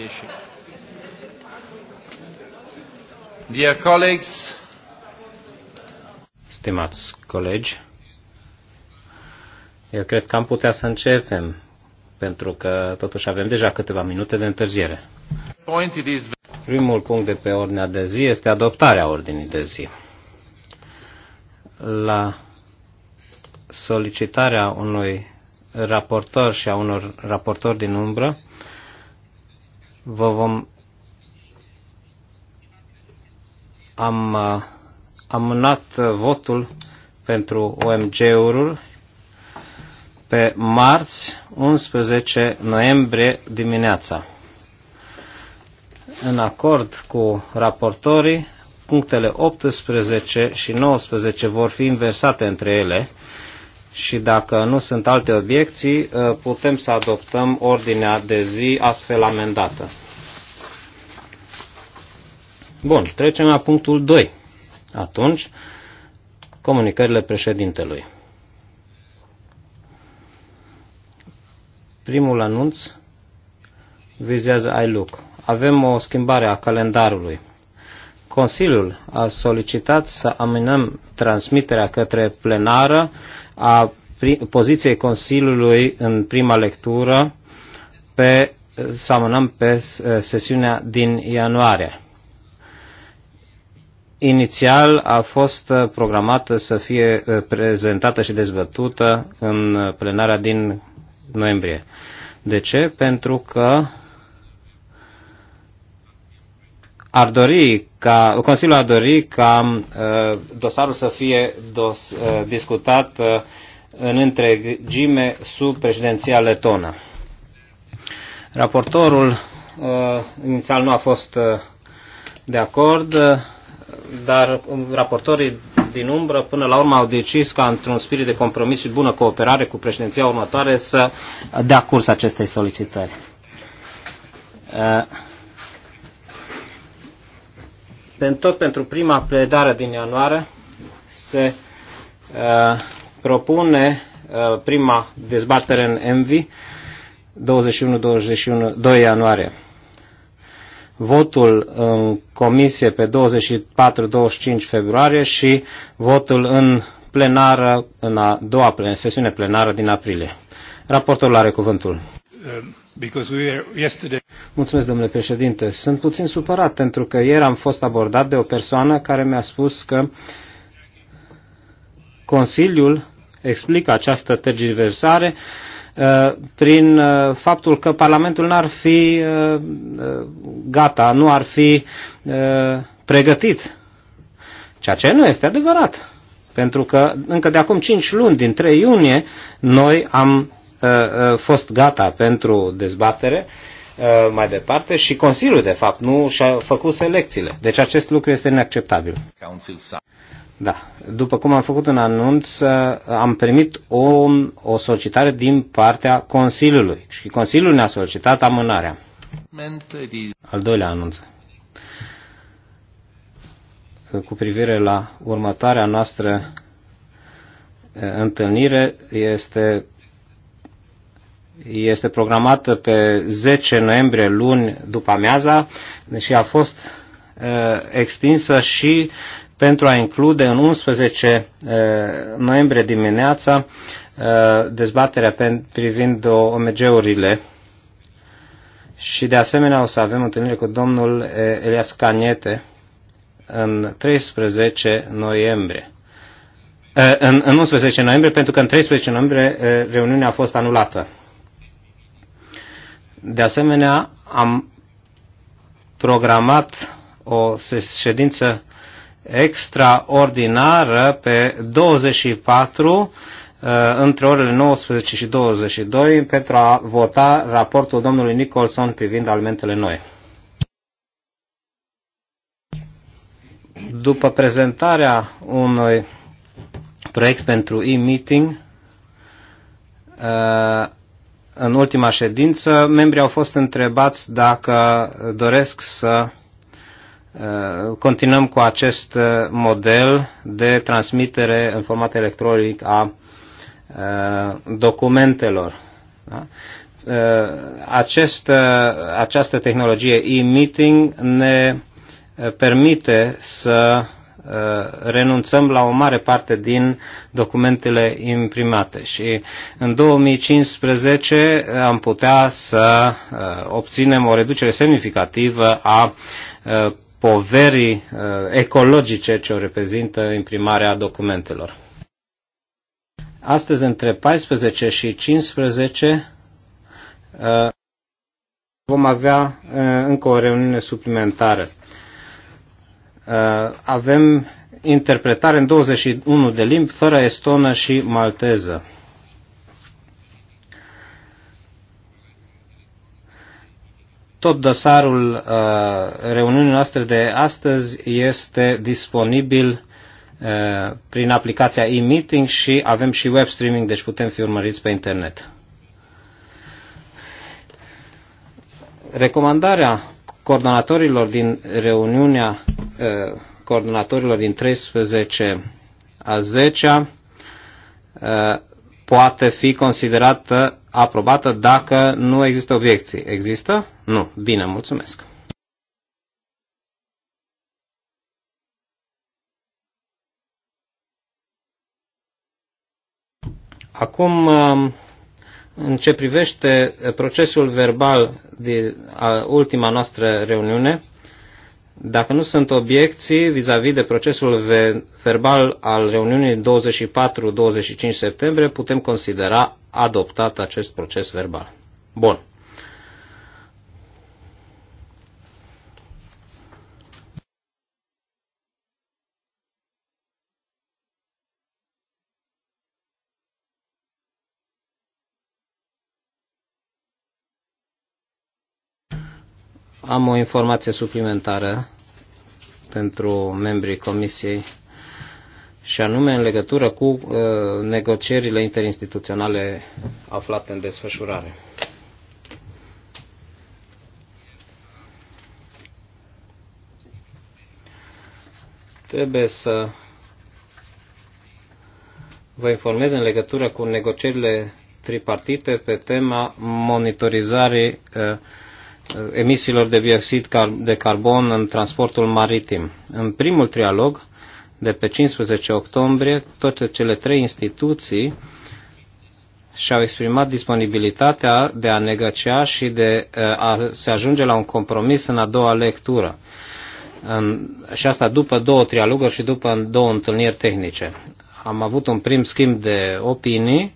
10. Dear colleagues, Stimați colegi, eu cred că am putea să începem, pentru că totuși avem deja câteva minute de întârziere. Primul punct de pe ordinea de zi este adoptarea ordinii de zi. La solicitarea unui raportor și a unor raportori din umbră, vă vom am uh, amânat uh, votul pentru OMG-ul pe marți 11 noiembrie dimineața. În acord cu raportorii, punctele 18 și 19 vor fi inversate între ele, și dacă nu sunt alte obiecții, uh, putem să adoptăm ordinea de zi astfel amendată. Bun, trecem la punctul 2. Atunci, comunicările președintelui. Primul anunț vizează iLook. Avem o schimbare a calendarului. Consiliul a solicitat să amânăm transmiterea către plenară a poziției Consiliului în prima lectură pe, să amânăm pe eh, sesiunea din ianuarie. Inițial a fost eh, programată să fie eh, prezentată și dezbătută în plenarea din noiembrie. De ce? Pentru că ar dori ca, Consiliul ar dori ca uh, dosarul să fie dos, uh, discutat uh, în întregime sub președinția letonă. Raportorul uh, inițial nu a fost uh, de acord, uh, dar um, raportorii din umbră până la urmă au decis ca într-un spirit de compromis și bună cooperare cu președinția următoare să dea curs acestei solicitări. Uh, tot pentru prima pledare din ianuarie se uh, propune uh, prima dezbatere în MV 21-21 ianuarie. Votul în comisie pe 24-25 februarie și votul în plenară, în a doua plen- sesiune plenară din aprilie. raportul are cuvântul. Uh, Mulțumesc, domnule președinte. Sunt puțin supărat pentru că ieri am fost abordat de o persoană care mi-a spus că Consiliul explică această tergiversare uh, prin uh, faptul că Parlamentul n-ar fi uh, gata, nu ar fi pregătit. Ceea ce nu este adevărat. Pentru că încă de acum 5 luni, din 3 iunie, noi am Uh, uh, fost gata pentru dezbatere uh, mai departe și Consiliul, de fapt, nu și-a făcut selecțiile. Deci acest lucru este inacceptabil. Da. După cum am făcut un anunț, am primit o, o solicitare din partea Consiliului și Consiliul ne-a solicitat amânarea. Al doilea anunț. Cu privire la următoarea noastră întâlnire, este este programată pe 10 noiembrie, luni după amiaza, și deci a fost extinsă și pentru a include în 11 noiembrie dimineața dezbaterea privind OMG-urile și de asemenea o să avem întâlnire cu domnul Elias Caniete în 13 noiembrie. În, în 11 noiembrie, pentru că în 13 noiembrie reuniunea a fost anulată. De asemenea, am programat o ședință extraordinară pe 24 uh, între orele 19 și 22 pentru a vota raportul domnului Nicholson privind alimentele noi. După prezentarea unui proiect pentru e-meeting, uh, în ultima ședință, membrii au fost întrebați dacă doresc să uh, continuăm cu acest uh, model de transmitere în format electronic a uh, documentelor. Da? Acest, această tehnologie e-meeting ne permite să Uh, renunțăm la o mare parte din documentele imprimate și în 2015 am putea să uh, obținem o reducere semnificativă a uh, poverii ecologice ce o reprezintă imprimarea documentelor. Astăzi, între 14 și 15, vom avea încă o reuniune suplimentară. Uh, avem interpretare în 21 de limbi, fără estonă și malteză. Tot dosarul uh, reuniunii noastre de astăzi este disponibil uh, prin aplicația e-meeting și avem și web streaming, deci putem fi urmăriți pe internet. Recomandarea coordonatorilor din reuniunea eh, coordonatorilor din 13 a 10 eh, poate fi considerată aprobată dacă nu există obiecții. Există? Nu. Bine, mulțumesc. Acum, eh, în ce privește procesul verbal de ultima noastră reuniune, dacă nu sunt obiecții vis-a-vis -vis de procesul verbal al reuniunii 24-25 septembrie, putem considera adoptat acest proces verbal. Bun. Am o informație suplimentară pentru membrii Comisiei și anume în legătură cu uh, negocierile interinstituționale aflate în desfășurare. Trebuie să vă informez în legătură cu negocierile tripartite pe tema monitorizării uh, Uh, emisiilor de dioxid de carbon în transportul maritim. În primul trialog, de pe 15 octombrie, toate cele trei instituții și-au exprimat disponibilitatea de a negocia și de uh, a se ajunge la un compromis în a doua lectură. În, și asta după două trialoguri și după două întâlniri tehnice. Am avut un prim schimb de opinii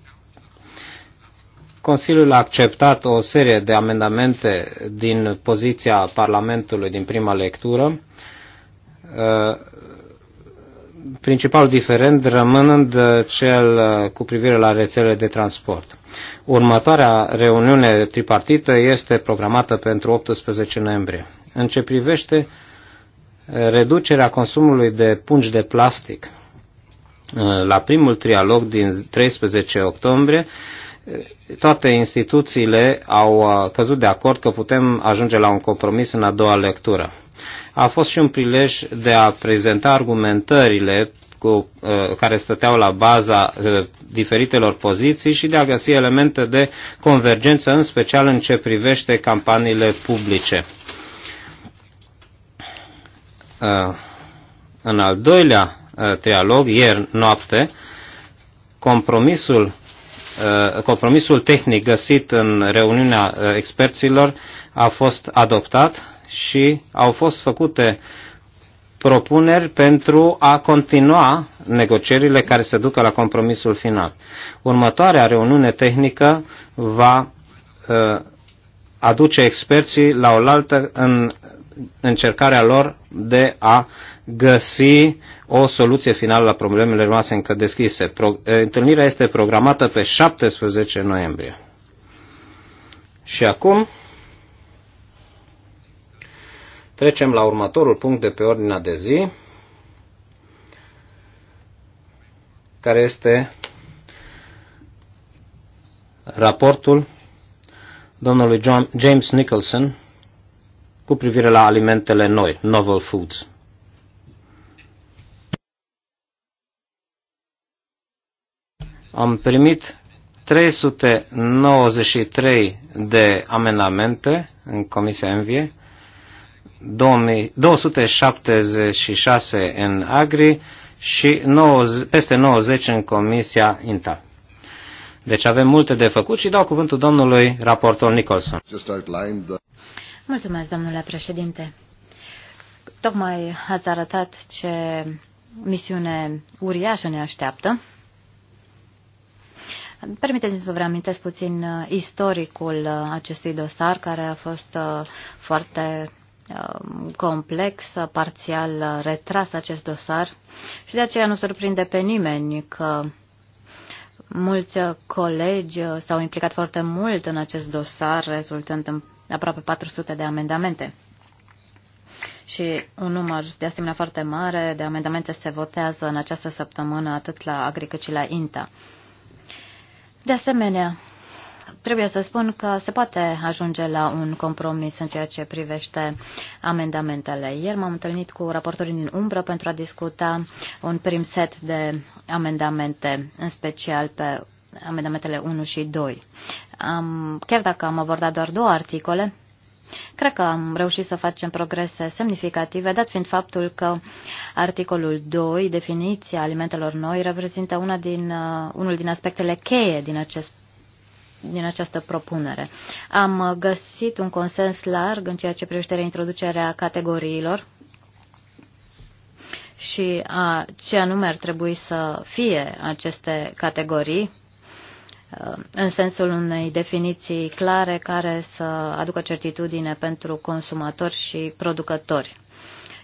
Consiliul a acceptat o serie de amendamente din poziția Parlamentului din prima lectură, uh, principal diferent rămânând uh, cel uh, cu privire la rețelele de transport. Următoarea reuniune tripartită este programată pentru 18 noiembrie. În ce privește reducerea consumului de pungi de plastic, la primul trialog din 13 octombrie, toate instituțiile au uh, căzut de acord că putem ajunge la un compromis în a doua lectură. A fost și un prilej de a prezenta argumentările cu, uh, care stăteau la baza uh, diferitelor poziții și de a găsi elemente de convergență, în special în ce privește campaniile publice. În al doilea trialog, ieri noapte, compromisul Uh, compromisul tehnic găsit în reuniunea uh, experților a fost adoptat și au fost făcute propuneri pentru a continua negocierile care se ducă la compromisul final. Următoarea reuniune tehnică va uh, aduce experții la oaltă în încercarea lor de a găsi o soluție finală la problemele rămase încă deschise. Pro, întâlnirea este programată pe 17 noiembrie. Și acum trecem la următorul punct de pe ordinea de zi, care este raportul domnului John, James Nicholson cu privire la alimentele noi, Novel Foods. Am primit 393 de amendamente în Comisia Envie, 276 în Agri și 90, peste 90 în Comisia INTA. Deci avem multe de făcut și dau cuvântul domnului raportor Nicholson. Mulțumesc, domnule președinte. Tocmai ați arătat ce misiune uriașă ne așteaptă. Permiteți-mi să vă reamintesc puțin uh, istoricul uh, acestui dosar, care a fost uh, foarte complex, parțial retras acest dosar și de aceea nu surprinde pe nimeni că mulți colegi s-au implicat foarte mult în acest dosar, rezultând în aproape 400 de amendamente. Și un număr de asemenea foarte mare de amendamente se votează în această săptămână atât la Agri cât și la INTA. De asemenea, trebuie să spun că se poate ajunge la un compromis în ceea ce privește amendamentele. Ieri m-am întâlnit cu raportorii din umbră pentru a discuta un prim set de amendamente, în special pe amendamentele 1 și 2. Am, chiar dacă am abordat doar două articole, Cred că am reușit să facem progrese semnificative, dat fiind faptul că articolul 2, definiția alimentelor noi, reprezintă una din, uh, unul din aspectele cheie din acest din această propunere. Am găsit un consens larg în ceea ce privește introducerea categoriilor și a ce anume ar trebui să fie aceste categorii Uh, în sensul unei definiții clare care să aducă certitudine pentru consumatori și producători.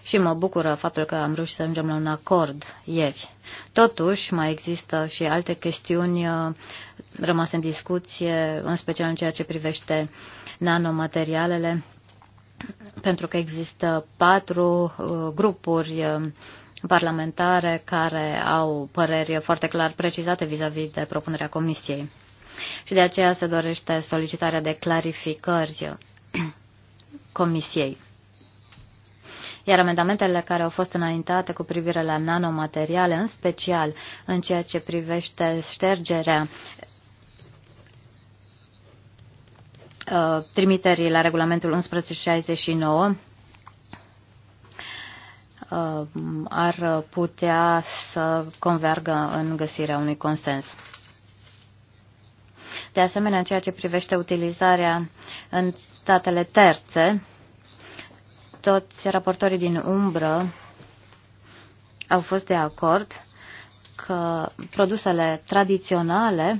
Și mă bucură faptul că am reușit să ajungem la un acord ieri. Totuși, mai există și alte chestiuni uh, rămase în discuție, în special în ceea ce privește nanomaterialele, pentru că există patru uh, grupuri parlamentare care au păreri foarte clar precizate vis-a-vis -vis de propunerea Comisiei. Și de aceea se dorește solicitarea de clarificări Comisiei. Iar amendamentele care au fost înaintate cu privire la nanomateriale, în special în ceea ce privește ștergerea uh, trimiterii la regulamentul 1169, Uh, ar putea să convergă în găsirea unui consens. De asemenea, în ceea ce privește utilizarea în statele terțe, toți raportorii din umbră au fost de acord că produsele tradiționale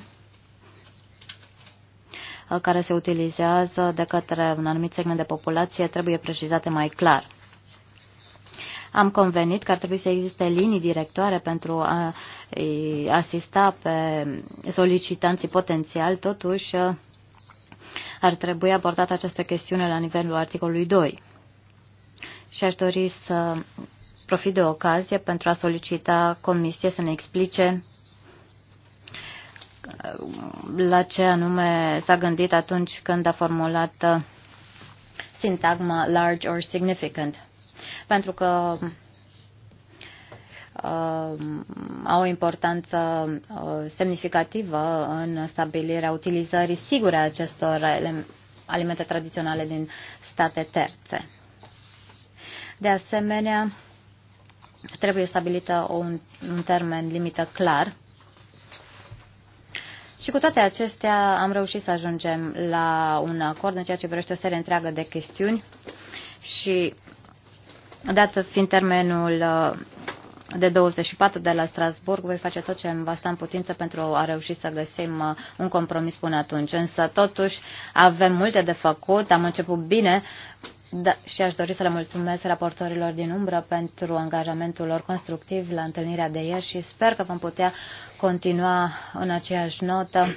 uh, care se utilizează de către un anumit segment de populație trebuie precizate mai clar. Am convenit că ar trebui să existe linii directoare pentru a asista pe solicitanții potențiali, totuși ar trebui abordată această chestiune la nivelul articolului 2. Și aș dori să profit de ocazie pentru a solicita comisie să ne explice la ce anume s-a gândit atunci când a formulat sintagma large or significant pentru că uh, au o importanță uh, semnificativă în stabilirea utilizării sigure a acestor alimente tradiționale din state terțe. De asemenea, trebuie stabilită un, un termen limită clar. Și cu toate acestea am reușit să ajungem la un acord în ceea ce privește o serie întreagă de chestiuni și Dat fiind termenul uh, de 24 de la Strasburg, voi face tot ce îmi va sta în putință pentru a reuși să găsim uh, un compromis până atunci. Însă, totuși, avem multe de făcut, am început bine da, și aș dori să le mulțumesc raportorilor din umbră pentru angajamentul lor constructiv la întâlnirea de ieri și sper că vom putea continua în aceeași notă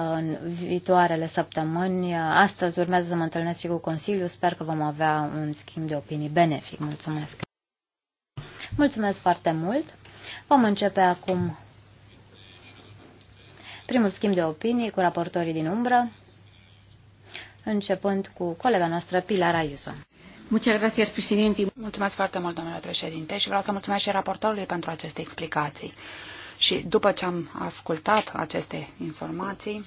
în viitoarele săptămâni. Astăzi urmează să mă întâlnesc și cu Consiliul. Sper că vom avea un schimb de opinii benefic. Mulțumesc! Mulțumesc foarte mult! Vom începe acum primul schimb de opinii cu raportorii din umbră, începând cu colega noastră Pilar Ayuso. Mulțumesc foarte mult, domnule președinte, și vreau să mulțumesc și raportorului pentru aceste explicații. Și după ce am ascultat aceste informații,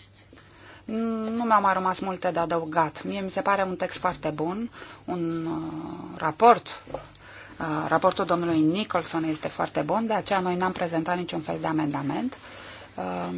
nu mi-au mai rămas multe de adăugat. Mie mi se pare un text foarte bun, un uh, raport. Uh, raportul domnului Nicholson este foarte bun, de aceea noi n-am prezentat niciun fel de amendament. Uh,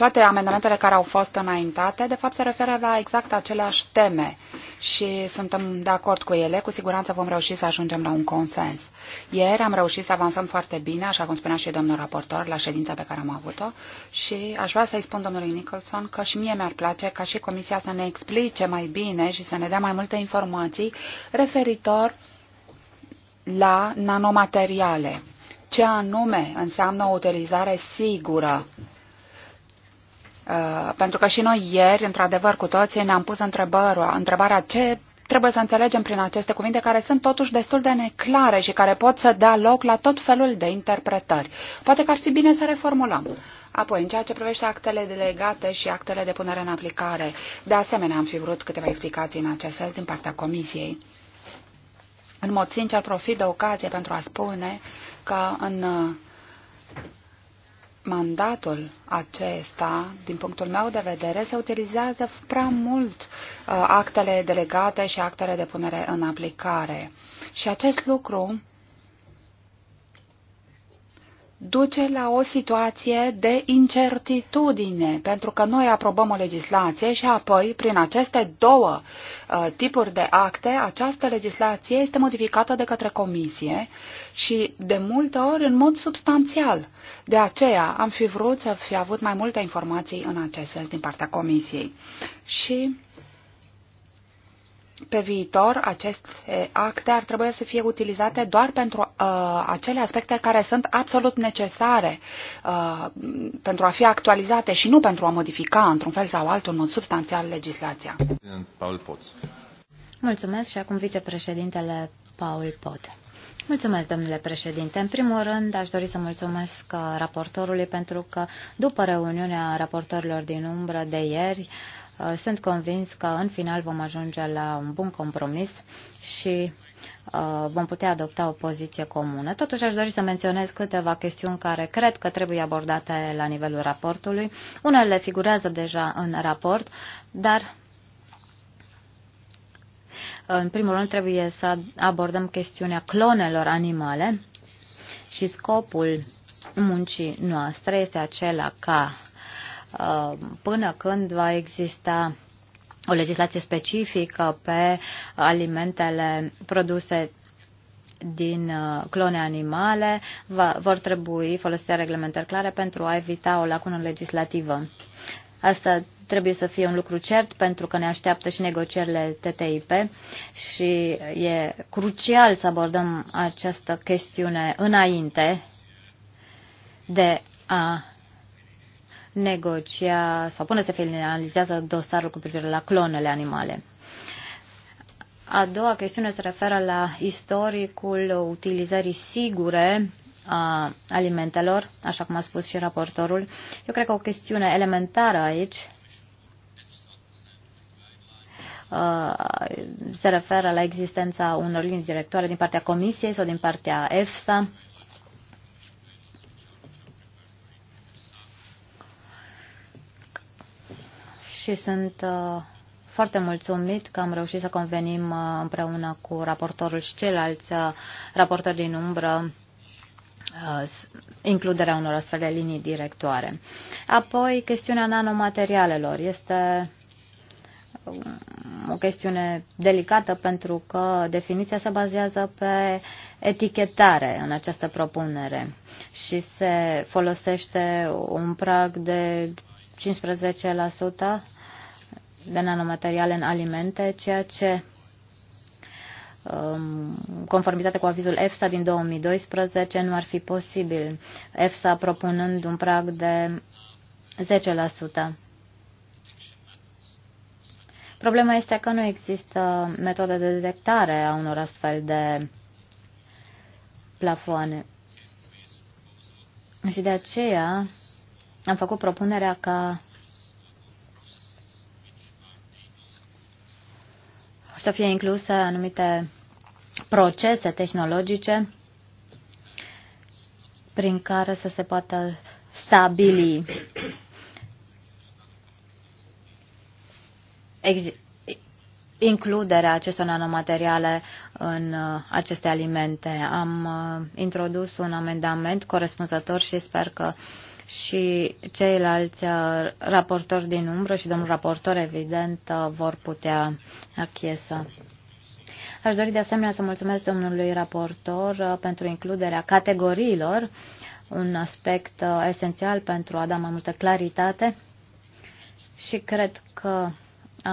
toate amendamentele care au fost înaintate, de fapt, se referă la exact aceleași teme și suntem de acord cu ele. Cu siguranță vom reuși să ajungem la un consens. Ieri am reușit să avansăm foarte bine, așa cum spunea și domnul raportor, la ședința pe care am avut-o și aș vrea să-i spun domnului Nicholson că și mie mi-ar place ca și comisia să ne explice mai bine și să ne dea mai multe informații referitor la nanomateriale. Ce anume înseamnă o utilizare sigură Uh, pentru că și noi ieri, într-adevăr, cu toții ne-am pus întrebarea, întrebarea ce trebuie să înțelegem prin aceste cuvinte care sunt totuși destul de neclare și care pot să dea loc la tot felul de interpretări. Poate că ar fi bine să reformulăm. Apoi, în ceea ce privește actele delegate și actele de punere în aplicare, de asemenea am fi vrut câteva explicații în acest sens din partea Comisiei. În mod sincer, profit de ocazie pentru a spune că în uh, mandatul acesta, din punctul meu de vedere, se utilizează prea mult uh, actele delegate și actele de punere în aplicare. Și acest lucru duce la o situație de incertitudine, pentru că noi aprobăm o legislație și apoi, prin aceste două uh, tipuri de acte, această legislație este modificată de către comisie și, de multe ori, în mod substanțial. De aceea am fi vrut să fi avut mai multe informații în acest sens din partea Comisiei. Și pe viitor, aceste acte ar trebui să fie utilizate doar pentru uh, acele aspecte care sunt absolut necesare uh, pentru a fi actualizate și nu pentru a modifica într-un fel sau altul, în mod substanțial, legislația. Paul Mulțumesc și acum vicepreședintele Paul Pot. Mulțumesc, domnule președinte. În primul rând, aș dori să mulțumesc uh, raportorului pentru că, după reuniunea raportorilor din umbră de ieri, uh, sunt convins că în final vom ajunge la un bun compromis și uh, vom putea adopta o poziție comună. Totuși aș dori să menționez câteva chestiuni care cred că trebuie abordate la nivelul raportului. Unele figurează deja în raport, dar în primul rând trebuie să abordăm chestiunea clonelor animale și scopul muncii noastre este acela ca uh, până când va exista o legislație specifică pe alimentele produse din uh, clone animale, va, vor trebui folosite reglementări clare pentru a evita o lacună legislativă. Asta trebuie să fie un lucru cert pentru că ne așteaptă și negocierile TTIP și e crucial să abordăm această chestiune înainte de a negocia sau până se finalizează dosarul cu privire la clonele animale. A doua chestiune se referă la istoricul utilizării sigure a alimentelor, așa cum a spus și raportorul. Eu cred că o chestiune elementară aici Uh, se referă la existența unor linii directoare din partea Comisiei sau din partea EFSA. Și sunt uh, foarte mulțumit că am reușit să convenim uh, împreună cu raportorul și ceilalți raportori din umbră includerea unor astfel de linii directoare. Apoi, chestiunea nanomaterialelor este o chestiune delicată pentru că definiția se bazează pe etichetare în această propunere și se folosește un prag de 15% de nanomateriale în alimente, ceea ce um, conformitate cu avizul EFSA din 2012 nu ar fi posibil. EFSA propunând un prag de 10%. Problema este că nu există metode de detectare a unor astfel de plafoane. Și de aceea am făcut propunerea ca să fie incluse anumite procese tehnologice prin care să se poată stabili includerea acestor nanomateriale în uh, aceste alimente. Am uh, introdus un amendament corespunzător și sper că și ceilalți uh, raportori din umbră și domnul raportor, evident, vor putea achiesa. Aș dori de asemenea să mulțumesc domnului raportor pentru includerea categoriilor, un aspect esențial pentru a da mai multă claritate și cred că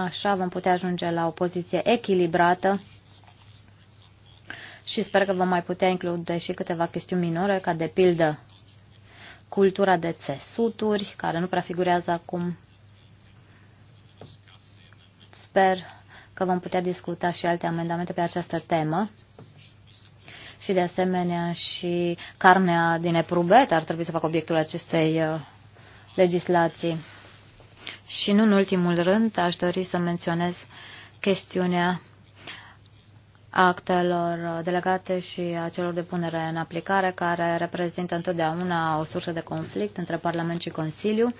Așa vom putea ajunge la o poziție echilibrată și sper că vom mai putea include și câteva chestiuni minore, ca de pildă cultura de țesuturi, care nu prea figurează acum. Sper că vom putea discuta și alte amendamente pe această temă. Și de asemenea și carnea din eprubet ar trebui să facă obiectul acestei uh, legislații. Și nu în ultimul rând, aș dori să menționez chestiunea actelor delegate și a celor de punere în aplicare, care reprezintă întotdeauna o sursă de conflict între Parlament și Consiliu.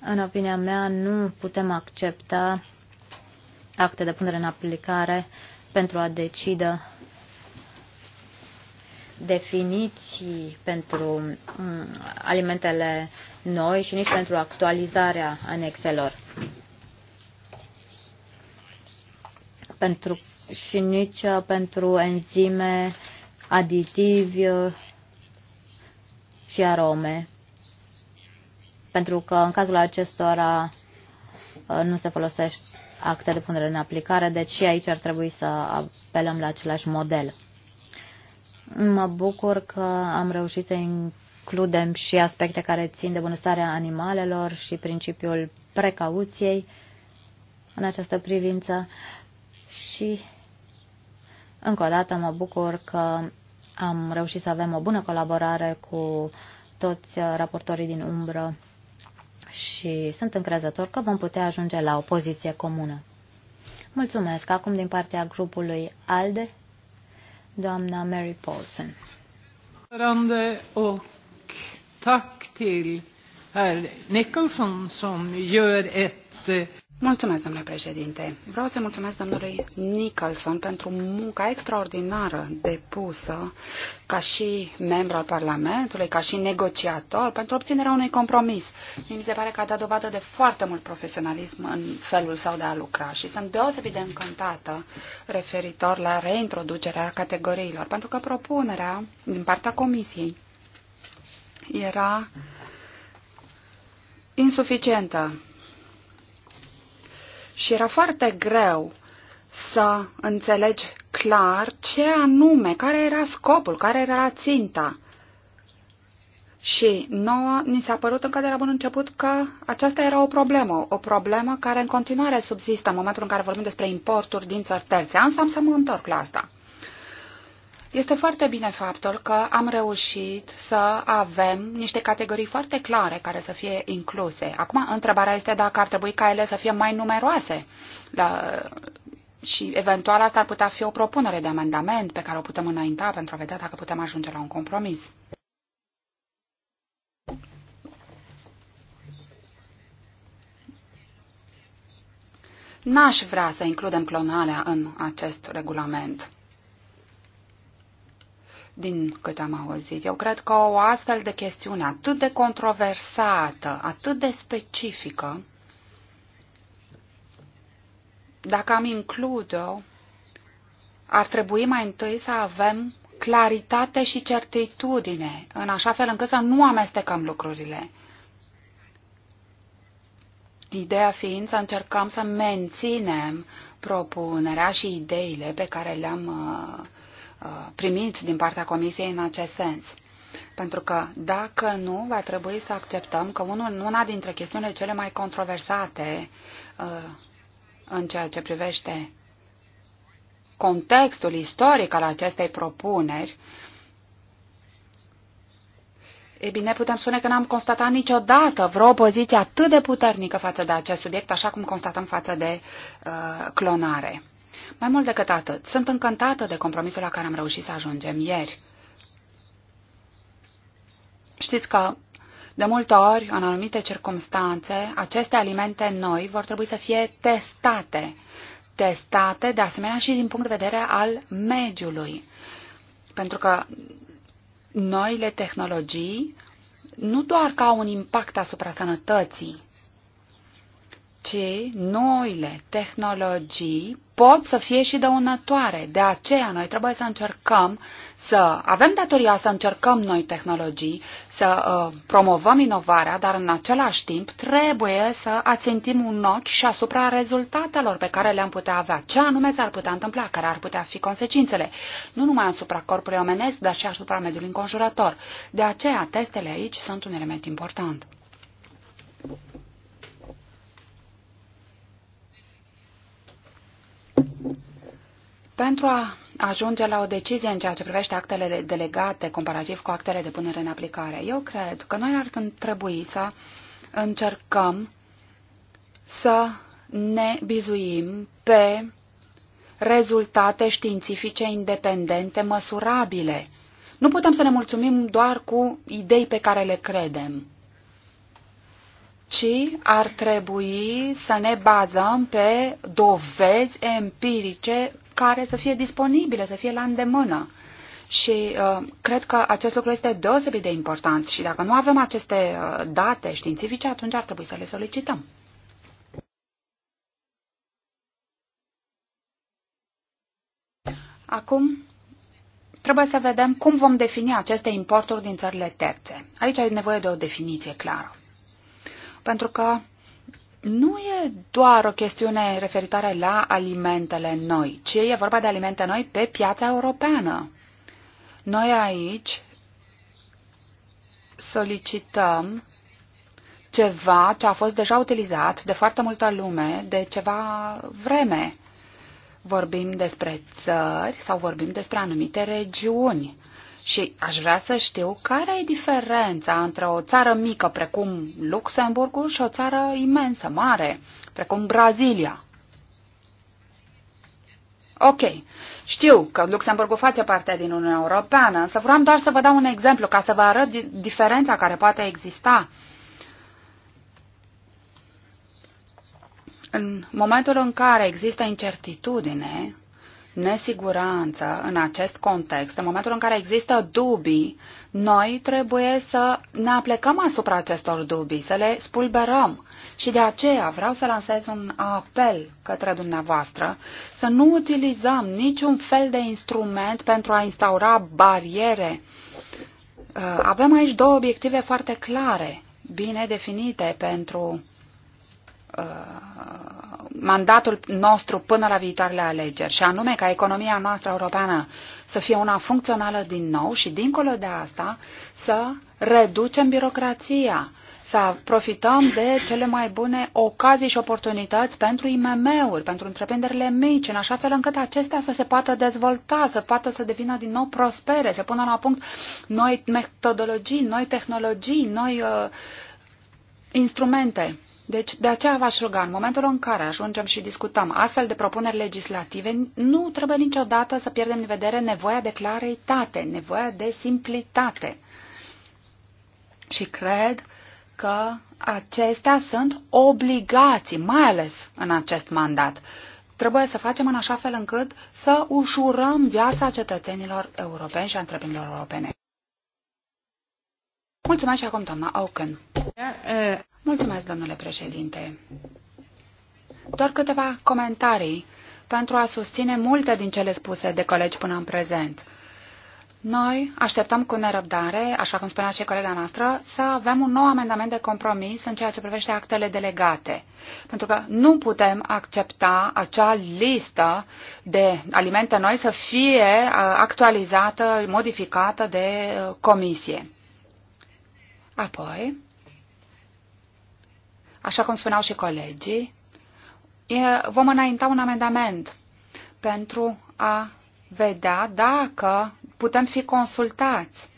În opinia mea, nu putem accepta acte de punere în aplicare pentru a decide definiții pentru mm, alimentele noi și nici pentru actualizarea anexelor. Pentru, și nici uh, pentru enzime, aditivi uh, și arome. Pentru că în cazul acestora uh, nu se folosește acte de punere în aplicare, deci și aici ar trebui să apelăm la același model. Mă bucur că am reușit să includem și aspecte care țin de bunăstarea animalelor și principiul precauției în această privință. Și, încă o dată, mă bucur că am reușit să avem o bună colaborare cu toți raportorii din umbră și sunt încrezător că vom putea ajunge la o poziție comună. Mulțumesc. Acum din partea grupului ALDE, doamna Mary Paulson. Rande, o tack till herr Nicholson som gör ett eh, Mulțumesc, domnule președinte. Vreau să mulțumesc domnului Nicholson pentru munca extraordinară depusă ca și membru al Parlamentului, ca și negociator, pentru obținerea unui compromis. Mi se pare că a dat dovadă de foarte mult profesionalism în felul său de a lucra și sunt deosebit de încântată referitor la reintroducerea categoriilor, pentru că propunerea din partea Comisiei era insuficientă și era foarte greu să înțelegi clar ce anume, care era scopul, care era ținta. Și nouă ni s-a părut încă de la bun început că aceasta era o problemă, o problemă care în continuare subzistă în momentul în care vorbim despre importuri din țări terțe, însă am să mă întorc la asta. Este foarte bine faptul că am reușit să avem niște categorii foarte clare care să fie incluse. Acum, întrebarea este dacă ar trebui ca ele să fie mai numeroase la, da, și eventual asta ar putea fi o propunere de amendament pe care o putem înainta pentru a vedea dacă putem ajunge la un compromis. N-aș vrea să includem clonarea în acest regulament din cât am auzit. Eu cred că o astfel de chestiune atât de controversată, atât de specifică, dacă am include-o, ar trebui mai întâi să avem claritate și certitudine, în așa fel încât să nu amestecăm lucrurile. Ideea fiind să încercăm să menținem propunerea și ideile pe care le-am uh, Uh, primit din partea Comisiei în acest sens. Pentru că dacă nu, va trebui să acceptăm că unul, una dintre chestiunile cele mai controversate uh, în ceea ce privește contextul istoric al acestei propuneri, e bine, putem spune că n-am constatat niciodată vreo poziție atât de puternică față de acest subiect, așa cum constatăm față de uh, clonare. Mai mult decât atât, sunt încântată de compromisul la care am reușit să ajungem ieri. Știți că de multe ori, în anumite circumstanțe, aceste alimente noi vor trebui să fie testate. Testate, de asemenea, și din punct de vedere al mediului. Pentru că noile tehnologii nu doar că au un impact asupra sănătății, ce noile tehnologii pot să fie și dăunătoare. De aceea noi trebuie să încercăm să avem datoria să încercăm noi tehnologii, să uh, promovăm inovarea, dar în același timp trebuie să ațintim un ochi și asupra rezultatelor pe care le-am putea avea. Ce anume s-ar putea întâmpla, care ar putea fi consecințele, nu numai asupra corpului omenesc, dar și asupra mediului înconjurător. De aceea testele aici sunt un element important. Pentru a ajunge la o decizie în ceea ce privește actele delegate comparativ cu actele de punere în aplicare, eu cred că noi ar trebui să încercăm să ne bizuim pe rezultate științifice independente, măsurabile. Nu putem să ne mulțumim doar cu idei pe care le credem, ci ar trebui să ne bazăm pe dovezi empirice care să fie disponibile, să fie la îndemână. Și uh, cred că acest lucru este deosebit de important și dacă nu avem aceste uh, date științifice, atunci ar trebui să le solicităm. Acum, trebuie să vedem cum vom defini aceste importuri din țările terțe. Aici ai nevoie de o definiție clară. Pentru că nu e doar o chestiune referitoare la alimentele noi, ci e vorba de alimente noi pe piața europeană. Noi aici solicităm ceva ce a fost deja utilizat de foarte multă lume de ceva vreme. Vorbim despre țări sau vorbim despre anumite regiuni și aș vrea să știu care e diferența între o țară mică precum Luxemburgul și o țară imensă, mare, precum Brazilia. Ok, știu că Luxemburgul face parte din Uniunea Europeană, însă vreau doar să vă dau un exemplu ca să vă arăt diferența care poate exista în momentul în care există incertitudine nesiguranță în acest context, în momentul în care există dubii, noi trebuie să ne aplecăm asupra acestor dubii, să le spulberăm. Și de aceea vreau să lansez un apel către dumneavoastră să nu utilizăm niciun fel de instrument pentru a instaura bariere. Uh, avem aici două obiective foarte clare, bine definite pentru uh, mandatul nostru până la viitoarele alegeri, și anume ca economia noastră europeană să fie una funcțională din nou și, dincolo de asta, să reducem birocrația, să profităm de cele mai bune ocazii și oportunități pentru IMM-uri, pentru întreprinderile mici, în așa fel încât acestea să se poată dezvolta, să poată să devină din nou prospere, să pună la punct noi metodologii, noi tehnologii, noi uh, instrumente. Deci, de aceea v-aș ruga, în momentul în care ajungem și discutăm astfel de propuneri legislative, nu trebuie niciodată să pierdem în vedere nevoia de claritate, nevoia de simplitate. Și cred că acestea sunt obligații, mai ales în acest mandat. Trebuie să facem în așa fel încât să ușurăm viața cetățenilor europeni și a întreprinderilor europene. Mulțumesc și acum, doamna Auken. Da, Mulțumesc, domnule președinte. Doar câteva comentarii pentru a susține multe din cele spuse de colegi până în prezent. Noi așteptăm cu nerăbdare, așa cum spunea și colega noastră, să avem un nou amendament de compromis în ceea ce privește actele delegate. Pentru că nu putem accepta acea listă de alimente noi să fie actualizată, modificată de comisie. Apoi, așa cum spuneau și colegii, vom înainta un amendament pentru a vedea dacă putem fi consultați.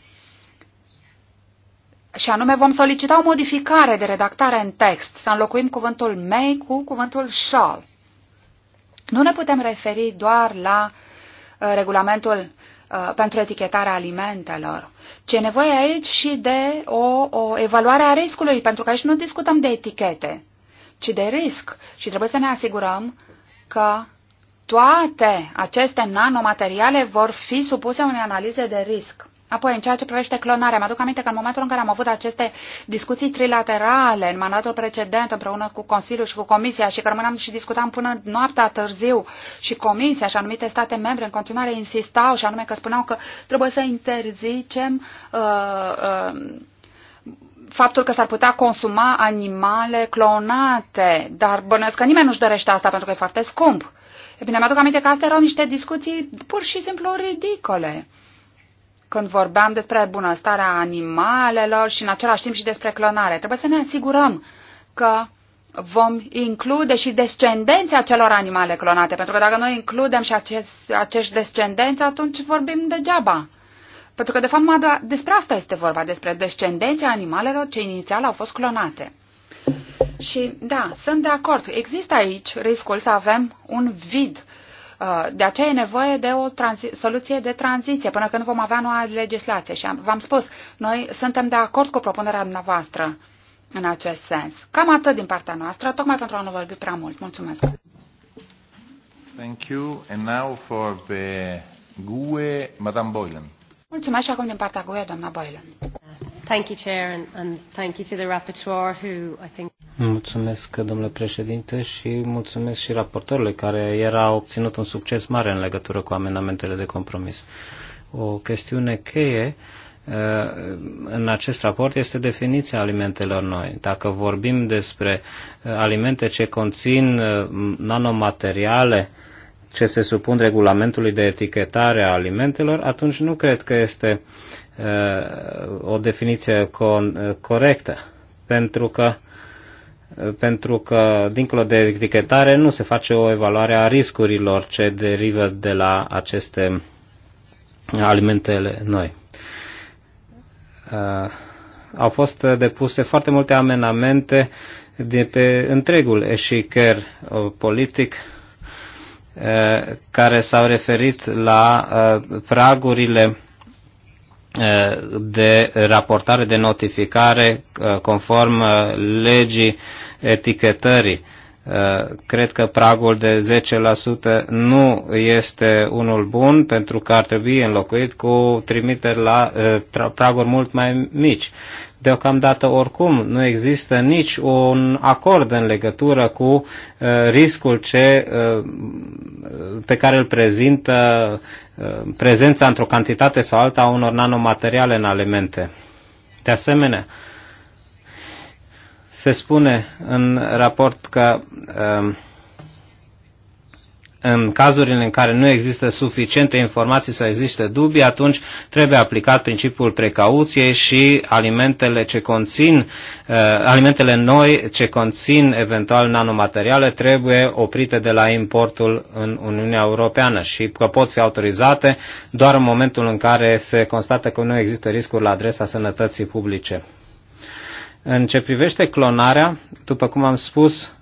Și anume vom solicita o modificare de redactare în text, să înlocuim cuvântul may cu cuvântul shall. Nu ne putem referi doar la uh, regulamentul Uh, pentru etichetarea alimentelor, Ce e nevoie aici și de o, o evaluare a riscului, pentru că aici nu discutăm de etichete, ci de risc și trebuie să ne asigurăm că toate aceste nanomateriale vor fi supuse unei analize de risc. Apoi, în ceea ce privește clonarea, mă aduc aminte că în momentul în care am avut aceste discuții trilaterale în mandatul precedent împreună cu Consiliul și cu Comisia și că rămâneam și discutam până noaptea târziu și Comisia și anumite state membre în continuare insistau și anume că spuneau că trebuie să interzicem uh, uh, faptul că s-ar putea consuma animale clonate, dar bănuiesc că nimeni nu-și dorește asta pentru că e foarte scump. E bine, mi-aduc aminte că astea erau niște discuții pur și simplu ridicole când vorbeam despre bunăstarea animalelor și în același timp și despre clonare. Trebuie să ne asigurăm că vom include și descendenții acelor animale clonate, pentru că dacă noi includem și acest, acești descendenți, atunci vorbim degeaba. Pentru că, de fapt, despre asta este vorba, despre descendenții animalelor ce inițial au fost clonate. Și, da, sunt de acord. Există aici riscul să avem un vid Uh, de aceea e nevoie de o soluție de tranziție până când vom avea noua legislație. Și v-am spus, noi suntem de acord cu propunerea dumneavoastră în acest sens. Cam atât din partea noastră, tocmai pentru a nu vorbi prea mult. Mulțumesc! Thank you. And now for the GUE, Madame Boylan. Mulțumesc și acum din partea GUE, doamna Boylan. Mulțumesc, domnule președinte, și mulțumesc și raportorului care era obținut un succes mare în legătură cu amendamentele de compromis. O chestiune cheie uh, în acest raport este definiția alimentelor noi. Dacă vorbim despre uh, alimente ce conțin uh, nanomateriale ce se supun regulamentului de etichetare a alimentelor, atunci nu cred că este Uh, o definiție uh, corectă, pentru că, uh, pentru că, dincolo de etichetare, nu se face o evaluare a riscurilor ce derivă de la aceste alimentele noi. Au fost depuse foarte multe amenamente de pe întregul eșicher politic care s-au referit la pragurile Eh, de raportare, de notificare eh, conform eh, legii etichetării cred că pragul de 10% nu este unul bun pentru că ar trebui înlocuit cu trimiteri la uh, praguri mult mai mici. Deocamdată oricum nu există nici un acord în legătură cu uh, riscul ce, uh, pe care îl prezintă prezența într-o cantitate sau alta a unor nanomateriale în alimente. De asemenea, se spune în raport că um, în cazurile în care nu există suficiente informații sau există dubii, atunci trebuie aplicat principiul precauției și alimentele ce conțin, uh, alimentele noi ce conțin eventual nanomateriale trebuie oprite de la importul în Uniunea Europeană și că pot fi autorizate doar în momentul în care se constată că nu există riscuri la adresa sănătății publice. În ce privește clonarea, după cum am spus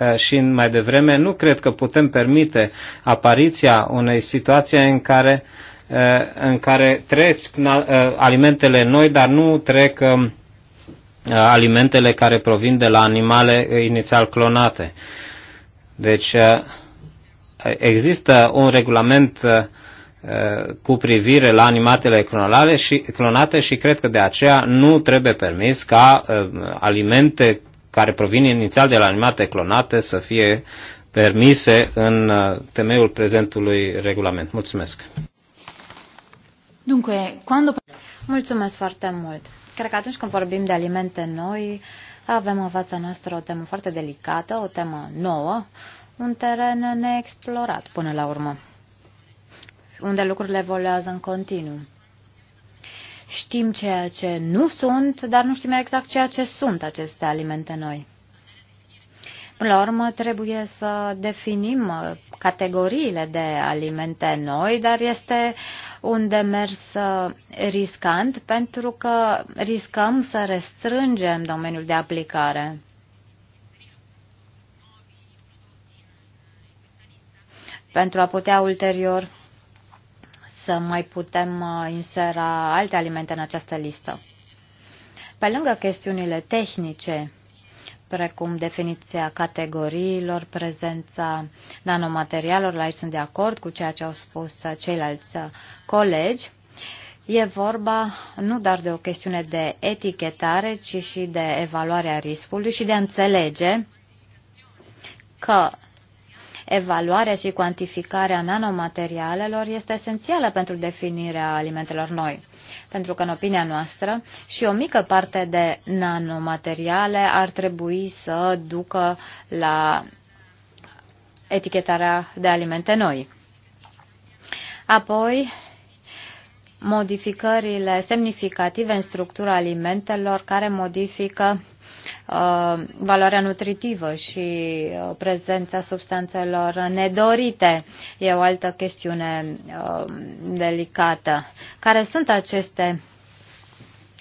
uh, și mai devreme, nu cred că putem permite apariția unei situații în care, uh, în care trec uh, alimentele noi, dar nu trec um, alimentele care provin de la animale inițial clonate. Deci există un regulament Uh, cu privire la animatele clonale și, clonate și cred că de aceea nu trebuie permis ca uh, alimente care provin inițial de la animate clonate să fie permise în uh, temeiul prezentului regulament. Mulțumesc! Dunque, quando... Mulțumesc foarte mult! Cred că atunci când vorbim de alimente noi, avem în fața noastră o temă foarte delicată, o temă nouă, un teren neexplorat până la urmă unde lucrurile evoluează în continuu. Știm ceea ce nu sunt, dar nu știm exact ceea ce sunt aceste alimente noi. Până la urmă, trebuie să definim uh, categoriile de alimente noi, dar este un demers uh, riscant pentru că riscăm să restrângem domeniul de aplicare. pentru a putea ulterior să mai putem uh, insera alte alimente în această listă. Pe lângă chestiunile tehnice, precum definiția categoriilor, prezența nanomaterialelor, aici sunt de acord cu ceea ce au spus ceilalți colegi, E vorba nu doar de o chestiune de etichetare, ci și de evaluarea riscului și de a înțelege că evaluarea și cuantificarea nanomaterialelor este esențială pentru definirea alimentelor noi. Pentru că, în opinia noastră, și o mică parte de nanomateriale ar trebui să ducă la etichetarea de alimente noi. Apoi, modificările semnificative în structura alimentelor care modifică Uh, valoarea nutritivă și uh, prezența substanțelor nedorite e o altă chestiune uh, delicată. Care sunt aceste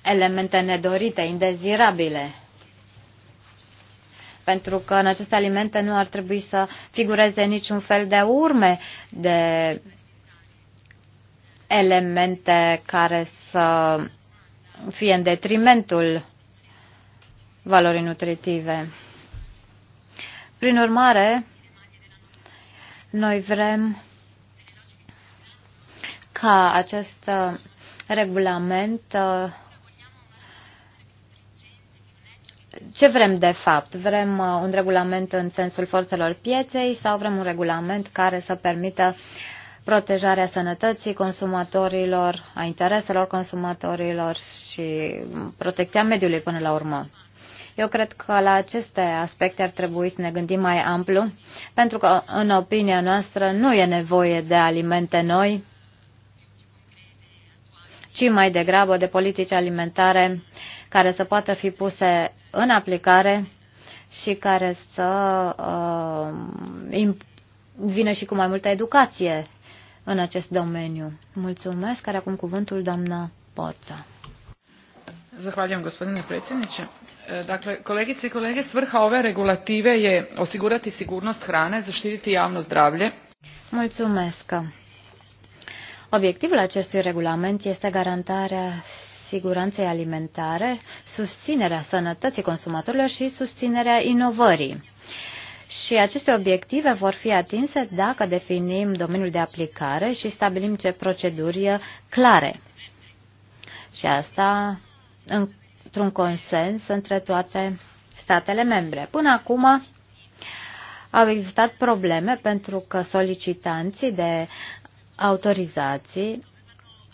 elemente nedorite, indezirabile? Pentru că în aceste alimente nu ar trebui să figureze niciun fel de urme de elemente care să fie în detrimentul valori nutritive. Prin urmare, noi vrem ca acest uh, regulament uh, ce vrem de fapt? Vrem uh, un regulament în sensul forțelor pieței sau vrem un regulament care să permită protejarea sănătății consumatorilor, a intereselor consumatorilor și protecția mediului până la urmă? Eu cred că la aceste aspecte ar trebui să ne gândim mai amplu, pentru că, în opinia noastră, nu e nevoie de alimente noi, ci mai degrabă de politici alimentare care să poată fi puse în aplicare și care să uh, vină și cu mai multă educație în acest domeniu. Mulțumesc, Are acum cuvântul doamna Porța. Zahvaljujem, gospodine predsjedniče dakle kolegice i kolege svrha ove regulative je osigurati sigurnost hrane zaštititi javno zdravlje Mulțumesc. Obiectivul acestui regulament este garantarea siguranței alimentare, susținerea sănătății consumatorilor și susținerea inovării. Și aceste obiective vor fi atinse dacă definim domeniul de aplicare și stabilim ce proceduri clare. Și asta în într-un consens între toate statele membre. Până acum au existat probleme pentru că solicitanții de autorizații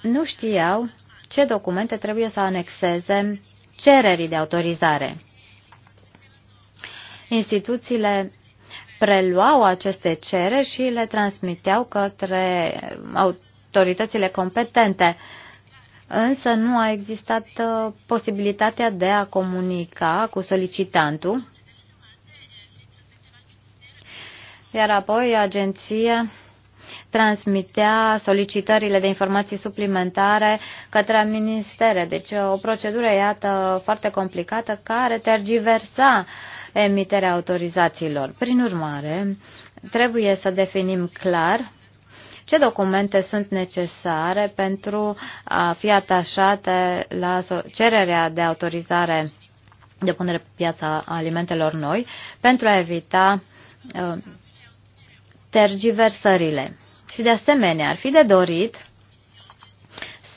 nu știau ce documente trebuie să anexeze cererii de autorizare. Instituțiile preluau aceste cereri și le transmiteau către autoritățile competente însă nu a existat uh, posibilitatea de a comunica cu solicitantul, iar apoi agenția transmitea solicitările de informații suplimentare către ministere. Deci uh, o procedură, iată, foarte complicată, care tergiversa emiterea autorizațiilor. Prin urmare, trebuie să definim clar ce documente sunt necesare pentru a fi atașate la cererea de autorizare de punere pe piața alimentelor noi pentru a evita uh, tergiversările. Și de asemenea, ar fi de dorit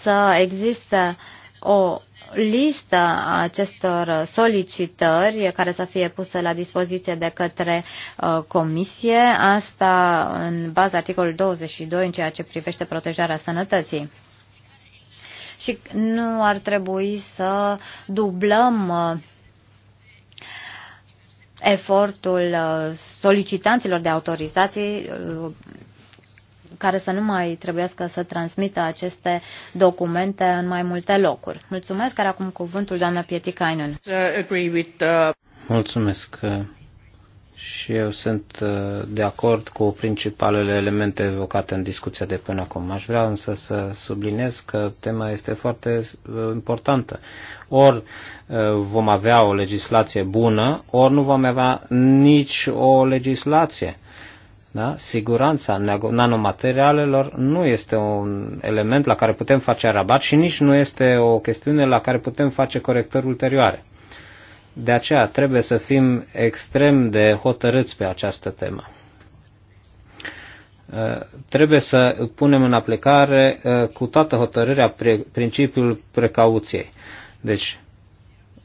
să există o listă a acestor solicitări care să fie pusă la dispoziție de către uh, comisie, asta în baza articolului 22 în ceea ce privește protejarea sănătății și nu ar trebui să dublăm uh, efortul uh, solicitanților de autorizații care să nu mai trebuiască să transmită aceste documente în mai multe locuri. Mulțumesc, care acum cuvântul doamna Pietikainen. Uh, Mulțumesc. Și eu sunt uh, de acord cu principalele elemente evocate în discuția de până acum. Aș vrea însă să subliniez că tema este foarte uh, importantă. Ori vom avea o legislație bună, ori nu vom avea nici o legislație. Da? Siguranța nanomaterialelor nu este un element la care putem face rabat și nici nu este o chestiune la care putem face corectări ulterioare. De aceea trebuie să fim extrem de hotărâți pe această temă. Uh, trebuie să punem în aplicare uh, cu toată hotărârea principiul precauției. Deci,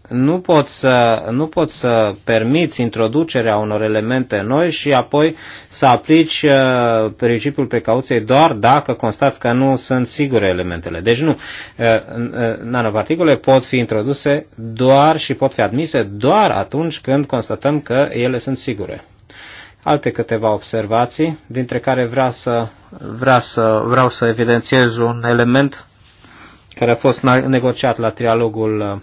nu poți să, nu poți să permiți introducerea unor elemente noi și apoi să aplici uh, principiul precauției doar dacă constați că nu sunt sigure elementele. Deci nu, uh, uh nanoparticule pot fi introduse doar și pot fi admise doar atunci când constatăm că ele sunt sigure. Alte câteva observații, dintre care vreau să, vreau să, vreau să evidențiez un element care a fost negociat la trialogul uh,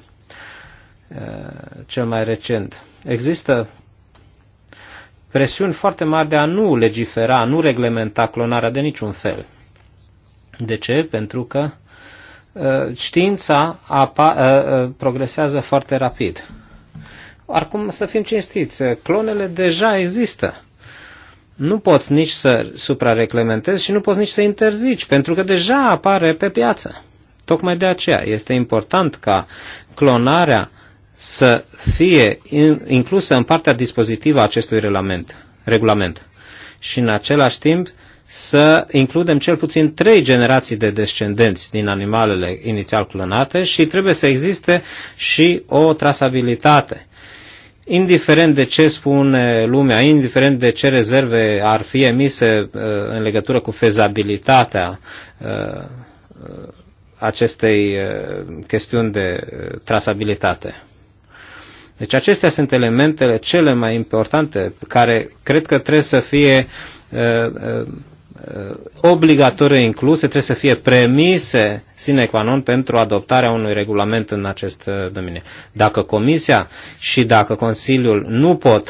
Uh, cel mai recent. Există presiuni foarte mari de a nu legifera, a nu reglementa clonarea de niciun fel. De ce? Pentru că uh, știința apa, uh, progresează foarte rapid. Acum să fim cinstiți, clonele deja există. Nu poți nici să suprareglementezi și nu poți nici să interzici, pentru că deja apare pe piață. Tocmai de aceea este important ca clonarea să fie inclusă în partea dispozitivă a acestui regulament, regulament. Și în același timp să includem cel puțin trei generații de descendenți din animalele inițial clonate și trebuie să existe și o trasabilitate. Indiferent de ce spune lumea, indiferent de ce rezerve ar fi emise uh, în legătură cu fezabilitatea uh, uh, acestei chestiuni de trasabilitate. Deci acestea sunt elementele cele mai importante care cred că trebuie să fie uh, uh, uh, obligatorie incluse, trebuie să fie premise sine qua non pentru adoptarea unui regulament în acest uh, domeniu. Dacă Comisia și dacă Consiliul nu pot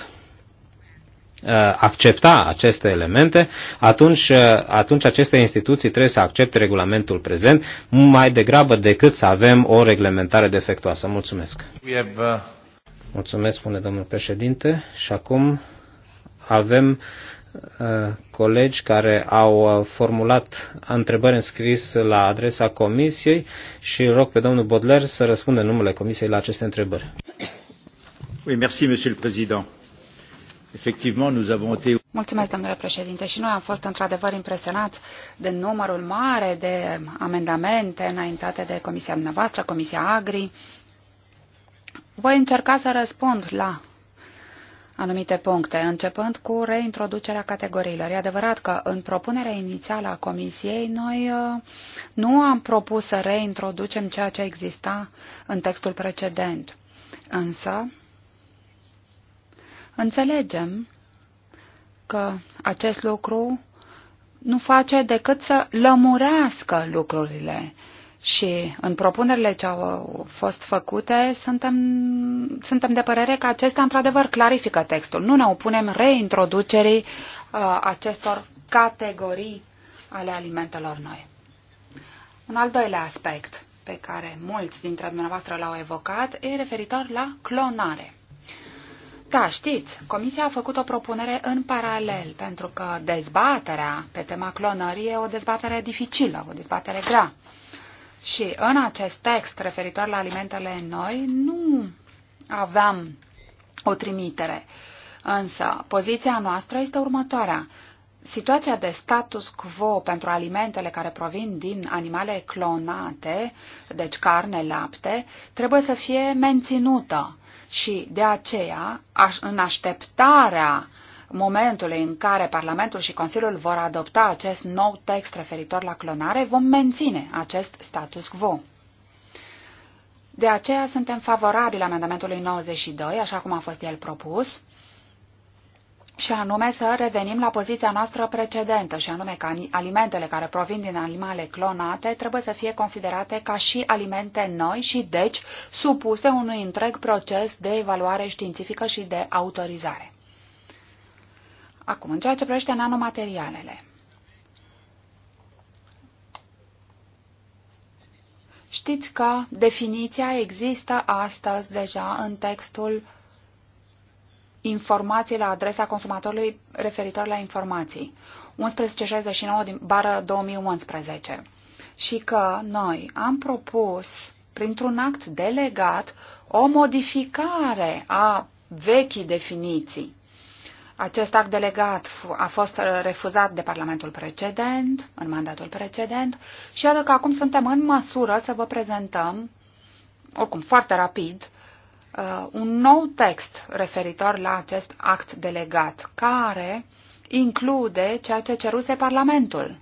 uh, accepta aceste elemente, atunci, atunci aceste instituții trebuie să accepte regulamentul prezent mai degrabă decât să avem o reglementare defectuoasă. Mulțumesc! We have, uh... Mulțumesc, spune domnul președinte. Și acum avem uh, colegi care au uh, formulat întrebări scris la adresa comisiei și rog pe domnul Bodler să răspundă în numele comisiei la aceste întrebări. Oui, merci, monsieur le président. Effectivement, nous avons été... Mulțumesc, domnule președinte. Și noi am fost într-adevăr impresionați de numărul mare de amendamente înaintate de comisia dumneavoastră, comisia Agri, voi încerca să răspund la anumite puncte, începând cu reintroducerea categoriilor. E adevărat că în propunerea inițială a Comisiei noi uh, nu am propus să reintroducem ceea ce exista în textul precedent. Însă, înțelegem că acest lucru nu face decât să lămurească lucrurile și în propunerile ce au fost făcute, suntem, suntem de părere că acestea, într-adevăr, clarifică textul. Nu ne opunem reintroducerii uh, acestor categorii ale alimentelor noi. Un al doilea aspect pe care mulți dintre dumneavoastră l-au evocat e referitor la clonare. Da, știți, Comisia a făcut o propunere în paralel, pentru că dezbaterea pe tema clonării e o dezbatere dificilă, o dezbatere grea. Și în acest text referitor la alimentele noi nu aveam o trimitere. Însă, poziția noastră este următoarea. Situația de status quo pentru alimentele care provin din animale clonate, deci carne, lapte, trebuie să fie menținută și de aceea, în așteptarea momentului în care Parlamentul și Consiliul vor adopta acest nou text referitor la clonare, vom menține acest status quo. De aceea suntem favorabili amendamentului 92, așa cum a fost el propus, și anume să revenim la poziția noastră precedentă, și anume că alimentele care provin din animale clonate trebuie să fie considerate ca și alimente noi și deci supuse unui întreg proces de evaluare științifică și de autorizare. Acum, în ceea ce privește nanomaterialele. Știți că definiția există astăzi deja în textul informații la adresa consumatorului referitor la informații 1169 din bară 2011 și că noi am propus printr-un act delegat o modificare a vechii definiții acest act delegat a fost uh, refuzat de Parlamentul precedent, în mandatul precedent, și iată că acum suntem în măsură să vă prezentăm, oricum foarte rapid, uh, un nou text referitor la acest act delegat, care include ceea ce ceruse Parlamentul,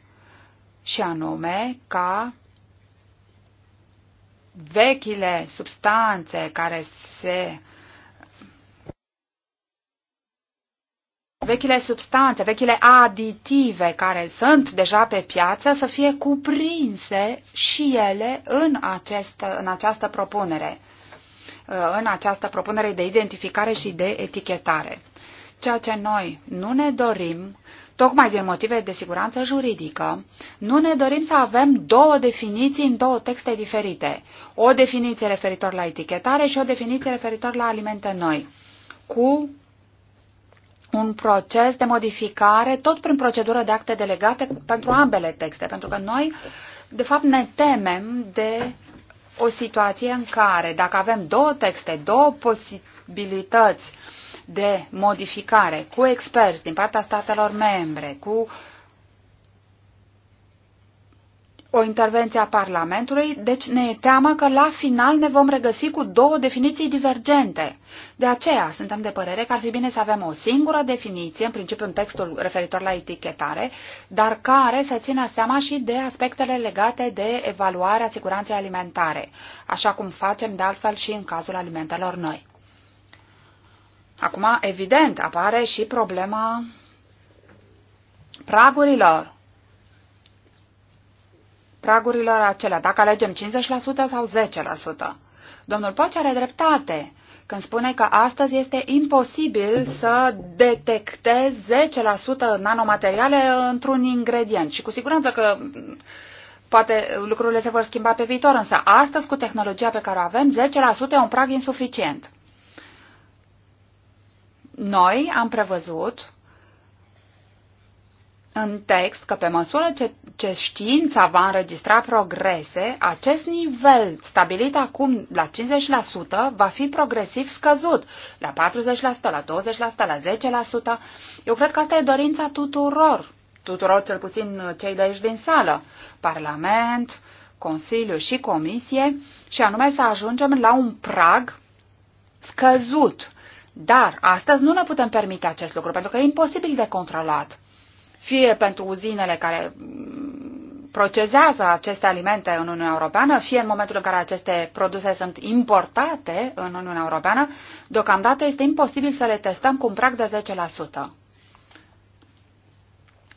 și anume ca vechile substanțe care se vechile substanțe, vechile aditive care sunt deja pe piață să fie cuprinse și ele în, acest, în această propunere, uh, în această propunere de identificare și de etichetare. Ceea ce noi nu ne dorim, tocmai din motive de siguranță juridică, nu ne dorim să avem două definiții în două texte diferite. O definiție referitor la etichetare și o definiție referitor la alimente noi, cu un proces de modificare, tot prin procedură de acte delegate pentru ambele texte, pentru că noi, de fapt, ne temem de o situație în care, dacă avem două texte, două posibilități de modificare cu experți din partea statelor membre, cu o intervenție a Parlamentului, deci ne e teamă că la final ne vom regăsi cu două definiții divergente. De aceea suntem de părere că ar fi bine să avem o singură definiție, în principiu în textul referitor la etichetare, dar care să țină seama și de aspectele legate de evaluarea siguranței alimentare, așa cum facem de altfel și în cazul alimentelor noi. Acum, evident, apare și problema pragurilor pragurilor acelea, dacă alegem 50% sau 10%. Domnul Poci are dreptate când spune că astăzi este imposibil să detectezi 10% nanomateriale într-un ingredient și cu siguranță că mm, poate lucrurile se vor schimba pe viitor, însă astăzi cu tehnologia pe care o avem, 10% e un prag insuficient. Noi am prevăzut în text că pe măsură ce, ce știința va înregistra progrese, acest nivel stabilit acum la 50% va fi progresiv scăzut la 40%, la 20%, la 10%. Eu cred că asta e dorința tuturor, tuturor cel puțin cei de aici din sală, Parlament, Consiliu și Comisie, și anume să ajungem la un prag scăzut. Dar astăzi nu ne putem permite acest lucru, pentru că e imposibil de controlat fie pentru uzinele care procesează aceste alimente în Uniunea Europeană, fie în momentul în care aceste produse sunt importate în Uniunea Europeană, deocamdată este imposibil să le testăm cu un prag de 10%.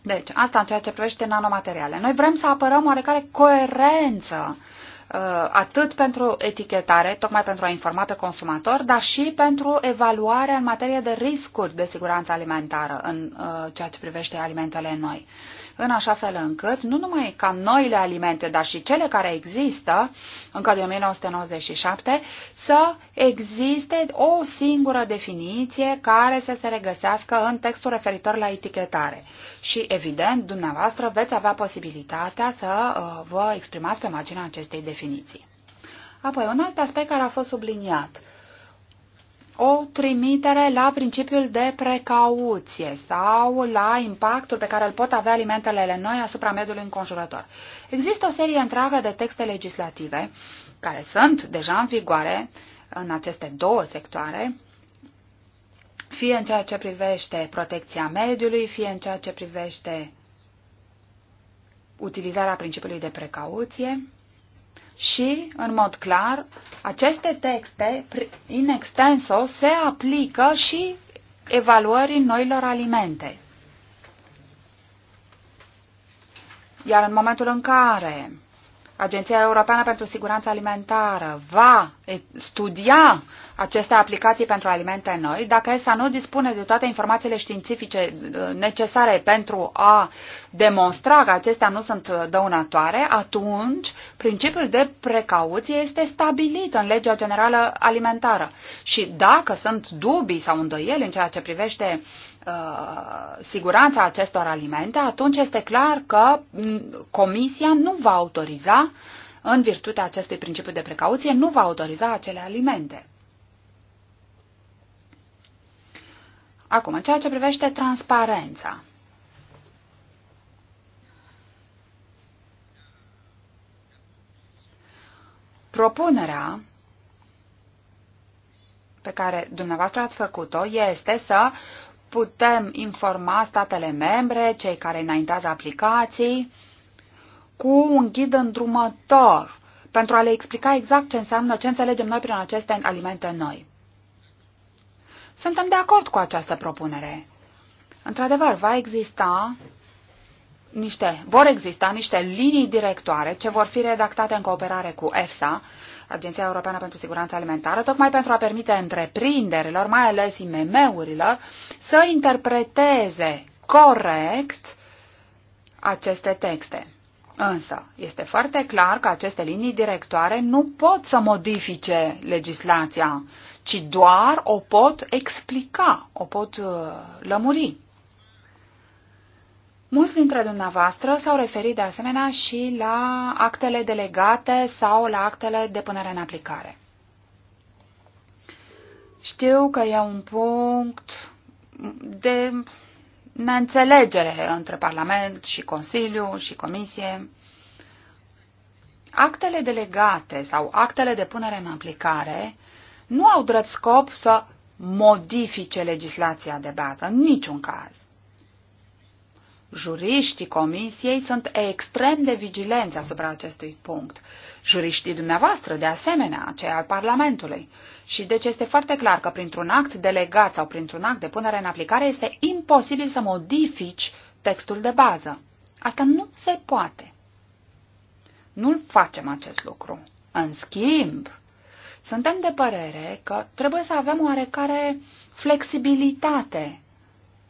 Deci, asta în ceea ce privește nanomateriale. Noi vrem să apărăm oarecare coerență Uh, atât pentru etichetare, tocmai pentru a informa pe consumator, dar și pentru evaluarea în materie de riscuri de siguranță alimentară în uh, ceea ce privește alimentele noi în așa fel încât nu numai ca noile alimente, dar și cele care există încă de 1997, să existe o singură definiție care să se regăsească în textul referitor la etichetare. Și, evident, dumneavoastră veți avea posibilitatea să uh, vă exprimați pe marginea acestei definiții. Apoi, un alt aspect care a fost subliniat – o trimitere la principiul de precauție sau la impactul pe care îl pot avea alimentele noi asupra mediului înconjurător. Există o serie întreagă de texte legislative care sunt deja în vigoare în aceste două sectoare, fie în ceea ce privește protecția mediului, fie în ceea ce privește utilizarea principiului de precauție și, în mod clar, aceste texte, in extenso, se aplică și evaluării noilor alimente. Iar în momentul în care Agenția Europeană pentru Siguranță Alimentară va studia aceste aplicații pentru alimente noi, dacă ESA nu dispune de toate informațiile științifice uh, necesare pentru a demonstra că acestea nu sunt uh, dăunătoare, atunci principiul de precauție este stabilit în legea generală alimentară. Și dacă sunt dubii sau îndoieli în ceea ce privește uh, siguranța acestor alimente, atunci este clar că mm, Comisia nu va autoriza, în virtutea acestui principiu de precauție, nu va autoriza acele alimente. Acum, în ceea ce privește transparența. Propunerea pe care dumneavoastră ați făcut-o este să putem informa statele membre, cei care înaintează aplicații, cu un ghid îndrumător pentru a le explica exact ce înseamnă, ce înțelegem noi prin aceste alimente noi. Suntem de acord cu această propunere. Într-adevăr, va exista niște, vor exista niște linii directoare ce vor fi redactate în cooperare cu EFSA, Agenția Europeană pentru Siguranță Alimentară, tocmai pentru a permite întreprinderilor, mai ales IMM-urilor, să interpreteze corect aceste texte. Însă, este foarte clar că aceste linii directoare nu pot să modifice legislația ci doar o pot explica, o pot uh, lămuri. Mulți dintre dumneavoastră s-au referit de asemenea și la actele delegate sau la actele de punere în aplicare. Știu că e un punct de neînțelegere între Parlament și Consiliu și Comisie. Actele delegate sau actele de punere în aplicare nu au drept scop să modifice legislația de bază, în niciun caz. Juriștii comisiei sunt extrem de vigilenți asupra acestui punct. Juriștii dumneavoastră, de asemenea, cei al Parlamentului. Și deci este foarte clar că printr-un act delegat sau printr-un act de punere în aplicare este imposibil să modifici textul de bază. Asta nu se poate. Nu facem acest lucru. În schimb, suntem de părere că trebuie să avem oarecare flexibilitate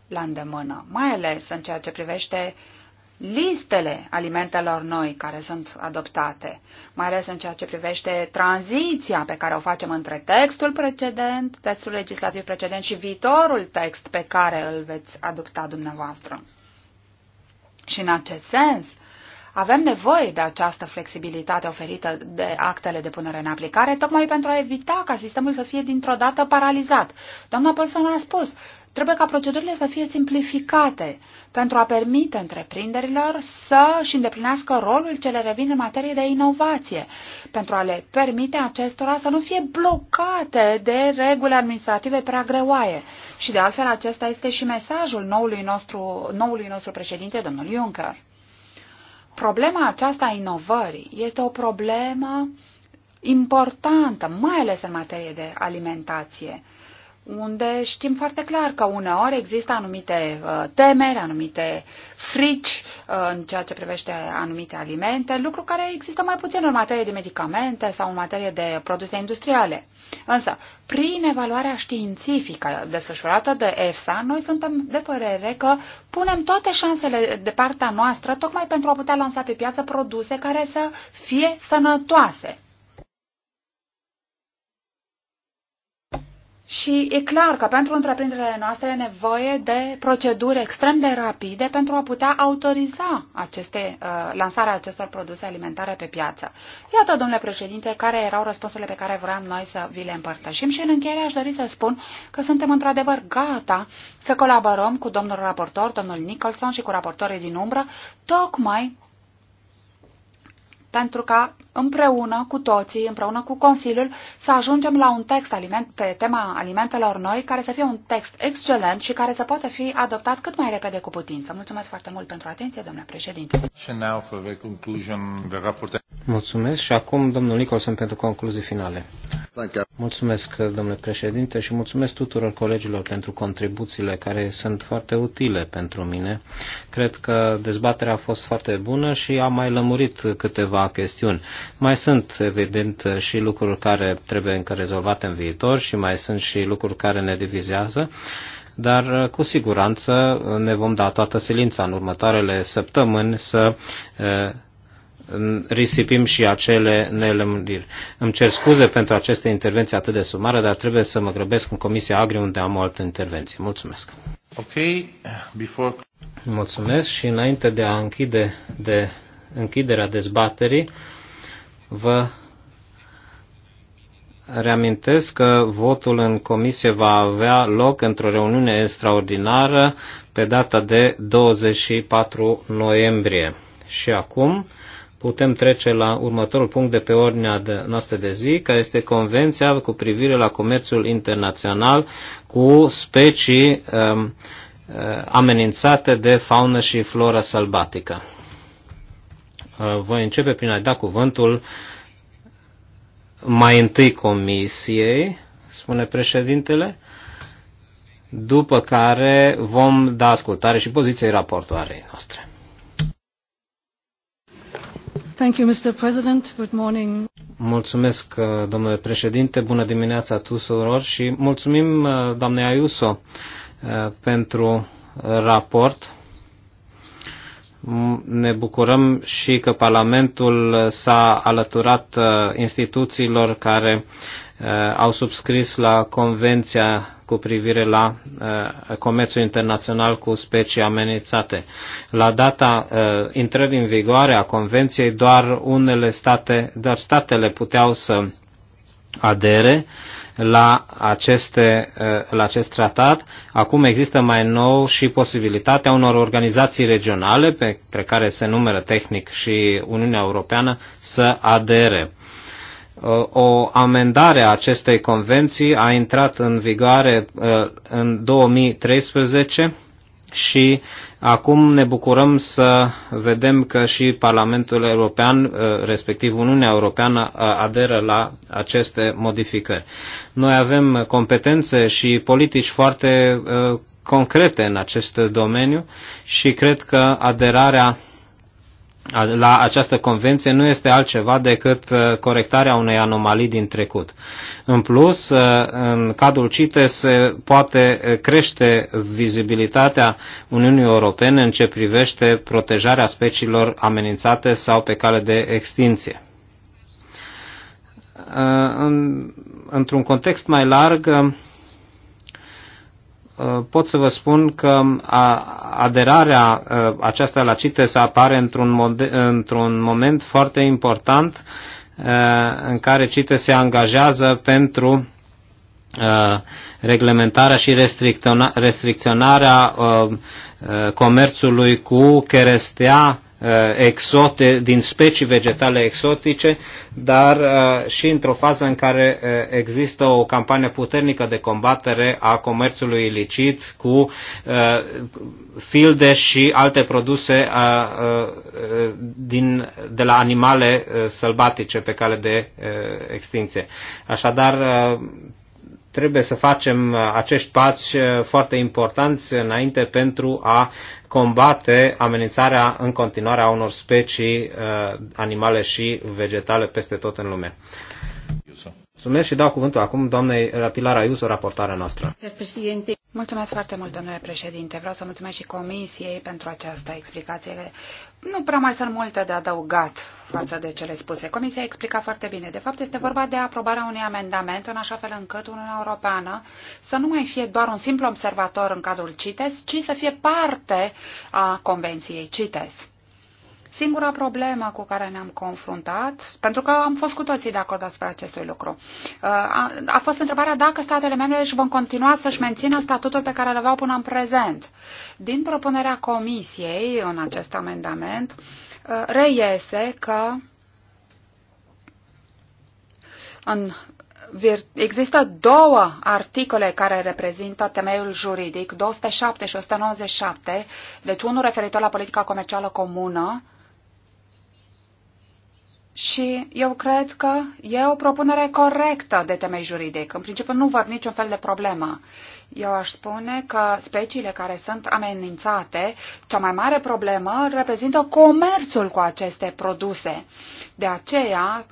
la îndemână, mai ales în ceea ce privește listele alimentelor noi care sunt adoptate, mai ales în ceea ce privește tranziția pe care o facem între textul precedent, textul legislativ precedent și viitorul text pe care îl veți adopta dumneavoastră. Și în acest sens, avem nevoie de această flexibilitate oferită de actele de punere în aplicare, tocmai pentru a evita ca sistemul să fie dintr-o dată paralizat. Doamna Polson a spus, trebuie ca procedurile să fie simplificate pentru a permite întreprinderilor să își îndeplinească rolul ce le revine în materie de inovație, pentru a le permite acestora să nu fie blocate de reguli administrative prea greoaie. Și de altfel acesta este și mesajul noului nostru, noului nostru președinte, domnul Juncker. Problema aceasta a inovării este o problemă importantă, mai ales în materie de alimentație unde știm foarte clar că uneori există anumite uh, temeri, anumite frici uh, în ceea ce privește anumite alimente, lucru care există mai puțin în materie de medicamente sau în materie de produse industriale. Însă, prin evaluarea științifică desfășurată de EFSA, noi suntem de părere că punem toate șansele de partea noastră tocmai pentru a putea lansa pe piață produse care să fie sănătoase. Și e clar că pentru întreprinderile noastre e nevoie de proceduri extrem de rapide pentru a putea autoriza aceste, uh, lansarea acestor produse alimentare pe piață. Iată, domnule președinte, care erau răspunsurile pe care vreau noi să vi le împărtășim și în încheiere aș dori să spun că suntem într-adevăr gata să colaborăm cu domnul raportor, domnul Nicholson și cu raportorii din umbră, tocmai pentru ca împreună cu toții, împreună cu Consiliul, să ajungem la un text aliment, pe tema alimentelor noi, care să fie un text excelent și care să poată fi adoptat cât mai repede cu putință. Mulțumesc foarte mult pentru atenție, domnule președinte. Mulțumesc și acum domnul Nicholson pentru concluzii finale. Mulțumesc, domnule președinte, și mulțumesc tuturor colegilor pentru contribuțiile care sunt foarte utile pentru mine. Cred că dezbaterea a fost foarte bună și am mai lămurit câteva chestiuni. Mai sunt, evident, și lucruri care trebuie încă rezolvate în viitor și mai sunt și lucruri care ne divizează, dar uh, cu siguranță ne vom da toată silința în următoarele săptămâni să uh, risipim și acele nelămuriri. Îmi cer scuze pentru aceste intervenții atât de sumare, dar trebuie să mă grăbesc în Comisia Agri unde am o altă intervenție. Mulțumesc. Ok, before... Mulțumesc și înainte de a închide de închiderea dezbaterii, Vă reamintesc că votul în comisie va avea loc într-o reuniune extraordinară pe data de 24 noiembrie. Și acum putem trece la următorul punct de pe ordinea de, noastră de zi, care este Convenția cu privire la comerțul internațional cu specii um, uh, amenințate de faună și floră sălbatică. Uh, voi începe prin a da cuvântul mai întâi comisiei, spune președintele, după care vom da ascultare și poziției raportoarei noastre. Thank you, Mr. President. Good morning. Mulțumesc, uh, domnule președinte, bună dimineața tuturor și mulțumim, uh, doamne Ayuso, pentru raport ne bucurăm și că Parlamentul s-a alăturat uh, instituțiilor care uh, au subscris la Convenția cu privire la uh, comerțul internațional cu specii amenințate. La data intrării în vigoare a Convenției, doar unele state, doar statele puteau să adere la, aceste, eh, la acest tratat. Acum există mai nou și posibilitatea unor organizații regionale, pe care se numără tehnic și Uniunea Europeană, să adere. O amendare a acestei convenții a intrat în vigoare eh, în 2013 și acum ne bucurăm să vedem că și Parlamentul European, uh, respectiv Uniunea Europeană, uh, aderă la aceste modificări. Noi avem competențe și politici foarte uh, concrete în acest domeniu și cred că aderarea la această convenție nu este altceva decât uh, corectarea unei anomalii din trecut. În plus, uh, în cadrul CITE se poate uh, crește vizibilitatea Uniunii Europene în ce privește protejarea speciilor amenințate sau pe cale de extinție. Într-un context mai larg, Uh, pot să vă spun că um, aderarea uh, aceasta la CITES apare într-un, într moment foarte important uh, în care CITES se angajează pentru reglementarea și restricționarea comerțului cu cherestea Uh, exote, din specii vegetale exotice, dar uh, și într-o fază în care uh, există o campanie puternică de combatere a comerțului ilicit cu filde și alte produse din, de la animale sălbatice pe cale de extinție. Așadar, trebuie să facem acești pași foarte importanți înainte pentru a combate amenințarea în continuare a unor specii uh, animale și vegetale peste tot în lume. Mulțumesc și dau cuvântul acum doamnei Pilar Ayuso, raportarea noastră. Președinte. Mulțumesc foarte mult, domnule președinte. Vreau să mulțumesc și comisiei pentru această explicație. Nu prea mai sunt multe de adăugat față de cele spuse. Comisia a explicat foarte bine. De fapt, este vorba de aprobarea unui amendament în așa fel încât Uniunea Europeană să nu mai fie doar un simplu observator în cadrul CITES, ci să fie parte a Convenției CITES. Singura problemă cu care ne-am confruntat, pentru că am fost cu toții de acord asupra acestui lucru, uh, a fost întrebarea dacă statele membre își vor continua să-și mențină statutul pe care îl aveau până în prezent. Din propunerea Comisiei în acest amendament, uh, reiese că în există două articole care reprezintă temeiul juridic, 207 și 197, deci unul referitor la politica comercială comună și eu cred că e o propunere corectă de temei juridic. În principiu nu văd niciun fel de problemă. Eu aș spune că speciile care sunt amenințate, cea mai mare problemă reprezintă comerțul cu aceste produse. De aceea,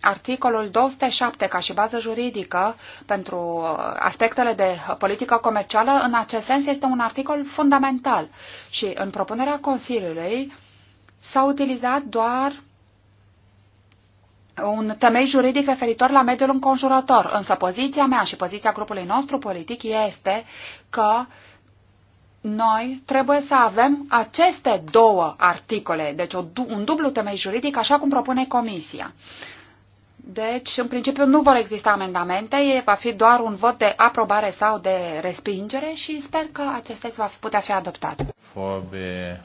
articolul 207 ca și bază juridică pentru uh, aspectele de politică comercială, în acest sens este un articol fundamental. Și în propunerea Consiliului s-a utilizat doar un temei juridic referitor la mediul înconjurător. Însă poziția mea și poziția grupului nostru politic este că noi trebuie să avem aceste două articole, deci un dublu temei juridic, așa cum propune Comisia. Deci, în principiu, nu vor exista amendamente, va fi doar un vot de aprobare sau de respingere și sper că acest text va putea fi adoptat. For the,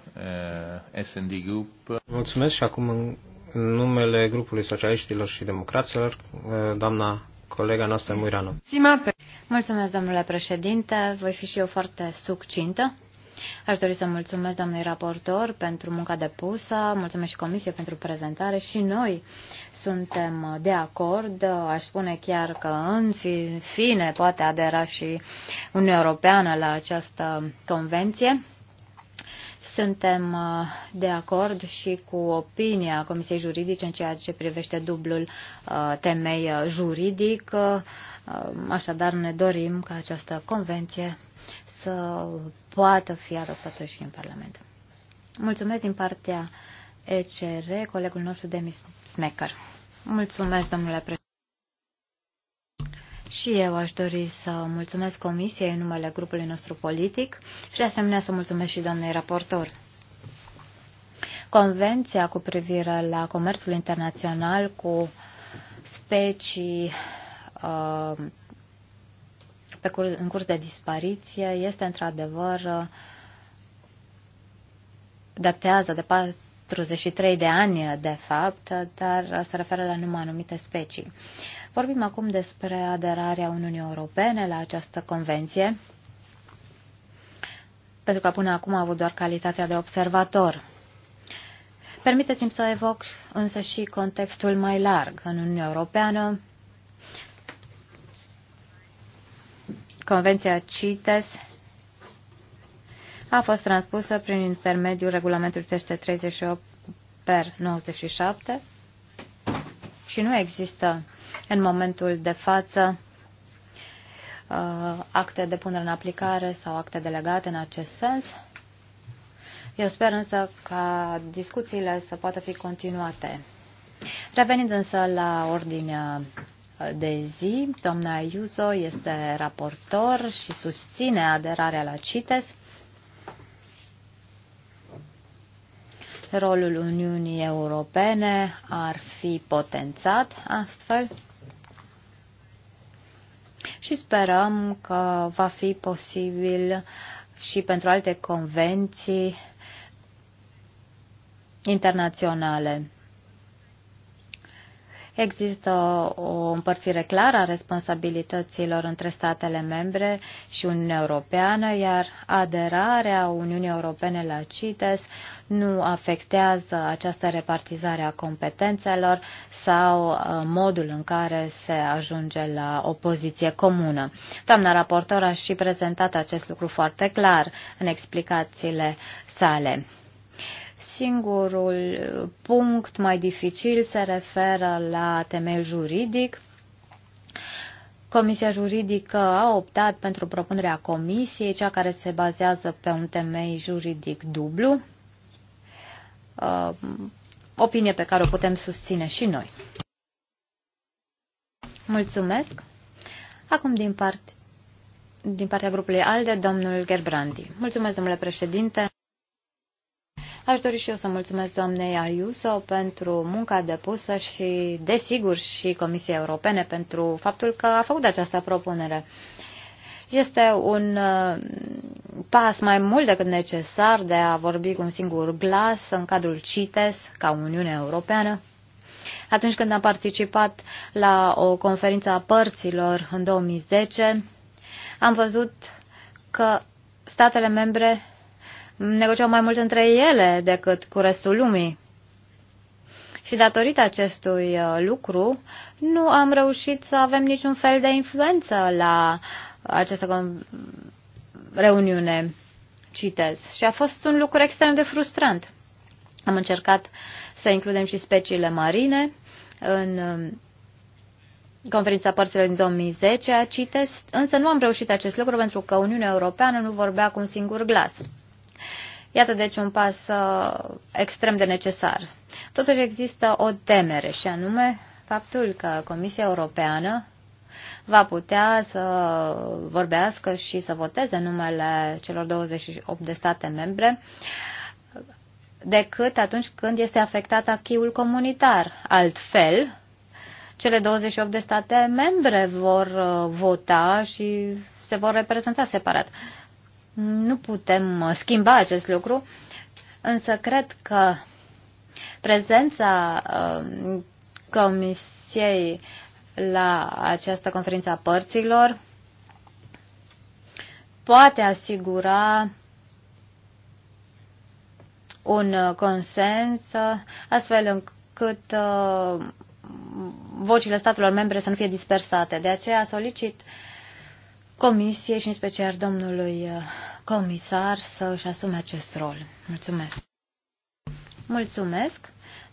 uh, Group. Mulțumesc și acum în în numele grupului socialiștilor și democraților, eh, doamna colega noastră Muirano. Mulțumesc, domnule președinte. Voi fi și eu foarte succintă. Aș dori să mulțumesc doamnei raportor pentru munca depusă, mulțumesc și comisie pentru prezentare și noi suntem de acord, aș spune chiar că în fine poate adera și Uniunea Europeană la această convenție. Suntem uh, de acord și cu opinia Comisiei Juridice în ceea ce privește dublul uh, temei uh, juridic. Așadar, ne dorim ca această convenție să poată fi adoptată și în Parlament. Mulțumesc din partea ECR, colegul nostru Demis Smecker. Mulțumesc, domnule președinte. Și eu aș dori să mulțumesc Comisiei în numele grupului nostru politic și de asemenea să mulțumesc și doamnei raportor. Convenția cu privire la comerțul internațional cu specii uh, pe cur- în curs de dispariție este într-adevăr datează de 43 de ani, de fapt, dar se referă la numai anumite specii. Uh, Vorbim acum despre aderarea Uniunii Europene la această convenție, pentru că până acum a avut doar calitatea de observator. Permiteți-mi să evoc însă și contextul mai larg în Uniunea Europeană. Convenția CITES a fost transpusă prin intermediul regulamentului 38 per 97 și nu există în momentul de față uh, acte de punere în aplicare sau acte delegate în acest sens. Eu sper însă ca discuțiile să poată fi continuate. Revenind însă la ordinea de zi, doamna Iuzo este raportor și susține aderarea la CITES. Rolul Uniunii Europene ar fi potențat astfel și sperăm că va fi posibil și pentru alte convenții internaționale. Există o împărțire clară a responsabilităților între statele membre și Uniunea Europeană, iar aderarea Uniunii Europene la CITES nu afectează această repartizare a competențelor sau uh, modul în care se ajunge la o poziție comună. Doamna raportor a și prezentat acest lucru foarte clar în explicațiile sale. Singurul uh, punct mai dificil se referă la temel juridic. Comisia juridică a optat pentru propunerea comisiei, cea care se bazează pe un temei juridic dublu, uh, opinie pe care o putem susține și noi. Mulțumesc. Acum din, part, din partea grupului ALDE, domnul Gerbrandi. Mulțumesc, domnule președinte. Aș dori și eu să mulțumesc doamnei Ayuso pentru munca depusă și, desigur, și Comisiei Europene pentru faptul că a făcut această propunere. Este un uh, pas mai mult decât necesar de a vorbi cu un singur glas în cadrul CITES ca Uniunea Europeană. Atunci când am participat la o conferință a părților în 2010, am văzut că statele membre negociau mai mult între ele decât cu restul lumii. Și datorită acestui uh, lucru, nu am reușit să avem niciun fel de influență la această reuniune, citez. Și a fost un lucru extrem de frustrant. Am încercat să includem și speciile marine în um, conferința părților din 2010 a CITES, însă nu am reușit acest lucru pentru că Uniunea Europeană nu vorbea cu un singur glas. Iată deci un pas uh, extrem de necesar. Totuși există o temere și anume faptul că Comisia Europeană va putea să vorbească și să voteze numele celor 28 de state membre decât atunci când este afectat achiul comunitar. Altfel, cele 28 de state membre vor uh, vota și se vor reprezenta separat. Nu putem uh, schimba acest lucru, însă cred că prezența uh, Comisiei la această conferință a părților poate asigura un uh, consens astfel încât vocile statelor membre să nu fie dispersate. De aceea solicit uh, Comisiei și în special domnului uh, comisar să își asume acest rol. Mulțumesc! Mulțumesc!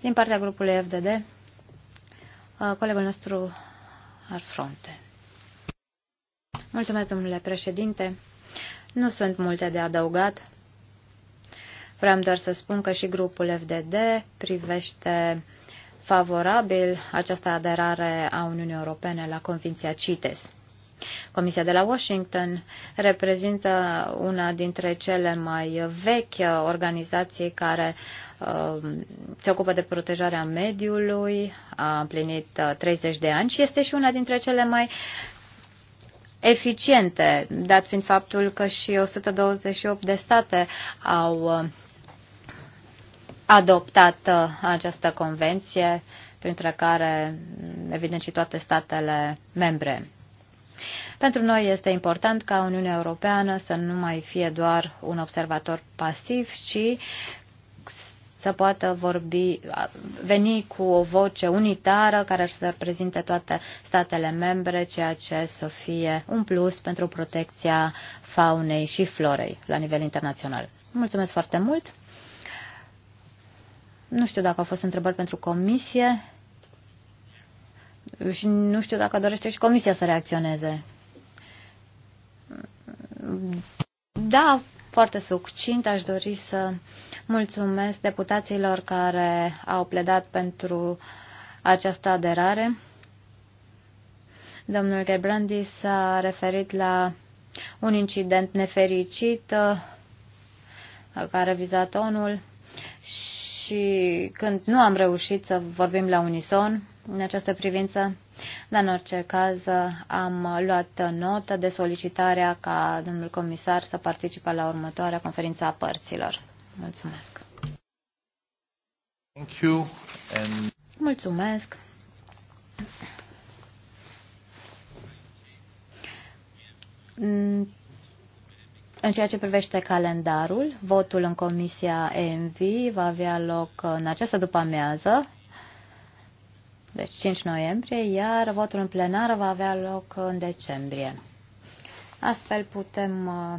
Din partea grupului FDD, uh, colegul nostru Arfronte. Mulțumesc, domnule președinte! Nu sunt multe de adăugat. Vreau doar să spun că și grupul FDD privește favorabil această aderare a Uniunii Europene la Convenția CITES. Comisia de la Washington reprezintă una dintre cele mai vechi organizații care uh, se ocupă de protejarea mediului, a împlinit 30 uh, de ani și este și una dintre cele mai eficiente, dat fiind faptul că și 128 de state au uh, adoptat această convenție, printre care, mm, evident, și toate statele membre. Pentru noi este important ca Uniunea Europeană să nu mai fie doar un observator pasiv, ci să poată vorbi, veni cu o voce unitară care să reprezinte toate statele membre, ceea ce să fie un plus pentru protecția faunei și florei la nivel internațional. Mulțumesc foarte mult! Nu știu dacă au fost întrebări pentru comisie și nu știu dacă dorește și comisia să reacționeze. Da, foarte succint aș dori să mulțumesc deputaților care au pledat pentru această aderare. Domnul Gebrandi s-a referit la un incident nefericit uh, care viza tonul și când nu am reușit să vorbim la unison în această privință, dar în orice caz am luat notă de solicitarea ca domnul comisar să participe la următoarea conferință a părților. Mulțumesc. Thank you and... Mulțumesc. În ceea ce privește calendarul, votul în Comisia ENV va avea loc în această după-amiază, deci 5 noiembrie, iar votul în plenară va avea loc în decembrie. Astfel putem uh,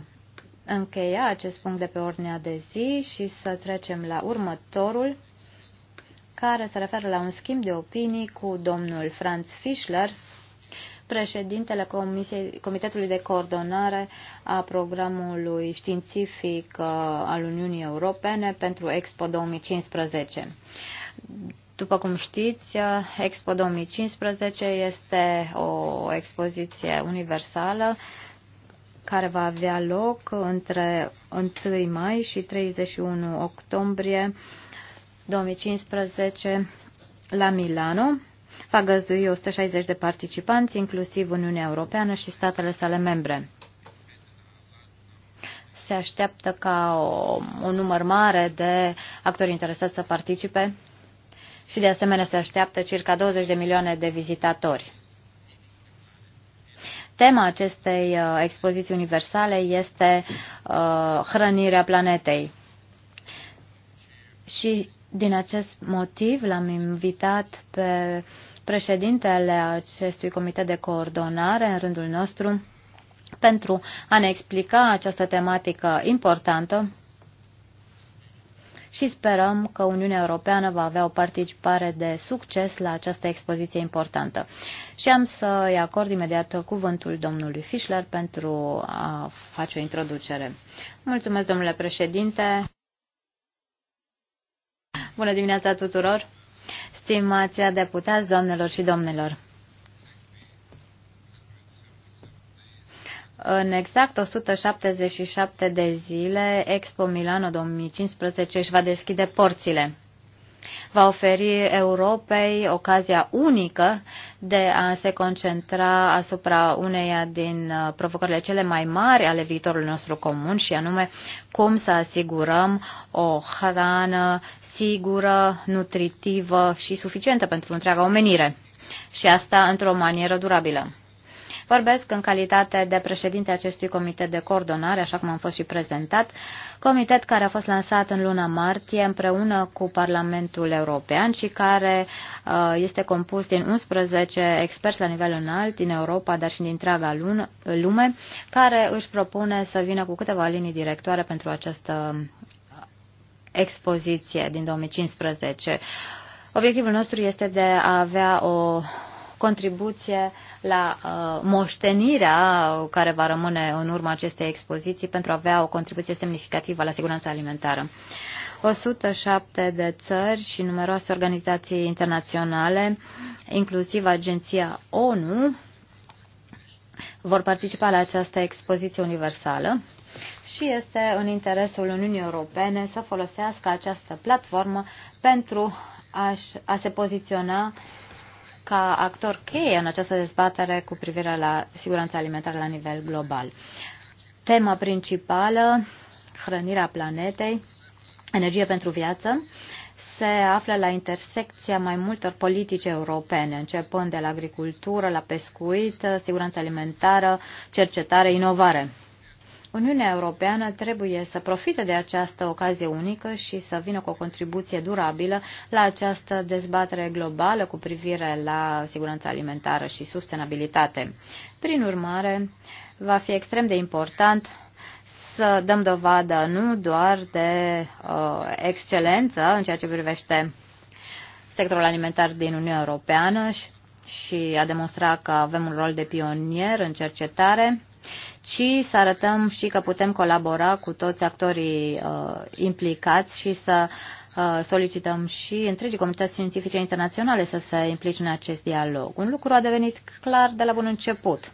încheia acest punct de pe ordinea de zi și să trecem la următorul, care se referă la un schimb de opinii cu domnul Franz Fischler, președintele Comisiei, Comitetului de Coordonare a Programului Științific uh, al Uniunii Europene pentru Expo 2015. După cum știți, Expo 2015 este o expoziție universală care va avea loc între 1 mai și 31 octombrie 2015 la Milano. Va găzdui 160 de participanți, inclusiv Uniunea Europeană și statele sale membre. Se așteaptă ca o, un număr mare de actori interesați să participe și de asemenea se așteaptă circa 20 de milioane de vizitatori. Tema acestei uh, expoziții universale este uh, hrănirea planetei. Și din acest motiv l-am invitat pe președintele acestui comitet de coordonare în rândul nostru pentru a ne explica această tematică importantă și sperăm că Uniunea Europeană va avea o participare de succes la această expoziție importantă. Și am să-i acord imediat cuvântul domnului Fischler pentru a face o introducere. Mulțumesc, domnule președinte! Bună dimineața tuturor! Stimați deputați, doamnelor și domnilor! În exact 177 de zile, Expo Milano 2015 își va deschide porțile. Va oferi Europei ocazia unică de a se concentra asupra uneia din uh, provocările cele mai mari ale viitorului nostru comun și anume cum să asigurăm o hrană sigură, nutritivă și suficientă pentru întreaga omenire. Și asta într-o manieră durabilă. Vorbesc în calitate de președinte acestui comitet de coordonare, așa cum am fost și prezentat, comitet care a fost lansat în luna martie împreună cu Parlamentul European și care uh, este compus din 11 experți la nivel înalt din Europa, dar și din întreaga lume, care își propune să vină cu câteva linii directoare pentru această expoziție din 2015. Obiectivul nostru este de a avea o contribuție la uh, moștenirea care va rămâne în urma acestei expoziții pentru a avea o contribuție semnificativă la siguranța alimentară. 107 de țări și numeroase organizații internaționale, inclusiv Agenția ONU, vor participa la această expoziție universală și este în interesul Uniunii Europene să folosească această platformă pentru a, a se poziționa ca actor cheie în această dezbatere cu privire la siguranța alimentară la nivel global. Tema principală, hrănirea planetei, energie pentru viață, se află la intersecția mai multor politici europene, începând de la agricultură, la pescuit, siguranță alimentară, cercetare, inovare. Uniunea Europeană trebuie să profite de această ocazie unică și să vină cu o contribuție durabilă la această dezbatere globală cu privire la siguranța alimentară și sustenabilitate. Prin urmare, va fi extrem de important să dăm dovadă nu doar de uh, excelență în ceea ce privește sectorul alimentar din Uniunea Europeană și, și a demonstra că avem un rol de pionier în cercetare, și să arătăm și că putem colabora cu toți actorii uh, implicați și să uh, solicităm și întregii comunități științifice internaționale să se implice în acest dialog. Un lucru a devenit clar de la bun început.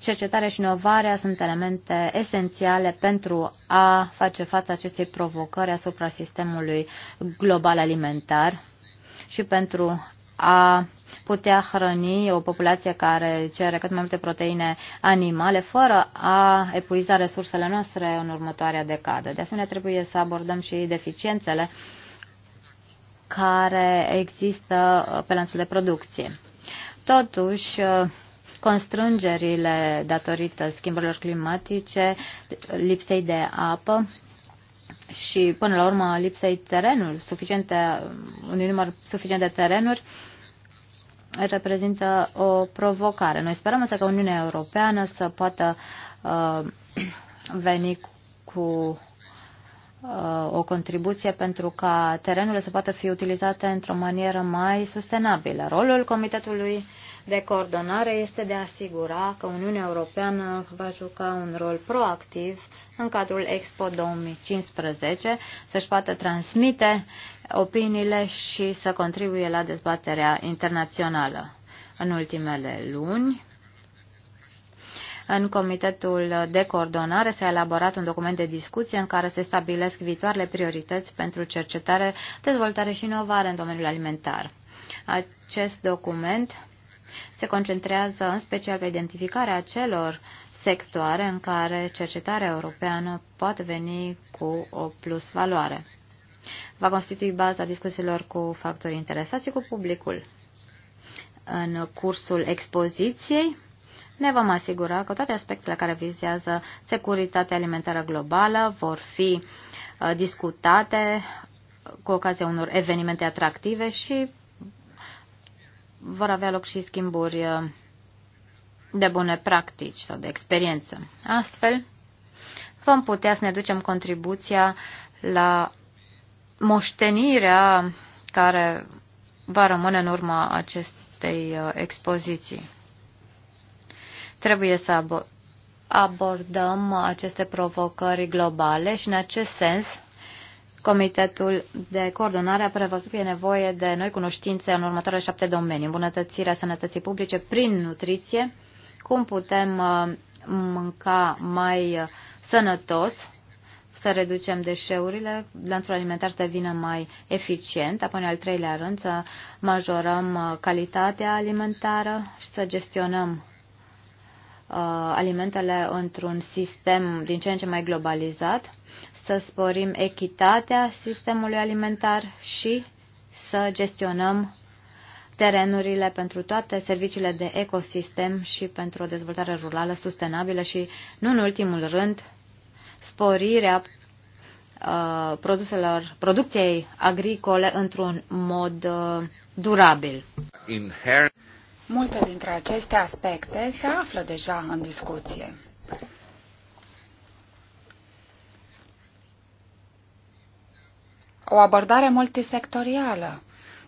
Cercetarea și inovarea sunt elemente esențiale pentru a face față acestei provocări asupra sistemului global alimentar și pentru a putea hrăni o populație care cere cât mai multe proteine animale fără a epuiza resursele noastre în următoarea decadă. De asemenea, trebuie să abordăm și deficiențele care există pe lanțul de producție. Totuși, constrângerile datorită schimbărilor climatice, lipsei de apă și, până la urmă, lipsei terenului, suficiente, un număr suficient de terenuri, reprezintă o provocare. Noi sperăm însă că Uniunea Europeană să poată uh, veni cu uh, o contribuție pentru ca terenurile să poată fi utilizate într-o manieră mai sustenabilă. Rolul Comitetului de coordonare este de a asigura că Uniunea Europeană va juca un rol proactiv în cadrul Expo 2015, să-și poată transmite opiniile și să contribuie la dezbaterea internațională. În ultimele luni, în Comitetul de Coordonare s-a elaborat un document de discuție în care se stabilesc viitoarele priorități pentru cercetare, dezvoltare și inovare în domeniul alimentar. Acest document se concentrează în special pe identificarea celor sectoare în care cercetarea europeană poate veni cu o plus valoare. Va constitui baza discuțiilor cu factorii interesați și cu publicul. În cursul expoziției ne vom asigura că toate aspectele care vizează securitatea alimentară globală vor fi uh, discutate cu ocazia unor evenimente atractive și vor avea loc și schimburi uh, de bune practici sau de experiență. Astfel, vom putea să ne ducem contribuția la moștenirea care va rămâne în urma acestei uh, expoziții. Trebuie să abordăm aceste provocări globale și în acest sens Comitetul de coordonare a prevăzut că e nevoie de noi cunoștințe în următoarele șapte domenii. Îmbunătățirea sănătății publice prin nutriție, cum putem uh, mânca mai uh, sănătos, să reducem deșeurile, lanțul alimentar să devină mai eficient, apoi în al treilea rând să majorăm uh, calitatea alimentară și să gestionăm alimentele într-un sistem din ce în ce mai globalizat să sporim echitatea sistemului alimentar și să gestionăm terenurile pentru toate serviciile de ecosistem și pentru o dezvoltare rurală sustenabilă și, nu în ultimul rând, sporirea uh, produselor, producției agricole într-un mod uh, durabil. Multe dintre aceste aspecte se află deja în discuție. o abordare multisectorială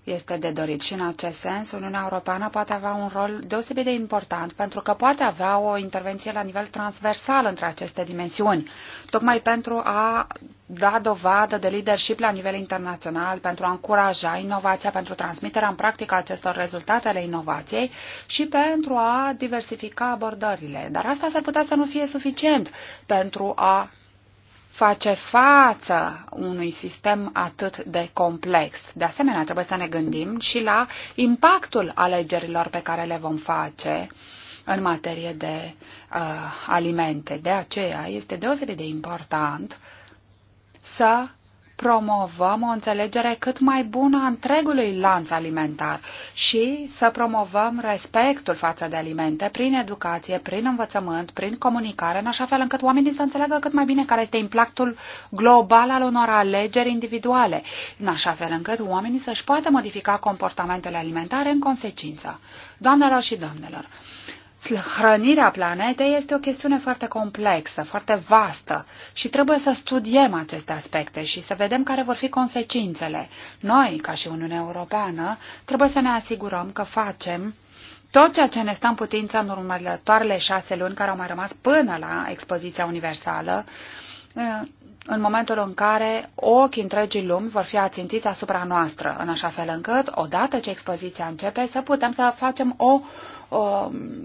este de dorit și în acest sens Uniunea Europeană poate avea un rol deosebit de important pentru că poate avea o intervenție la nivel transversal între aceste dimensiuni, tocmai pentru a da dovadă de leadership la nivel internațional, pentru a încuraja inovația, pentru transmiterea în practică acestor rezultate ale inovației și pentru a diversifica abordările. Dar asta s-ar putea să nu fie suficient pentru a face față unui sistem atât de complex. De asemenea, trebuie să ne gândim și la impactul alegerilor pe care le vom face în materie de uh, alimente. De aceea este deosebit de important să promovăm o înțelegere cât mai bună a întregului lanț alimentar și să promovăm respectul față de alimente prin educație, prin învățământ, prin comunicare, în așa fel încât oamenii să înțeleagă cât mai bine care este impactul global al unor alegeri individuale, în așa fel încât oamenii să-și poată modifica comportamentele alimentare în consecință. Doamnelor și domnilor, hrănirea planetei este o chestiune foarte complexă, foarte vastă și trebuie să studiem aceste aspecte și să vedem care vor fi consecințele. Noi, ca și Uniunea Europeană, trebuie să ne asigurăm că facem tot ceea ce ne stă în putință în următoarele șase luni care au mai rămas până la expoziția universală, în momentul în care ochii întregii lumi vor fi ațintiți asupra noastră, în așa fel încât, odată ce expoziția începe, să putem să facem o o, um,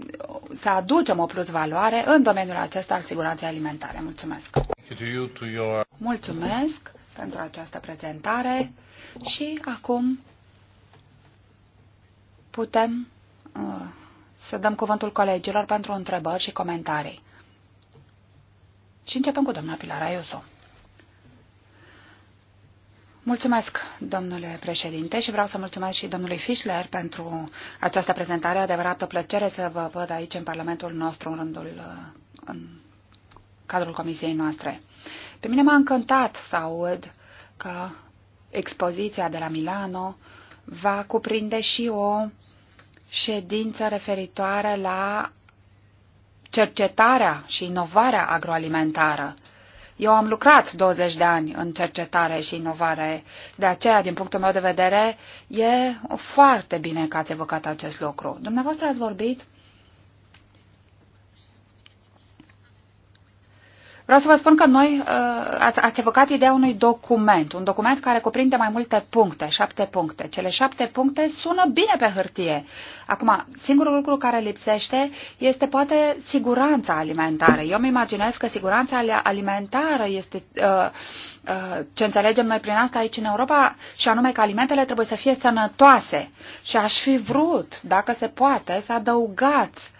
să aducem o plusvaloare în domeniul acesta al siguranței alimentare. Mulțumesc! Mulțumesc pentru această prezentare și acum putem uh, să dăm cuvântul colegilor pentru întrebări și comentarii. Și începem cu doamna Pilar Ayuso. Mulțumesc, domnule președinte, și vreau să mulțumesc și domnului Fischler pentru această prezentare. Adevărată plăcere să vă văd aici în Parlamentul nostru, în rândul, uh, în cadrul comisiei noastre. Pe mine m-a încântat să aud că expoziția de la Milano va cuprinde și o ședință referitoare la cercetarea și inovarea agroalimentară eu am lucrat 20 de ani în cercetare și inovare, de aceea, din punctul meu de vedere, e foarte bine că ați evocat acest lucru. Dumneavoastră ați vorbit Vreau să vă spun că noi uh, ați, ați evocat ideea unui document, un document care cuprinde mai multe puncte, șapte puncte. Cele șapte puncte sună bine pe hârtie. Acum, singurul lucru care lipsește este poate siguranța alimentară. Eu îmi imaginez că siguranța alimentară este uh, uh, ce înțelegem noi prin asta aici în Europa și anume că alimentele trebuie să fie sănătoase. Și aș fi vrut, dacă se poate, să adăugați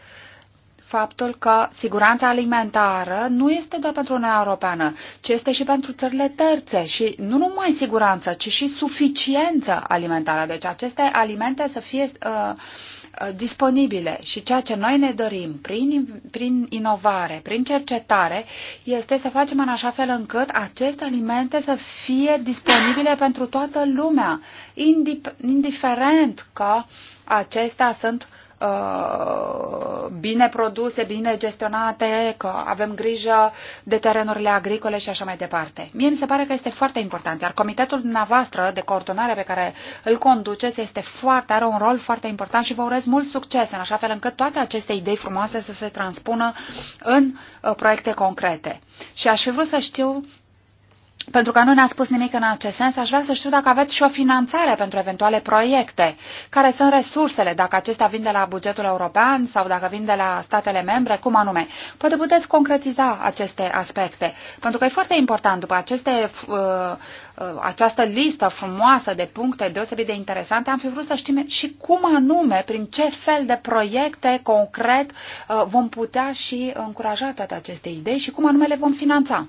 faptul că siguranța alimentară nu este doar pentru Uniunea Europeană, ci este și pentru țările terțe și nu numai siguranță, ci și suficiență alimentară. Deci aceste alimente să fie uh, uh disponibile și ceea ce noi ne dorim prin, prin inovare, prin cercetare, este să facem în așa fel încât aceste alimente să fie disponibile pentru toată lumea, indiferent că acestea sunt Uh, bine produse, bine gestionate, că avem grijă de terenurile agricole și așa mai departe. Mie mi se pare că este foarte important, iar comitetul dumneavoastră de coordonare pe care îl conduceți este foarte, are un rol foarte important și vă urez mult succes în așa fel încât toate aceste idei frumoase să se transpună în uh, proiecte concrete. Și aș fi vrut să știu pentru că nu ne-a spus nimic în acest sens, aș vrea să știu dacă aveți și o finanțare pentru eventuale proiecte, care sunt resursele, dacă acestea vin de la bugetul european sau dacă vin de la statele membre, cum anume. Poate puteți concretiza aceste aspecte, pentru că e foarte important după aceste, uh, uh, această listă frumoasă de puncte deosebit de interesante, am fi vrut să știm și cum anume, prin ce fel de proiecte concret uh, vom putea și încuraja toate aceste idei și cum anume le vom finanța.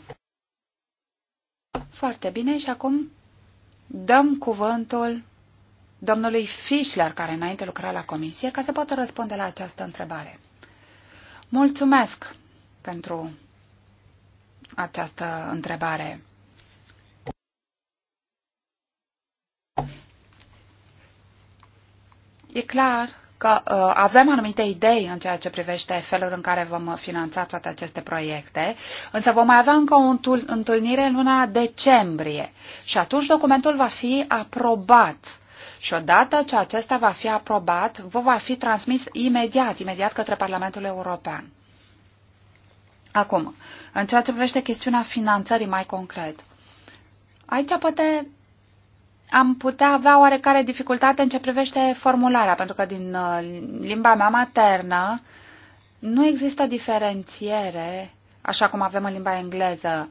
Foarte bine și acum dăm cuvântul domnului Fischler, care înainte lucra la comisie, ca să poată răspunde la această întrebare. Mulțumesc pentru această întrebare. E clar că uh, avem anumite idei în ceea ce privește felul în care vom finanța toate aceste proiecte, însă vom mai avea încă o întâlnire în luna decembrie și atunci documentul va fi aprobat. Și odată ce acesta va fi aprobat, vă va fi transmis imediat, imediat către Parlamentul European. Acum, în ceea ce privește chestiunea finanțării mai concret, aici poate am putea avea oarecare dificultate în ce privește formularea, pentru că din uh, limba mea maternă nu există diferențiere, așa cum avem în limba engleză,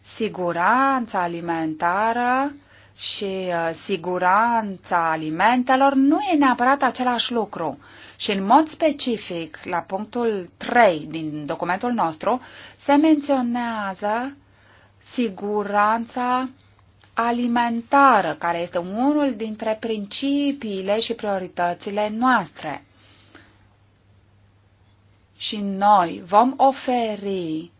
siguranța alimentară și uh, siguranța alimentelor nu e neapărat același lucru. Și în mod specific, la punctul 3 din documentul nostru, se menționează siguranța alimentară, care este unul dintre principiile și prioritățile noastre. Și noi vom oferi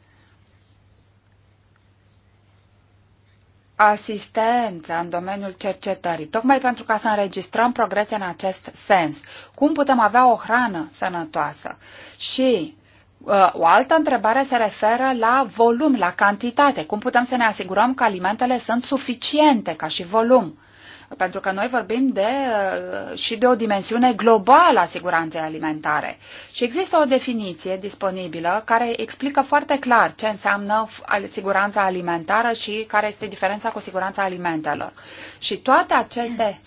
asistență în domeniul cercetării, tocmai pentru ca să înregistrăm progrese în acest sens. Cum putem avea o hrană sănătoasă? Și Uh, o altă întrebare se referă la volum, la cantitate. Cum putem să ne asigurăm că alimentele sunt suficiente ca și volum? pentru că noi vorbim de, uh, și de o dimensiune globală a siguranței alimentare. Și există o definiție disponibilă care explică foarte clar ce înseamnă siguranța alimentară și care este diferența cu siguranța alimentelor. Și toate aceste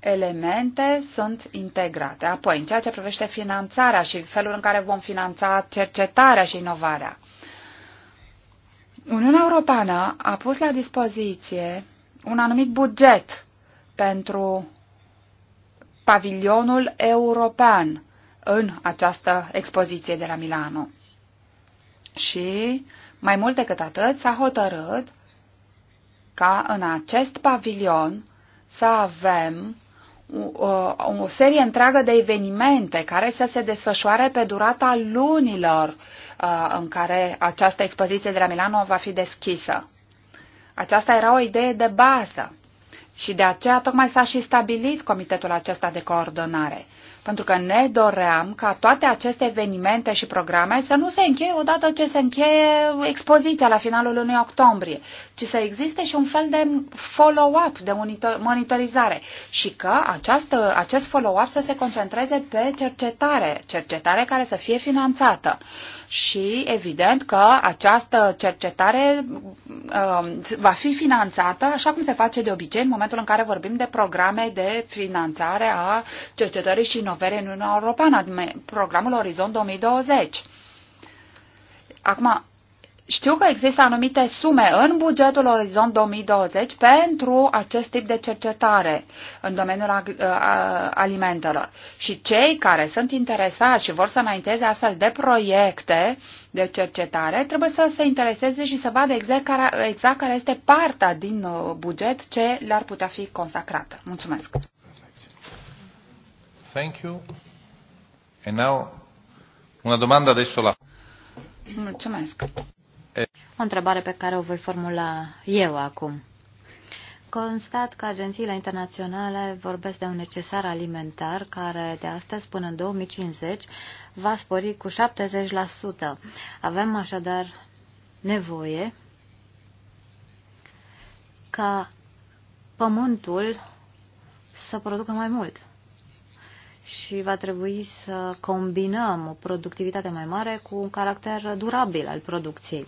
elemente sunt integrate. Apoi, în ceea ce privește finanțarea și felul în care vom finanța cercetarea și inovarea, Uniunea Europeană a pus la dispoziție un anumit buget pentru pavilionul european în această expoziție de la Milano. Și, mai mult decât atât, s-a hotărât ca în acest pavilion să avem o, o serie întreagă de evenimente care să se desfășoare pe durata lunilor uh, în care această expoziție de la Milano va fi deschisă. Aceasta era o idee de bază și de aceea tocmai s-a și stabilit comitetul acesta de coordonare pentru că ne doream ca toate aceste evenimente și programe să nu se încheie odată ce se încheie expoziția la finalul lunii octombrie, ci să existe și un fel de follow-up, de monitorizare și că această, acest follow-up să se concentreze pe cercetare, cercetare care să fie finanțată. Uh, și evident că această cercetare uh, va fi finanțată așa cum se face de obicei în momentul în care vorbim de programe de finanțare a cercetării și inovării în Uniunea Europeană, programul Orizont 2020. Acum, știu că există anumite sume în bugetul Orizont 2020 pentru acest tip de cercetare în domeniul alimentelor. Și cei care sunt interesați și vor să înainteze astfel de proiecte de cercetare trebuie să se intereseze și să vadă exact care, exact care este partea din uh, buget ce le-ar putea fi consacrată. Mulțumesc! Thank you. And now, una domanda adesso la... Mulțumesc! O întrebare pe care o voi formula eu acum. Constat că agențiile internaționale vorbesc de un necesar alimentar care de astăzi până în 2050 va spori cu 70%. Avem așadar nevoie ca pământul să producă mai mult și va trebui să combinăm o productivitate mai mare cu un caracter durabil al producției.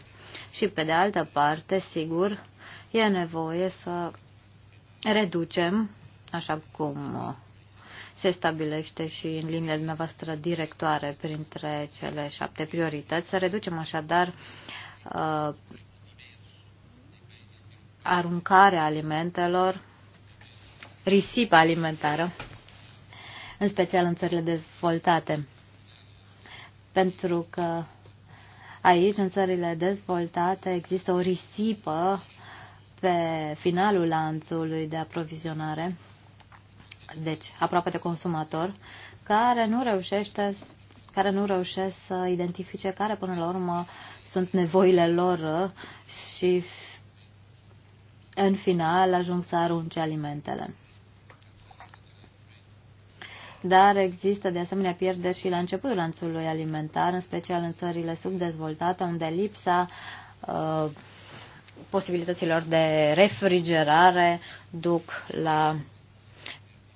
Și pe de altă parte, sigur, e nevoie să reducem, așa cum uh, se stabilește și în liniile dumneavoastră directoare printre cele șapte priorități, să reducem așadar uh, aruncarea alimentelor, risipa alimentară, în special în țările dezvoltate. Pentru că Aici, în țările dezvoltate, există o risipă pe finalul lanțului de aprovizionare, deci aproape de consumator, care nu reușește care nu reușesc să identifice care până la urmă sunt nevoile lor și în final ajung să arunce alimentele dar există de asemenea pierderi și la începutul lanțului alimentar, în special în țările subdezvoltate, unde lipsa uh, posibilităților de refrigerare duc la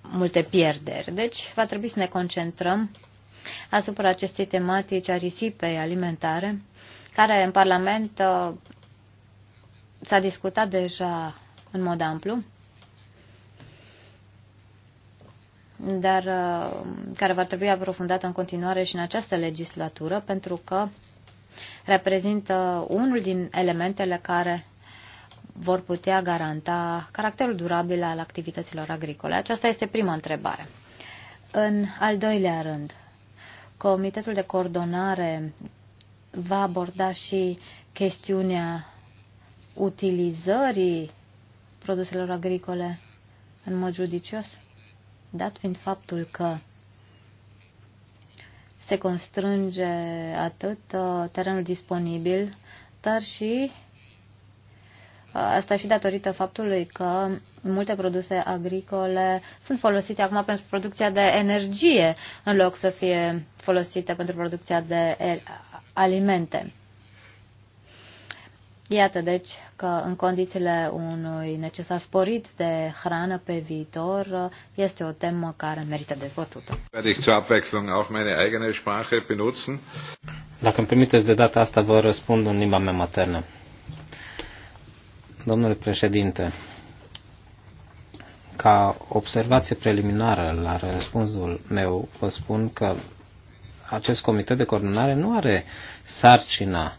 multe pierderi. Deci va trebui să ne concentrăm asupra acestei tematici a risipei alimentare, care în Parlament uh, s-a discutat deja în mod amplu. dar uh, care va trebui aprofundată în continuare și în această legislatură, pentru că reprezintă unul din elementele care vor putea garanta caracterul durabil al activităților agricole? Aceasta este prima întrebare. În al doilea rând, Comitetul de Coordonare va aborda și chestiunea utilizării produselor agricole în mod judicios? dat fiind faptul că se constrânge atât uh, terenul disponibil, dar și uh, asta și datorită faptului că multe produse agricole sunt folosite acum pentru producția de energie în loc să fie folosite pentru producția de alimente. Iată deci că în condițiile unui necesar sporit de hrană pe viitor este o temă care merită dezbătută. Dacă îmi permiteți de data asta vă răspund în limba mea maternă. Domnule președinte, ca observație preliminară la răspunsul meu, vă spun că acest comitet de coordonare nu are sarcina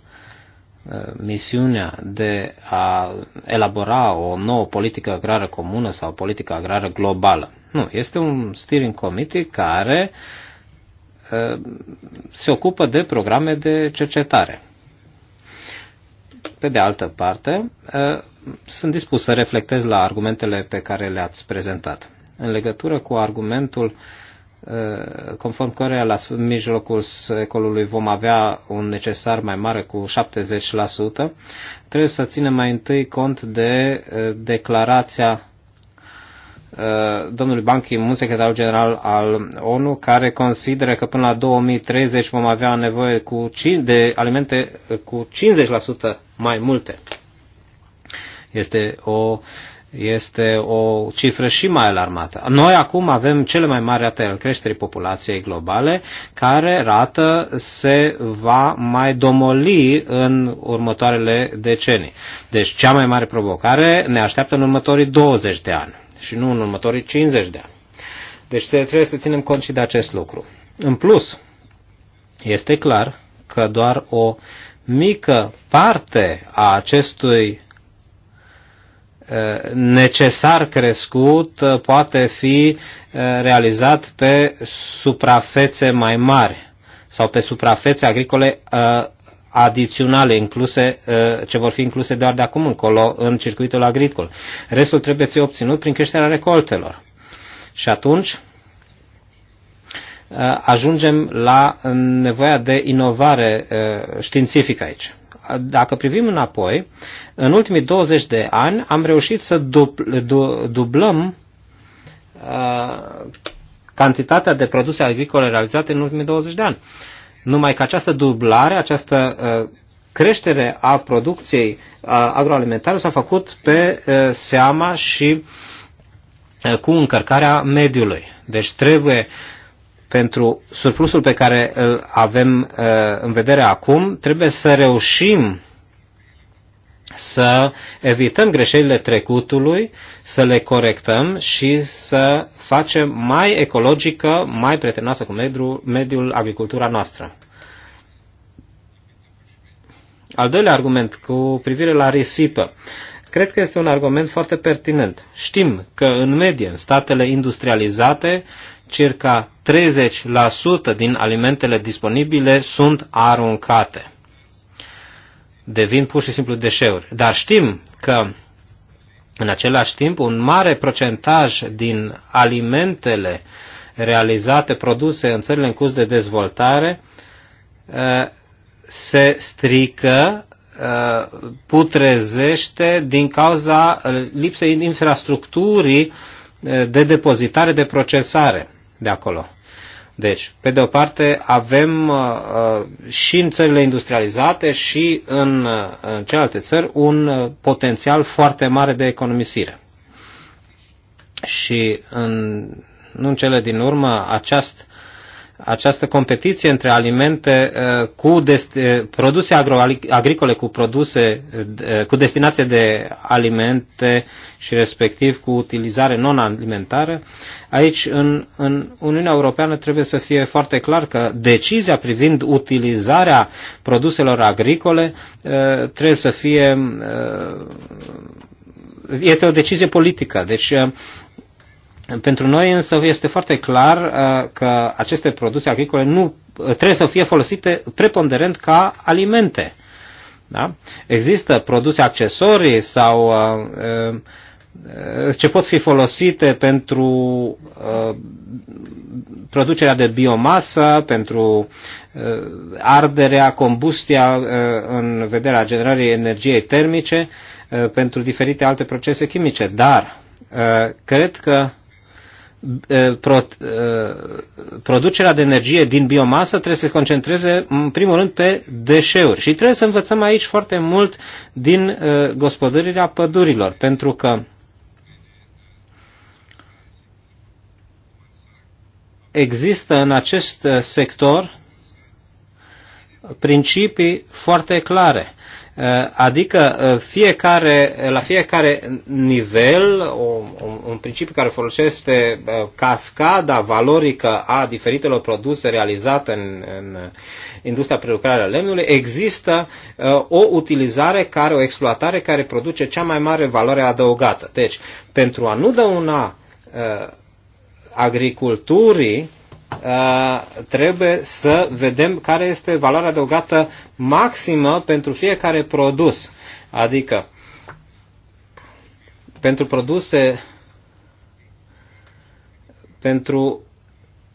Uh, misiunea de a elabora o nouă politică agrară comună sau politică agrară globală. Nu, este un steering committee care uh, se ocupă de programe de cercetare. Pe de altă parte, uh, sunt dispus să reflectez la argumentele pe care le-ați prezentat. În legătură cu argumentul uh, Uh, conform căreia la mijlocul secolului vom avea un necesar mai mare cu 70%, trebuie să ținem mai întâi cont de uh, declarația uh, domnului Ban Ki-moon, secretarul general al ONU, care consideră că până la 2030 vom avea nevoie cu, de alimente cu 50% mai multe. Este o uh, este o cifră și mai alarmată. Noi acum avem cele mai mari rate al creșterii populației globale, care rată se va mai domoli în următoarele decenii. Deci cea mai mare provocare ne așteaptă în următorii 20 de ani și nu în următorii 50 de ani. Deci trebuie să ținem cont și de acest lucru. În plus, este clar că doar o mică parte a acestui necesar crescut uh, poate fi uh, realizat pe suprafețe mai mari sau pe suprafețe agricole uh, adiționale incluse, ce vor fi incluse doar de acum încolo în circuitul agricol. Restul trebuie să obținut prin creșterea recoltelor. Și atunci ajungem la nevoia de inovare științifică aici dacă privim înapoi, în ultimii 20 de ani am reușit să dubl, du, dublăm uh, cantitatea de produse agricole realizate în ultimii 20 de ani. Numai că această dublare, această uh, creștere a producției uh, agroalimentare s-a făcut pe uh, seama și uh, cu încărcarea mediului. Deci trebuie uh, pentru surplusul pe care îl avem uh, în vedere acum, trebuie să reușim să evităm greșelile trecutului, să le corectăm și să facem mai ecologică, mai prietenoasă cu mediul, mediul agricultura noastră. Al doilea argument cu privire la risipă. Cred că este un argument foarte pertinent. Știm că în medie în statele industrializate circa 30% din alimentele disponibile sunt aruncate. Devin pur și simplu deșeuri. Dar știm că în același timp un mare procentaj din alimentele realizate, produse în țările în curs de dezvoltare, uh, se strică, uh, putrezește din cauza uh, lipsei infrastructurii de depozitare, de procesare de acolo. Deci, pe de o parte, avem uh, uh, și în țările industrializate și în, uh, în celelalte țări un uh, potențial foarte mare de economisire. Și în, în cele din urmă, acest, această competiție între alimente uh, cu uh, produse agricole cu produse uh, cu destinație de alimente și respectiv cu utilizare non-alimentară, aici în, în Uniunea Europeană trebuie să fie foarte clar că decizia privind utilizarea produselor agricole trebuie să fie este o decizie politică. Deci pentru noi însă este foarte clar uh, că aceste produse agricole nu uh, trebuie să fie folosite preponderent ca alimente. Da? Există produse accesorii sau uh, ce pot fi folosite pentru producerea de biomasă, pentru arderea, combustia în vederea generării energiei termice, pentru diferite alte procese chimice. Dar cred că producerea de energie din biomasă trebuie să se concentreze în primul rând pe deșeuri. Și trebuie să învățăm aici foarte mult din gospodărirea pădurilor, pentru că există în acest sector principii foarte clare. Eh, adică eh, fiecare, eh, la fiecare nivel, un principiu care folosește cascada valorică a diferitelor produse realizate în, în industria prelucrare a lemnului, există o utilizare care, o exploatare care produce cea mai mare valoare adăugată. Deci, pentru a nu dăuna agriculturii, Uh, trebuie să vedem care este valoarea adăugată maximă pentru fiecare produs. Adică, pentru produse, pentru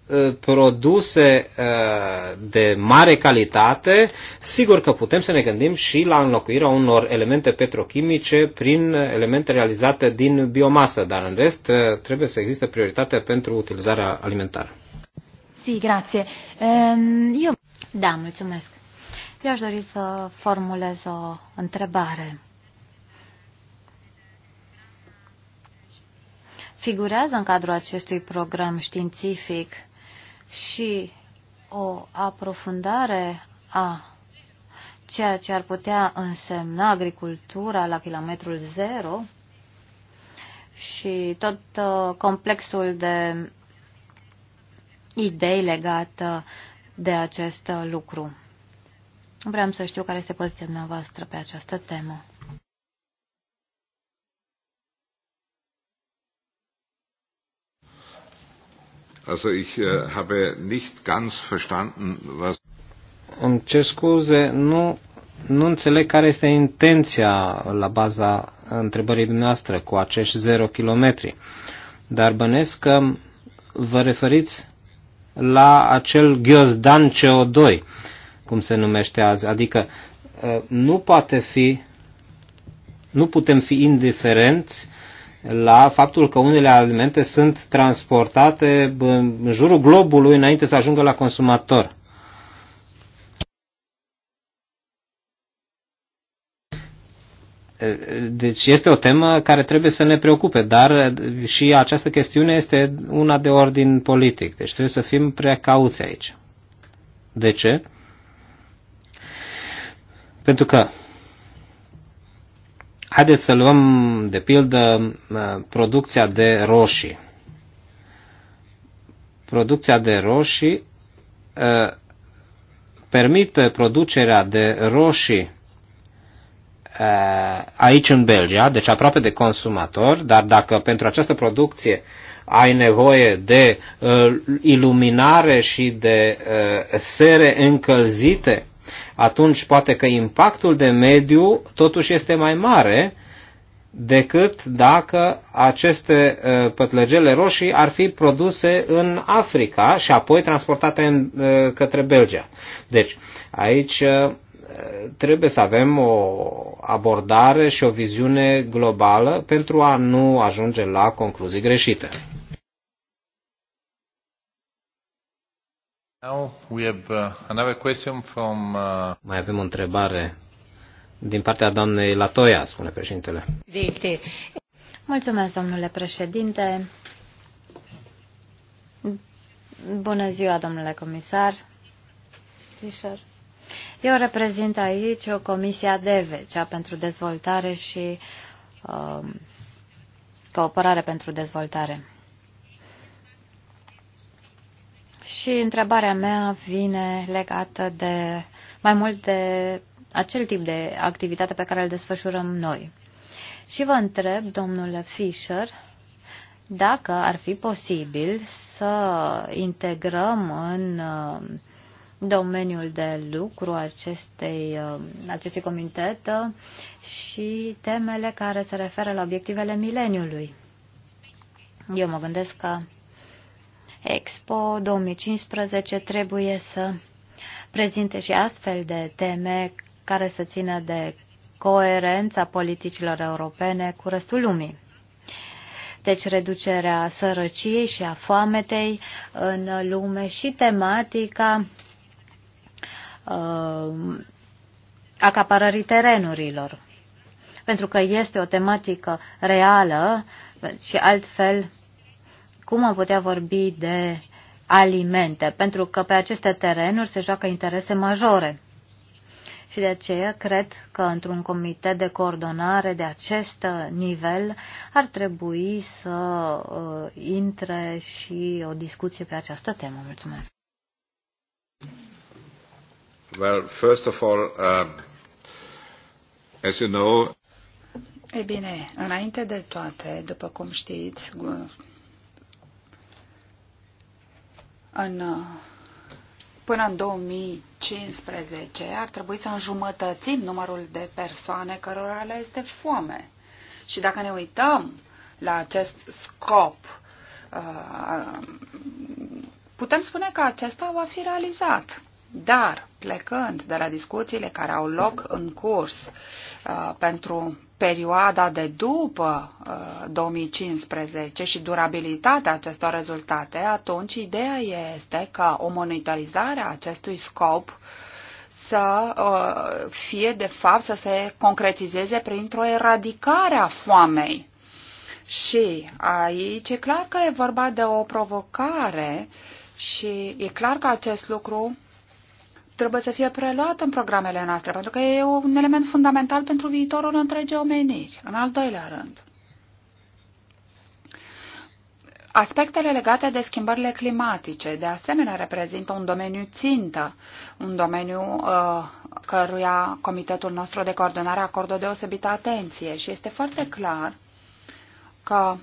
uh, produse uh, de mare calitate, sigur că putem să ne gândim și la înlocuirea unor elemente petrochimice prin elemente realizate din biomasă, dar în rest trebuie să existe prioritate pentru utilizarea alimentară. Si, grație. Eu... Ehm, da, mulțumesc. Eu aș dori să formulez o întrebare. Figurează în cadrul acestui program științific și o aprofundare a ceea ce ar putea însemna agricultura la kilometrul zero și tot uh, complexul de idei legate de acest lucru. Vreau să știu care este poziția dumneavoastră pe această temă. Also ich äh, habe nicht ganz verstanden, was Îmi cer scuze, nu, nu înțeleg care este intenția la baza întrebării dumneavoastră cu acești 0 kilometri, dar bănesc că vă referiți la acel ghiozdan CO2, cum se numește azi. Adică ă, nu poate fi, nu putem fi indiferenți la faptul că unele alimente sunt transportate în jurul globului înainte să ajungă la consumator. Deci este o temă care trebuie să ne preocupe, dar eh, și această chestiune este una de ordin politic. Deci trebuie să fim precauți aici. De ce? Pentru că haideți să luăm de pildă eh, producția de roșii. Producția de roșii eh, permite producerea de roșii Uh, aici în Belgia, deci aproape de consumator, dar dacă pentru această producție ai nevoie de uh, iluminare și de uh, sere încălzite, atunci poate că impactul de mediu totuși este mai mare decât dacă aceste uh, pătlăgele roșii ar fi produse în Africa și apoi transportate în, uh, către Belgia. Deci, aici uh, trebuie să avem o abordare și o viziune globală pentru a nu ajunge la concluzii greșite. Now we have uh, another question from, uh... Mai avem o întrebare din partea doamnei Latoia, spune președintele. Mulțumesc, domnule președinte. Bună ziua, domnule comisar. Fischer. Eu reprezint aici o Comisia DEVE, cea pentru dezvoltare și uh, cooperare pentru dezvoltare. Și întrebarea mea vine legată de mai mult de acel tip de activitate pe care îl desfășurăm noi. Și vă întreb, domnule Fischer, dacă ar fi posibil să integrăm în uh, domeniul de lucru acestei, uh, acestui comitet uh, și temele care se referă la obiectivele mileniului. Eu mă gândesc că Expo 2015 trebuie să prezinte și astfel de teme care să țină de coerența politicilor europene cu restul lumii. Deci reducerea sărăciei și a foametei în lume și tematica uh, um, acapărării terenurilor. Pentru că este o tematică reală și altfel cum am putea vorbi de alimente, pentru că pe aceste terenuri se joacă interese majore. Și de aceea cred că într-un comitet de coordonare de acest nivel ar trebui să uh, intre și o discuție pe această temă. Mulțumesc! Well, first of all, um, as you know, bine, înainte de toate, după cum știți, în, până în 2015 ar trebui să înjumătățim numărul de persoane cărora le este foame. Și dacă ne uităm la acest scop, uh, putem spune că acesta va fi realizat. Dar, plecând de la discuțiile care au loc în curs uh, pentru perioada de după uh, 2015 și durabilitatea acestor rezultate, atunci ideea este că o monitorizare a acestui scop să uh, fie, de fapt, să se concretizeze printr-o eradicare a foamei. Și aici e clar că e vorba de o provocare și e clar că acest lucru trebuie să fie preluat în programele noastre, pentru că e un element fundamental pentru viitorul întregii omeniri, în al doilea rând. Aspectele legate de schimbările climatice, de asemenea, reprezintă un domeniu țintă, un domeniu uh, căruia Comitetul nostru de Coordonare acordă deosebită atenție și este foarte clar că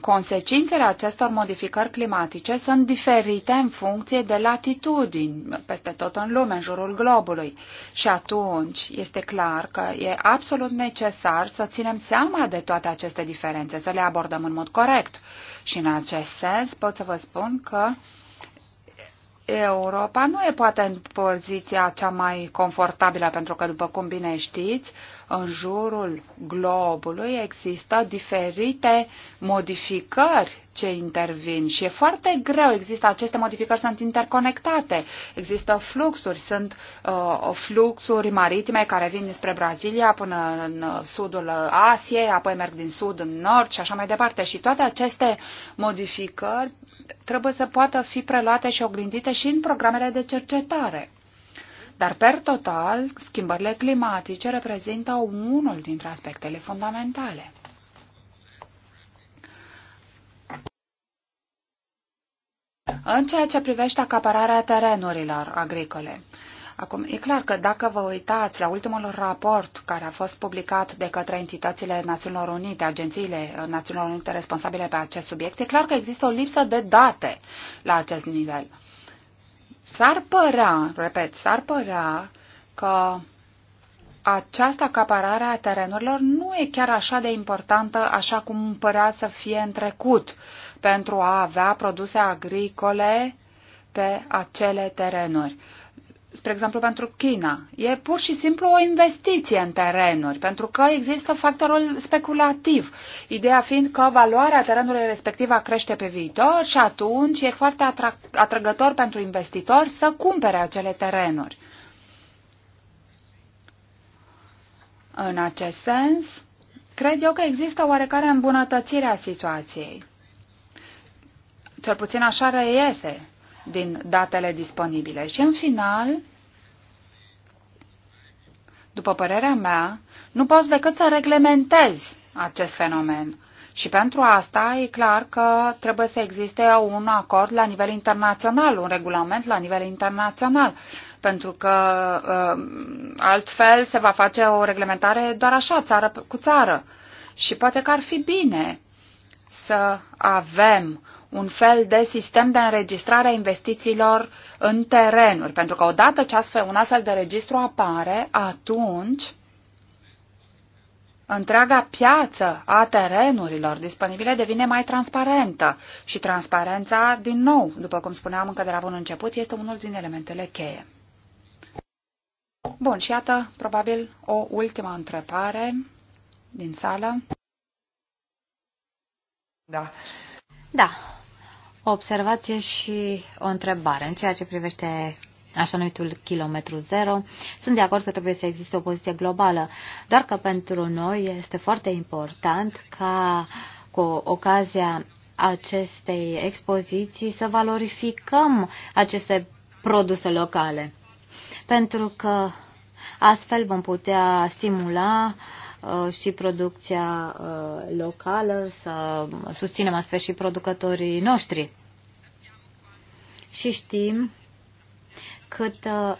Consecințele acestor modificări climatice sunt diferite în funcție de latitudini peste tot în lume, în jurul globului. Și atunci este clar că e absolut necesar să ținem seama de toate aceste diferențe, să le abordăm în mod corect. Și în acest sens pot să vă spun că Europa nu e poate în poziția cea mai confortabilă, pentru că, după cum bine știți, în jurul globului există diferite modificări ce intervin și e foarte greu. Există aceste modificări, sunt interconectate. Există fluxuri, sunt uh, fluxuri maritime care vin spre Brazilia până în sudul Asiei, apoi merg din sud în nord și așa mai departe. Și toate aceste modificări trebuie să poată fi preluate și oglindite și în programele de cercetare. Dar, per total, schimbările climatice reprezintă unul dintre aspectele fundamentale. În ceea ce privește acapararea terenurilor agricole, Acum, e clar că dacă vă uitați la ultimul raport care a fost publicat de către entitățile Națiunilor Unite, agențiile Națiunilor Unite responsabile pe acest subiect, e clar că există o lipsă de date la acest nivel. S-ar părea, repet, s-ar părea că această acaparare a terenurilor nu e chiar așa de importantă așa cum părea să fie în trecut pentru a avea produse agricole pe acele terenuri spre exemplu pentru China, e pur și simplu o investiție în terenuri, pentru că există factorul speculativ, ideea fiind că valoarea terenului respectiv a crește pe viitor și atunci e foarte atrăgător pentru investitori să cumpere acele terenuri. În acest sens, cred eu că există oarecare îmbunătățire a situației. Cel puțin așa reiese din datele disponibile. Și în final, după părerea mea, nu poți decât să reglementezi acest fenomen. Și pentru asta e clar că trebuie să existe un acord la nivel internațional, un regulament la nivel internațional, pentru că uh, altfel se va face o reglementare doar așa, țară cu țară. Și poate că ar fi bine să avem un fel de sistem de înregistrare a investițiilor în terenuri. Pentru că odată ce astfel, un astfel de registru apare, atunci întreaga piață a terenurilor disponibile devine mai transparentă și transparența, din nou, după cum spuneam încă de la bun început, este unul din elementele cheie. Bun, și iată, probabil, o ultimă întrebare din sală. Da. Da, o observație și o întrebare. În ceea ce privește așa numitul kilometru zero, sunt de acord că trebuie să existe o poziție globală, doar că pentru noi este foarte important ca cu ocazia acestei expoziții să valorificăm aceste produse locale. Pentru că astfel vom putea stimula uh, Uh, și producția uh, locală, să susținem astfel și producătorii noștri. Și știm cât uh,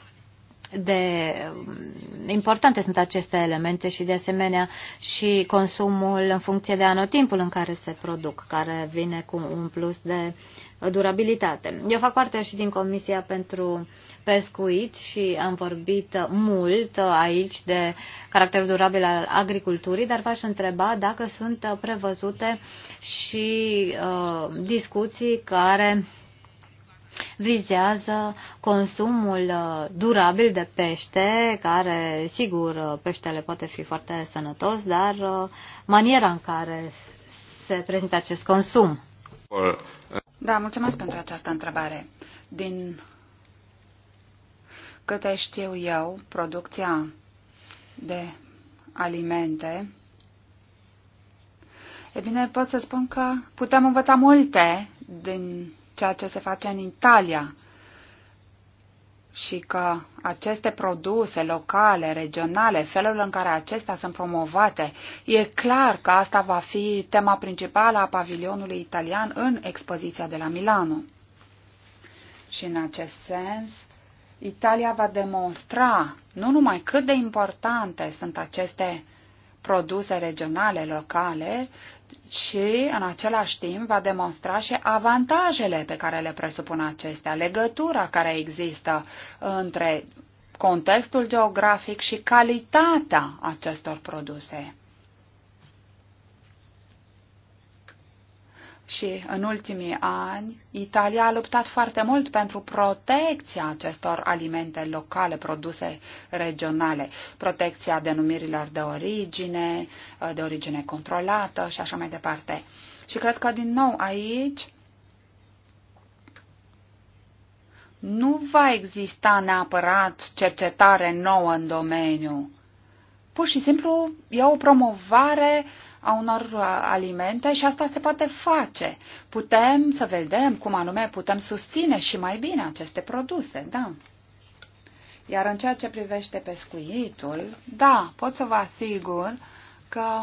de um, importante sunt aceste elemente și de asemenea și consumul în funcție de anotimpul în care se produc, care vine cu un plus de durabilitate. Eu fac parte și din Comisia pentru Pescuit și am vorbit mult aici de caracterul durabil al agriculturii, dar v-aș întreba dacă sunt prevăzute și uh, discuții care uh, vizează consumul uh, durabil de pește, care, sigur, uh, peștele poate fi foarte sănătos, dar uh, maniera în care se prezintă acest consum. Da, mulțumesc pentru această întrebare. Din câte știu eu, producția de alimente, e bine, pot să spun că putem învăța multe din ceea ce se face în Italia și că aceste produse locale, regionale, felul în care acestea sunt promovate, e clar că asta va fi tema principală a pavilionului italian în expoziția de la Milano. Și în acest sens, Italia va demonstra nu numai cât de importante sunt aceste produse regionale, locale, și în același timp va demonstra și avantajele pe care le presupun acestea, legătura care există între contextul geografic și calitatea acestor produse. Și în ultimii ani, Italia a luptat foarte mult pentru protecția acestor alimente locale, produse regionale, protecția denumirilor de origine, de origine controlată și așa mai departe. Și cred că, din nou, aici nu va exista neapărat cercetare nouă în domeniu. Pur și simplu e o promovare uh, a unor uh, alimente și asta se poate face. Putem să vedem cum anume putem susține și mai bine aceste produse, da. Iar în ceea ce privește pescuitul, da, pot să vă asigur că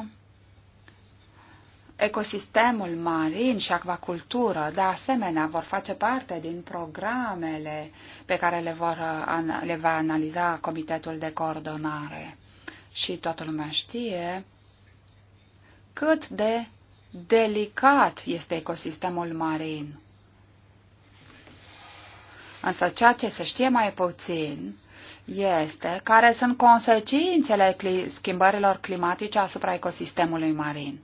ecosistemul marin și acvacultură, de asemenea, vor face parte din programele pe care le, vor, uh, le va analiza Comitetul de Coordonare. Și toată lumea știe cât de delicat este ecosistemul marin. Însă ceea ce se știe mai puțin este care sunt consecințele schimbărilor climatice asupra ecosistemului marin.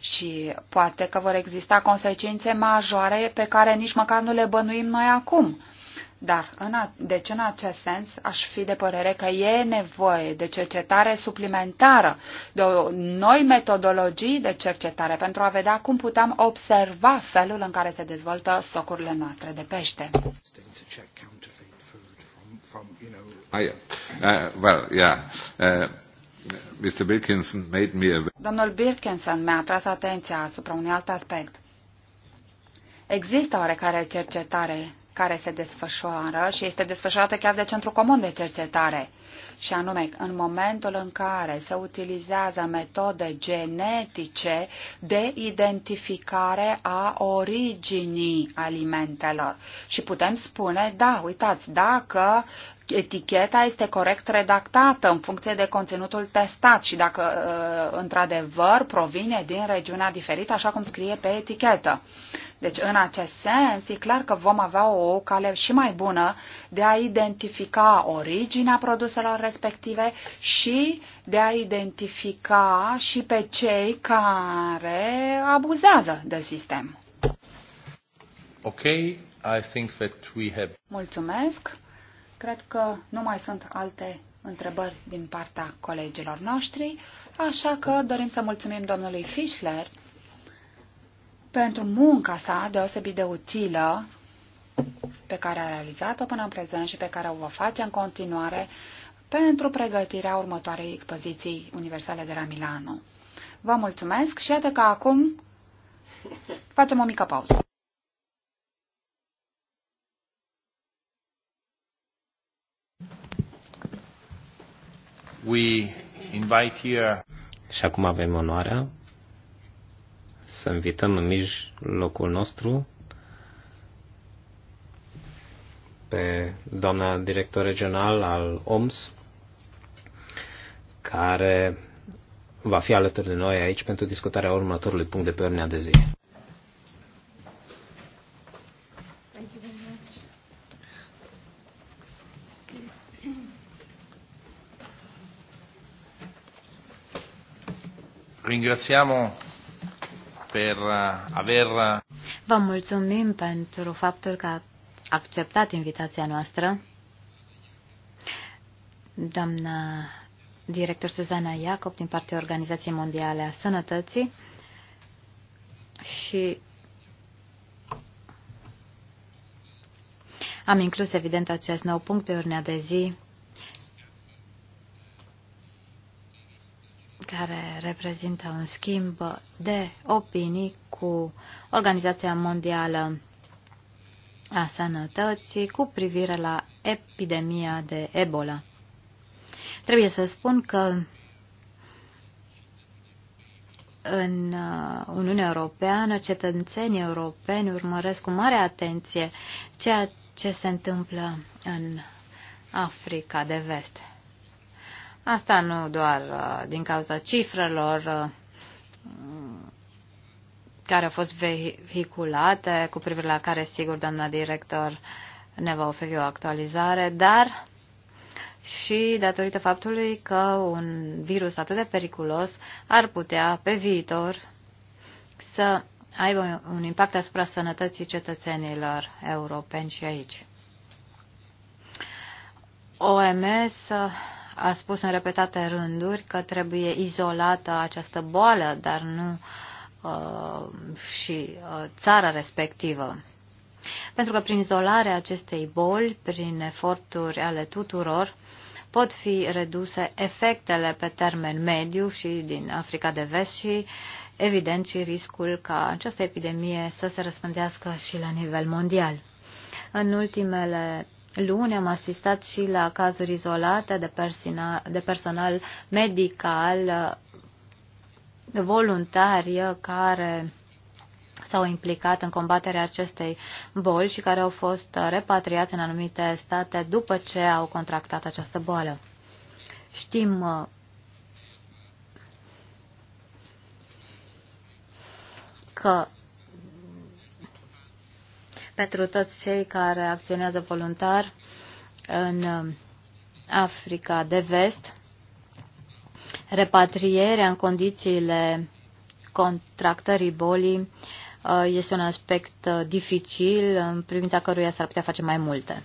Și poate că vor exista consecințe majore pe care nici măcar nu le bănuim noi acum. Dar, în a, deci, în acest sens, aș fi de părere că e nevoie de cercetare suplimentară, de o, noi metodologii de cercetare pentru a vedea cum putem observa felul în care se dezvoltă stocurile noastre de pește. Ah, uh, uh, Domnul Birkinson mi-a atras atenția asupra unui alt aspect. Există oarecare cercetare care se desfășoară și este desfășurată chiar de centru Comun de Cercetare. Și anume, în momentul în care se utilizează metode genetice de identificare a originii alimentelor. Și putem spune, da, uitați, dacă eticheta este corect redactată în funcție de conținutul testat și dacă uh, într-adevăr provine din regiunea diferită, așa cum scrie pe etichetă. Deci, în acest sens, e clar că vom avea o cale și mai bună de a identifica originea produselor respective și de a identifica și pe cei care abuzează de sistem. Ok, I think that we have... Mulțumesc. Cred că nu mai sunt alte întrebări din partea colegilor noștri, așa că dorim să mulțumim domnului Fischler pentru munca sa deosebit de utilă pe care a realizat-o până în prezent și pe care o va face în continuare pentru pregătirea următoarei expoziții universale de la Milano. Vă mulțumesc și iată că acum facem o mică pauză. We invite here... Și acum avem onoarea să invităm în mijlocul nostru pe doamna director regional al OMS, care va fi alături de noi aici pentru discutarea următorului punct de pe ordinea de zi. ringraziamo per uh, aver... Uh, Vă mulțumim pentru faptul că a acceptat invitația noastră. Doamna director Suzana Iacob din partea Organizației Mondiale a Sănătății și am inclus, evident, acest nou punct pe ordinea de zi care reprezintă un schimb de opinii cu Organizația Mondială a Sănătății cu privire la epidemia de Ebola. Trebuie să spun că în uh, Uniunea Europeană, cetățenii europeni urmăresc cu mare atenție ceea ce se întâmplă în Africa de Vest. Asta nu doar uh, din cauza cifrelor uh, care au fost vehiculate, cu privire la care, sigur, doamna director ne va oferi o actualizare, dar și datorită faptului că un virus atât de periculos ar putea, pe viitor, să aibă un impact asupra sănătății cetățenilor europeni și aici. OMS a spus în repetate rânduri că trebuie izolată această boală, dar nu uh, și uh, țara respectivă. Pentru că prin izolarea acestei boli, prin eforturi ale tuturor, pot fi reduse efectele pe termen mediu și din Africa de Vest și, evident, și riscul ca această epidemie să se răspândească și la nivel mondial. În ultimele luni am asistat și la cazuri izolate de, persina, de personal medical, uh, voluntari uh, care s-au implicat în combaterea acestei boli și care au fost uh, repatriați în anumite state după ce au contractat această boală. Știm că pentru toți cei care acționează voluntar în uh, Africa de vest, repatrierea în condițiile contractării bolii uh, este un aspect uh, dificil în privința căruia s-ar putea face mai multe.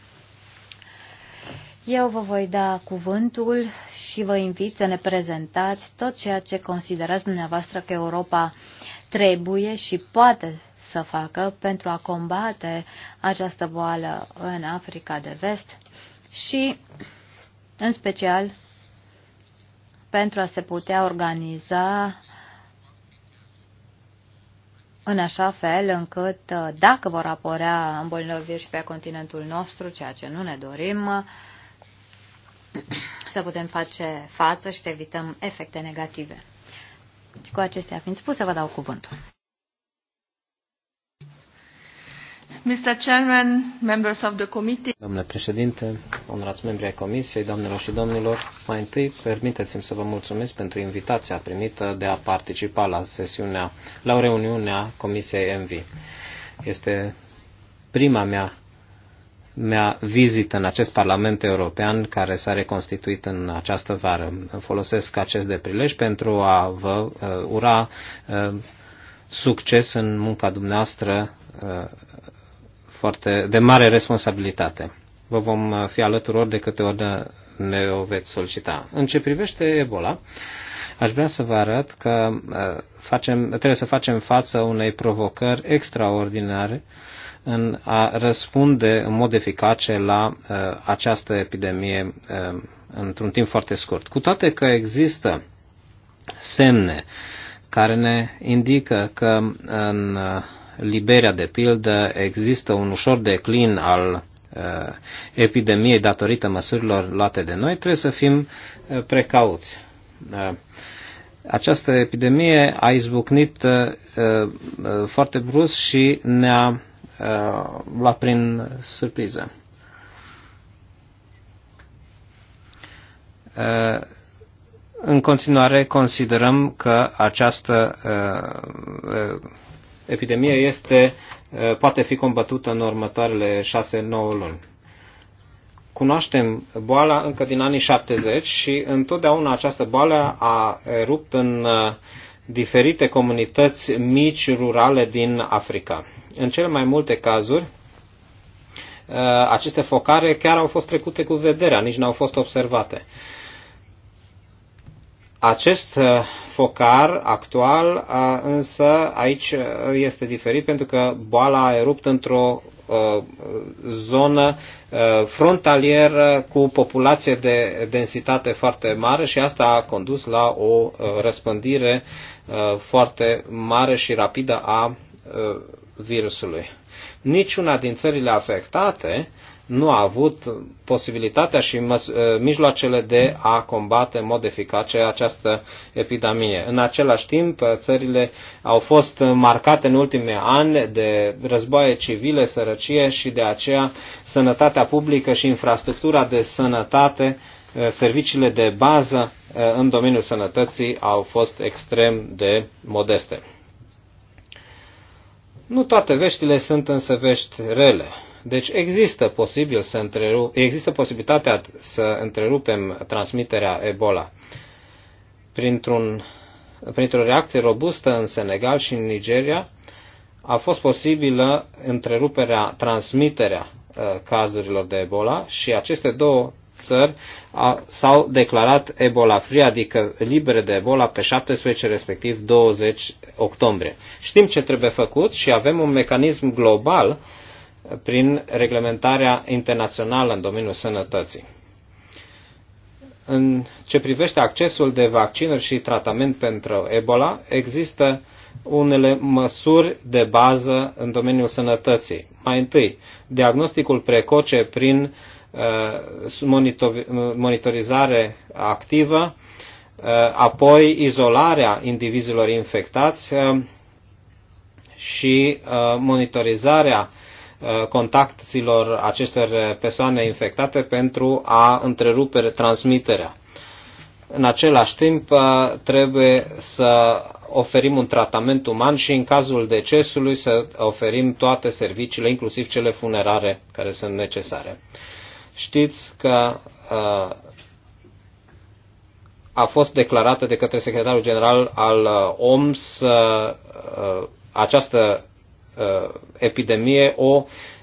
Eu vă voi da cuvântul și vă invit să ne prezentați tot ceea ce considerați dumneavoastră că Europa trebuie și poate să facă pentru a combate această boală în Africa de Vest și, în special, pentru a se putea organiza în așa fel încât, uh, dacă vor apărea îmbolnăviri și pe continentul nostru, ceea ce nu ne dorim, uh, să putem face față și să evităm efecte negative. cu acestea fiind spuse, vă dau cuvântul. Mr. Chairman, members of the committee. Domnule președinte, onorați membri ai comisiei, doamnelor și domnilor, mai întâi permiteți-mi să vă mulțumesc pentru invitația primită de a participa la sesiunea, la o reuniunea comisiei MV. Este prima mea mea vizită în acest Parlament European care s-a reconstituit în această vară. Folosesc acest de prilej pentru a vă uh, ura uh, succes în munca dumneavoastră uh, foarte, de mare responsabilitate. Vă vom uh, fi alături ori de câte ori da- ne o veți solicita. În ce privește Ebola, aș vrea să vă arăt că uh, facem, trebuie să facem față unei provocări extraordinare în a răspunde în mod eficace la uh, această epidemie uh, într-un timp foarte scurt. Cu toate că există semne care ne indică că în uh, Liberia, de pildă, există un ușor declin al uh, epidemiei datorită măsurilor luate de noi, trebuie să fim uh, precauți. Uh, această epidemie a izbucnit foarte brusc și ne-a luat prin surpriză. În continuare considerăm că această epidemie este, poate fi combătută în următoarele 6-9 luni. Cunoaștem boala încă din anii 70 și întotdeauna această boală a rupt în diferite comunități mici rurale din Africa. În cele mai multe cazuri, aceste focare chiar au fost trecute cu vederea, nici n-au fost observate. Acest uh, focar actual, uh, însă, aici uh, este diferit pentru că boala a erupt într-o zonă frontalieră cu populație de densitate foarte mare și asta a condus la o răspândire foarte mare și rapidă a virusului. Niciuna din țările afectate nu a avut posibilitatea și ă, mijloacele de a combate în mod eficace această epidemie. În același timp, țările au fost marcate în ultimele ani de războaie civile, sărăcie și de aceea sănătatea publică și infrastructura de sănătate, ă, serviciile de bază ă, în domeniul sănătății au fost extrem de modeste. Nu toate veștile sunt însă vești rele. Deci există, posibil să întreru- există posibilitatea să întrerupem transmiterea Ebola printr-un, printr-o reacție robustă în Senegal și în Nigeria, a fost posibilă întreruperea, transmiterea uh, cazurilor de Ebola și aceste două țări s-au declarat Ebola free, adică libere de Ebola pe 17 respectiv 20 octombrie. Știm ce trebuie făcut și avem un mecanism global uh, prin reglementarea internațională în domeniul sănătății. În ce privește accesul de vaccinuri și tratament pentru Ebola, există unele măsuri de bază în domeniul sănătății. Mai întâi, diagnosticul precoce prin uh, monitorizare activă, uh, apoi izolarea indivizilor infectați uh, și monitorizarea Uh, contactilor acestor persoane infectate pentru a întrerupe transmiterea. În același timp, uh, trebuie să oferim un tratament uman și în cazul decesului să oferim toate serviciile, inclusiv cele funerare care sunt necesare. Știți că uh, a fost declarată de către secretarul general al OMS această Uh, epidemie o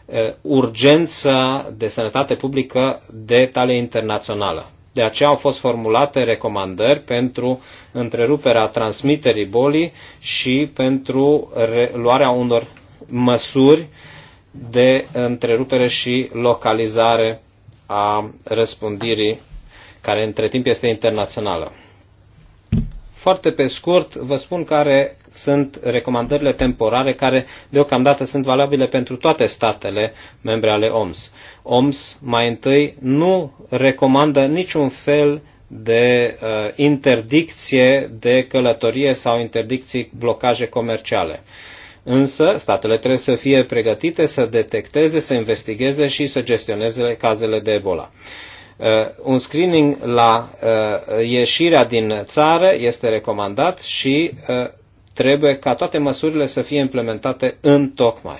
uh, urgență de sănătate publică de talie internațională. De aceea au fost formulate recomandări pentru întreruperea transmiterii bolii și pentru luarea unor măsuri de întrerupere și localizare a răspândirii, care între timp este internațională. Foarte pe scurt, vă spun care sunt recomandările temporare care deocamdată sunt valabile pentru toate statele membre ale OMS. OMS mai întâi nu recomandă niciun fel de uh, interdicție de călătorie sau interdicții blocaje comerciale. Însă, statele trebuie să fie pregătite să detecteze, să investigheze și să gestioneze cazele de Ebola. Uh, un screening la uh, ieșirea din țară este recomandat și uh, trebuie ca toate măsurile să fie implementate în tocmai.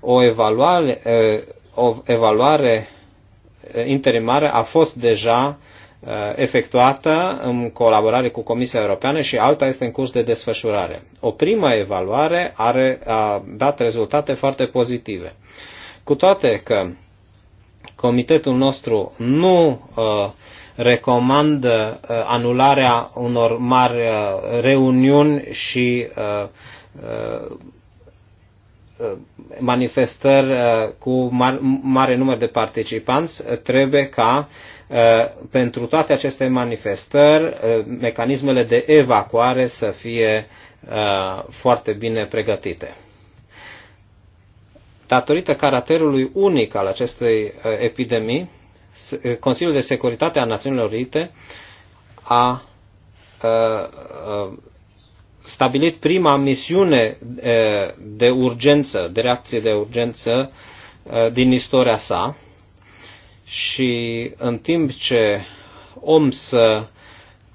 O evaluare, o evaluare interimară a fost deja efectuată în colaborare cu Comisia Europeană și alta este în curs de desfășurare. O primă evaluare are, a dat rezultate foarte pozitive. Cu toate că comitetul nostru nu uh, recomand uh, anularea unor mari uh, reuniuni și uh, manifestări cu mare număr de participanți, trebuie ca pentru toate aceste manifestări mecanismele de evacuare să fie foarte bine pregătite. Datorită caracterului unic al acestei epidemii, Eh, Consiliul de Securitate a Națiunilor Unite a eh, eh, stabilit prima misiune de urgență, de reacție de urgență din istoria sa și în timp ce OMS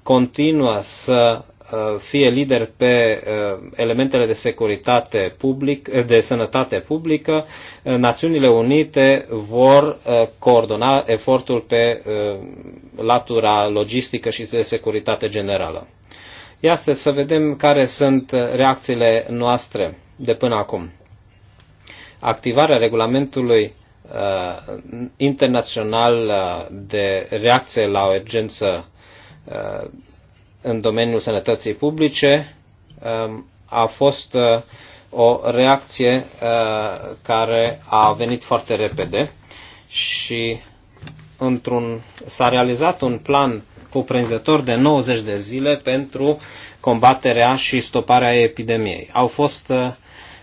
continuă să Uh, fie lider pe uh, elementele de securitate public, uh, de sănătate publică, Națiunile Unite vor coordona efortul pe latura logistică și de securitate generală. Iată să vedem care sunt reacțiile noastre de până acum. Activarea regulamentului internațional de reacție la o urgență în domeniul sănătății publice um, a fost uh, o reacție uh, care a venit foarte repede și într-un, s-a realizat un plan cuprinzător de 90 de zile pentru combaterea și stoparea epidemiei. Au fost uh,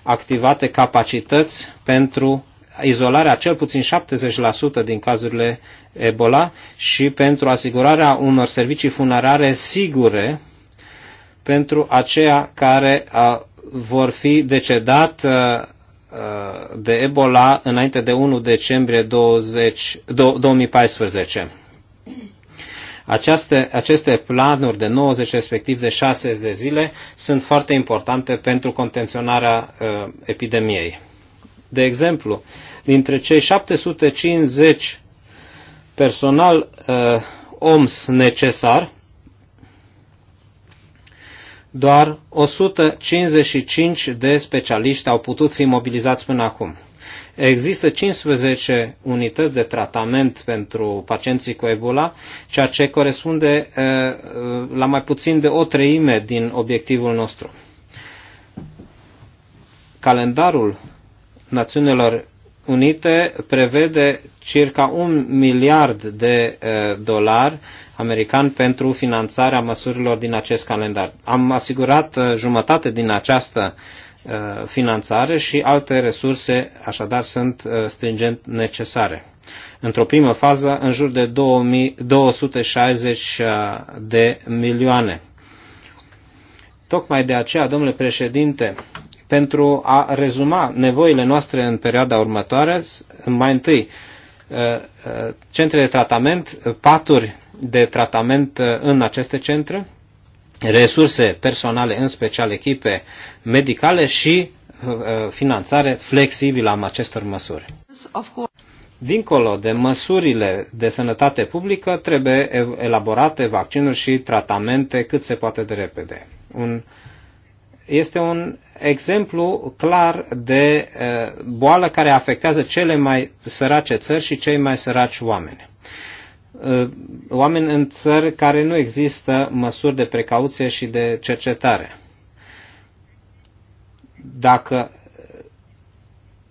activate capacități pentru izolarea cel puțin 70% din cazurile Ebola și pentru asigurarea unor servicii funerare sigure pentru aceia care vor fi decedat de Ebola înainte de 1 decembrie 20, 2014. Aceste, aceste planuri de 90 respectiv de 6 de zile sunt foarte importante pentru contenționarea uh, epidemiei. De exemplu, uh, dintre cei 750 personal uh, OMS necesar, doar 155 de specialiști au putut fi mobilizați până acum. Există 15 unități de tratament pentru pacienții cu Ebola, ceea ce corespunde uh, uh, la mai puțin de o treime din obiectivul nostru. Calendarul Națiunilor Unite prevede circa un miliard de eh, dolari americani pentru finanțarea măsurilor din acest calendar. Am asigurat eh, jumătate din această eh, finanțare și alte resurse așadar sunt stringent necesare. Într-o primă fază, în jur de 260 de milioane. Tocmai de aceea, domnule președinte, pentru a rezuma nevoile noastre în perioada următoare, mai întâi uh, uh, centre de tratament, paturi de tratament uh, în aceste centre, resurse personale, în special echipe medicale și finanțare flexibilă a acestor măsuri. Dincolo de măsurile de sănătate publică, trebuie elaborate vaccinuri și tratamente cât se poate de repede. Un uh, este un exemplu clar de eh, boală care afectează cele mai sărace țări și cei mai săraci oameni. Eh, oameni în țări care nu există măsuri de precauție și de cercetare. Dacă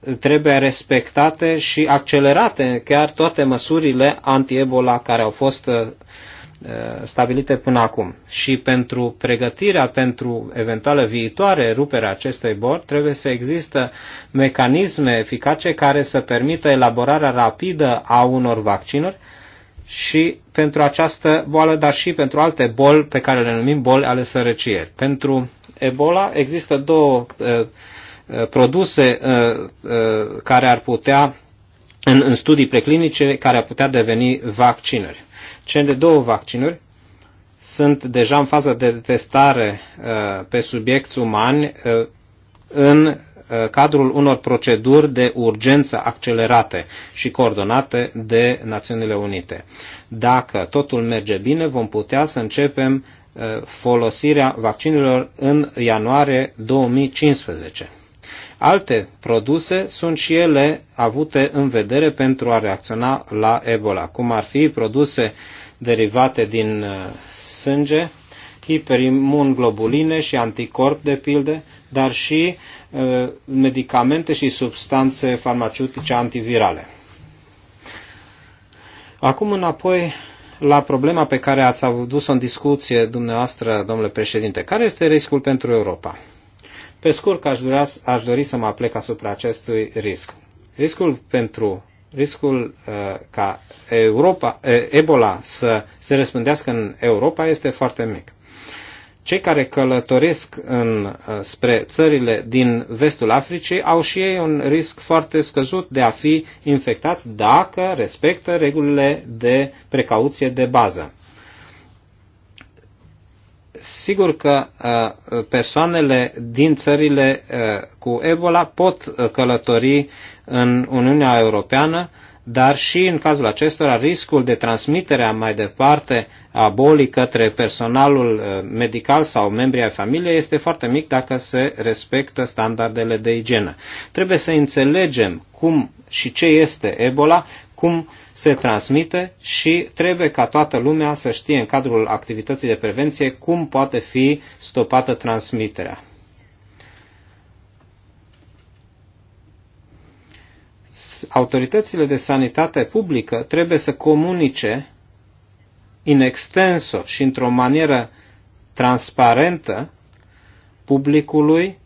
eh, trebuie respectate și accelerate chiar toate măsurile anti-ebola care au fost Eh, stabilite până acum. Și pentru pregătirea pentru eventuală viitoare rupere a acestui bord trebuie să există mecanisme eficace care să permită elaborarea rapidă a unor vaccinuri și pentru această boală, dar și pentru alte boli pe care le numim boli ale sărăciei. Pentru Ebola există două uh, produse uh, uh, care ar putea, în, în studii preclinice, care ar putea deveni vaccinuri cele două vaccinuri sunt deja în fază de testare uh, pe subiecti umani uh, în uh, cadrul unor proceduri de urgență accelerate și coordonate de Națiunile Unite. Dacă totul merge bine, vom putea să începem folosirea vaccinurilor în ianuarie 2015. Alte produse sunt și ele avute în vedere pentru a reacționa la Ebola, cum ar fi produse uh, derivate din uh, sânge, hiperimunglobuline și anticorp, de pilde, dar și uh, medicamente și substanțe farmaceutice antivirale. Acum înapoi la problema pe care ați adus-o în discuție dumneavoastră, domnule președinte. Care este riscul pentru Europa? Pe scurt, aș, vrea, aș dori să mă aplec asupra acestui risc. Riscul pentru riscul uh, ca Europa, uh, Ebola să se răspândească în Europa este foarte mic. Cei care călătoresc în, uh, spre țările din vestul Africii au și ei un risc foarte scăzut de a fi infectați dacă respectă regulile de precauție de bază sigur că persoanele din țările cu Ebola pot călători în Uniunea Europeană, dar și în cazul acestora riscul de transmitere a mai departe a bolii către personalul uh, medical sau membrii ai familiei este foarte mic dacă se respectă standardele de igienă. Trebuie să înțelegem cum și ce este Ebola, cum se transmite și trebuie ca toată lumea să știe în cadrul activității de prevenție cum poate fi stopată transmiterea. autoritățile de sanitate publică trebuie să comunice in extenso și într-o manieră transparentă publicului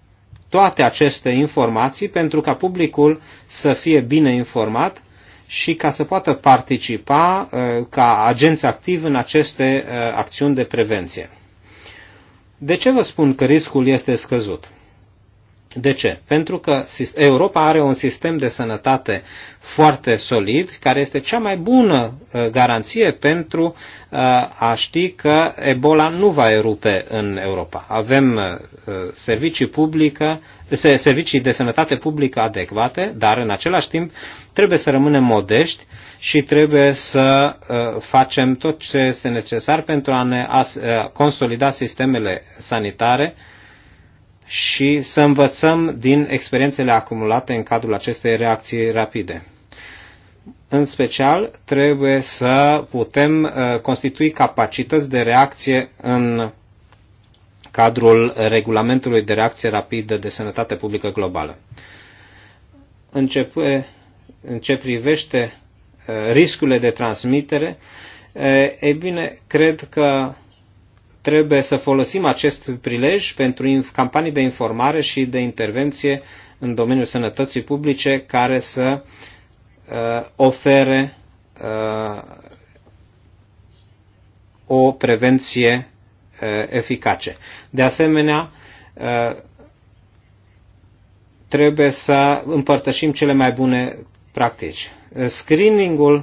toate aceste informații pentru ca publicul să fie bine informat și ca să poată participa uh, ca agenți activ în aceste uh, acțiuni de prevenție. De ce vă spun că riscul este scăzut? De ce? Pentru că Europa are un sistem de sănătate foarte solid, care este cea mai bună uh, garanție pentru uh, a ști că Ebola nu va erupe în Europa. Avem uh, servicii, publică, servicii de sănătate publică adecvate, dar în același timp trebuie să rămânem modești și trebuie să facem tot ce este necesar pentru a ne consolida sistemele sanitare și să învățăm din experiențele acumulate în cadrul acestei reacții rapide. În special, trebuie să putem uh, constitui capacități de reacție în cadrul regulamentului de reacție rapidă de sănătate publică globală. Începe, în ce privește uh, riscurile de transmitere, uh, e bine, cred că Trebuie să folosim acest prilej pentru campanii de informare și de intervenție în domeniul sănătății publice care să uh, ofere uh, o prevenție uh, eficace. De asemenea, uh, trebuie să împărtășim cele mai bune practici. Screeningul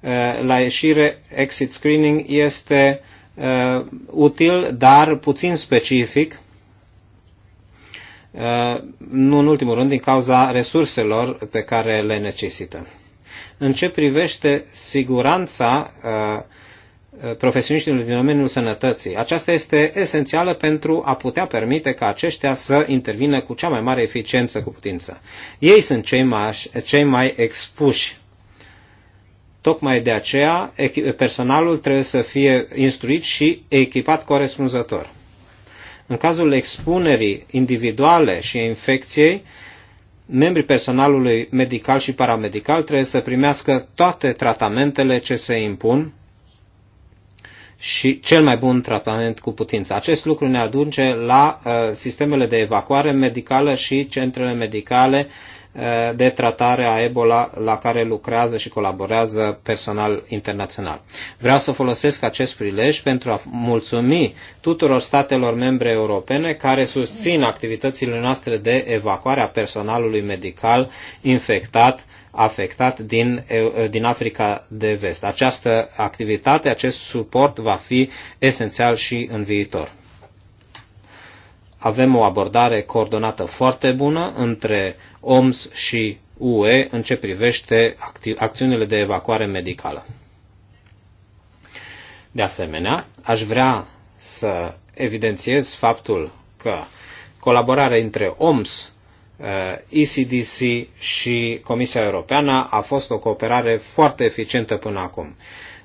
uh, la ieșire, exit screening, este uh, util, dar puțin specific, uh, nu în ultimul rând din cauza resurselor pe care le necesită. În ce privește siguranța uh, profesioniștilor din domeniul sănătății. Aceasta este esențială pentru a putea permite ca aceștia să intervină cu cea mai mare eficiență cu putință. Ei sunt cei mai, cei mai expuși Tocmai de aceea personalul trebuie să fie instruit și echipat corespunzător. În cazul expunerii individuale și infecției, membrii personalului medical și paramedical trebuie să primească toate tratamentele ce se impun și cel mai bun tratament cu putință. Acest lucru ne aduce la uh, sistemele de evacuare medicală și centrele medicale Eh, de tratare a Ebola la care lucrează și colaborează personal internațional. Vreau să folosesc acest prilej pentru a mulțumi tuturor statelor membre europene care susțin activitățile noastre de evacuare a personalului medical infectat afectat din, eh, din Africa de Vest. Această activitate, acest suport va fi esențial și în viitor. Avem o abordare coordonată foarte bună între OMS și UE în ce privește acțiunile de evacuare medicală. De asemenea, aș vrea să evidențiez faptul că colaborarea între OMS, uh, ECDC și Comisia Europeană a fost o cooperare foarte eficientă până acum.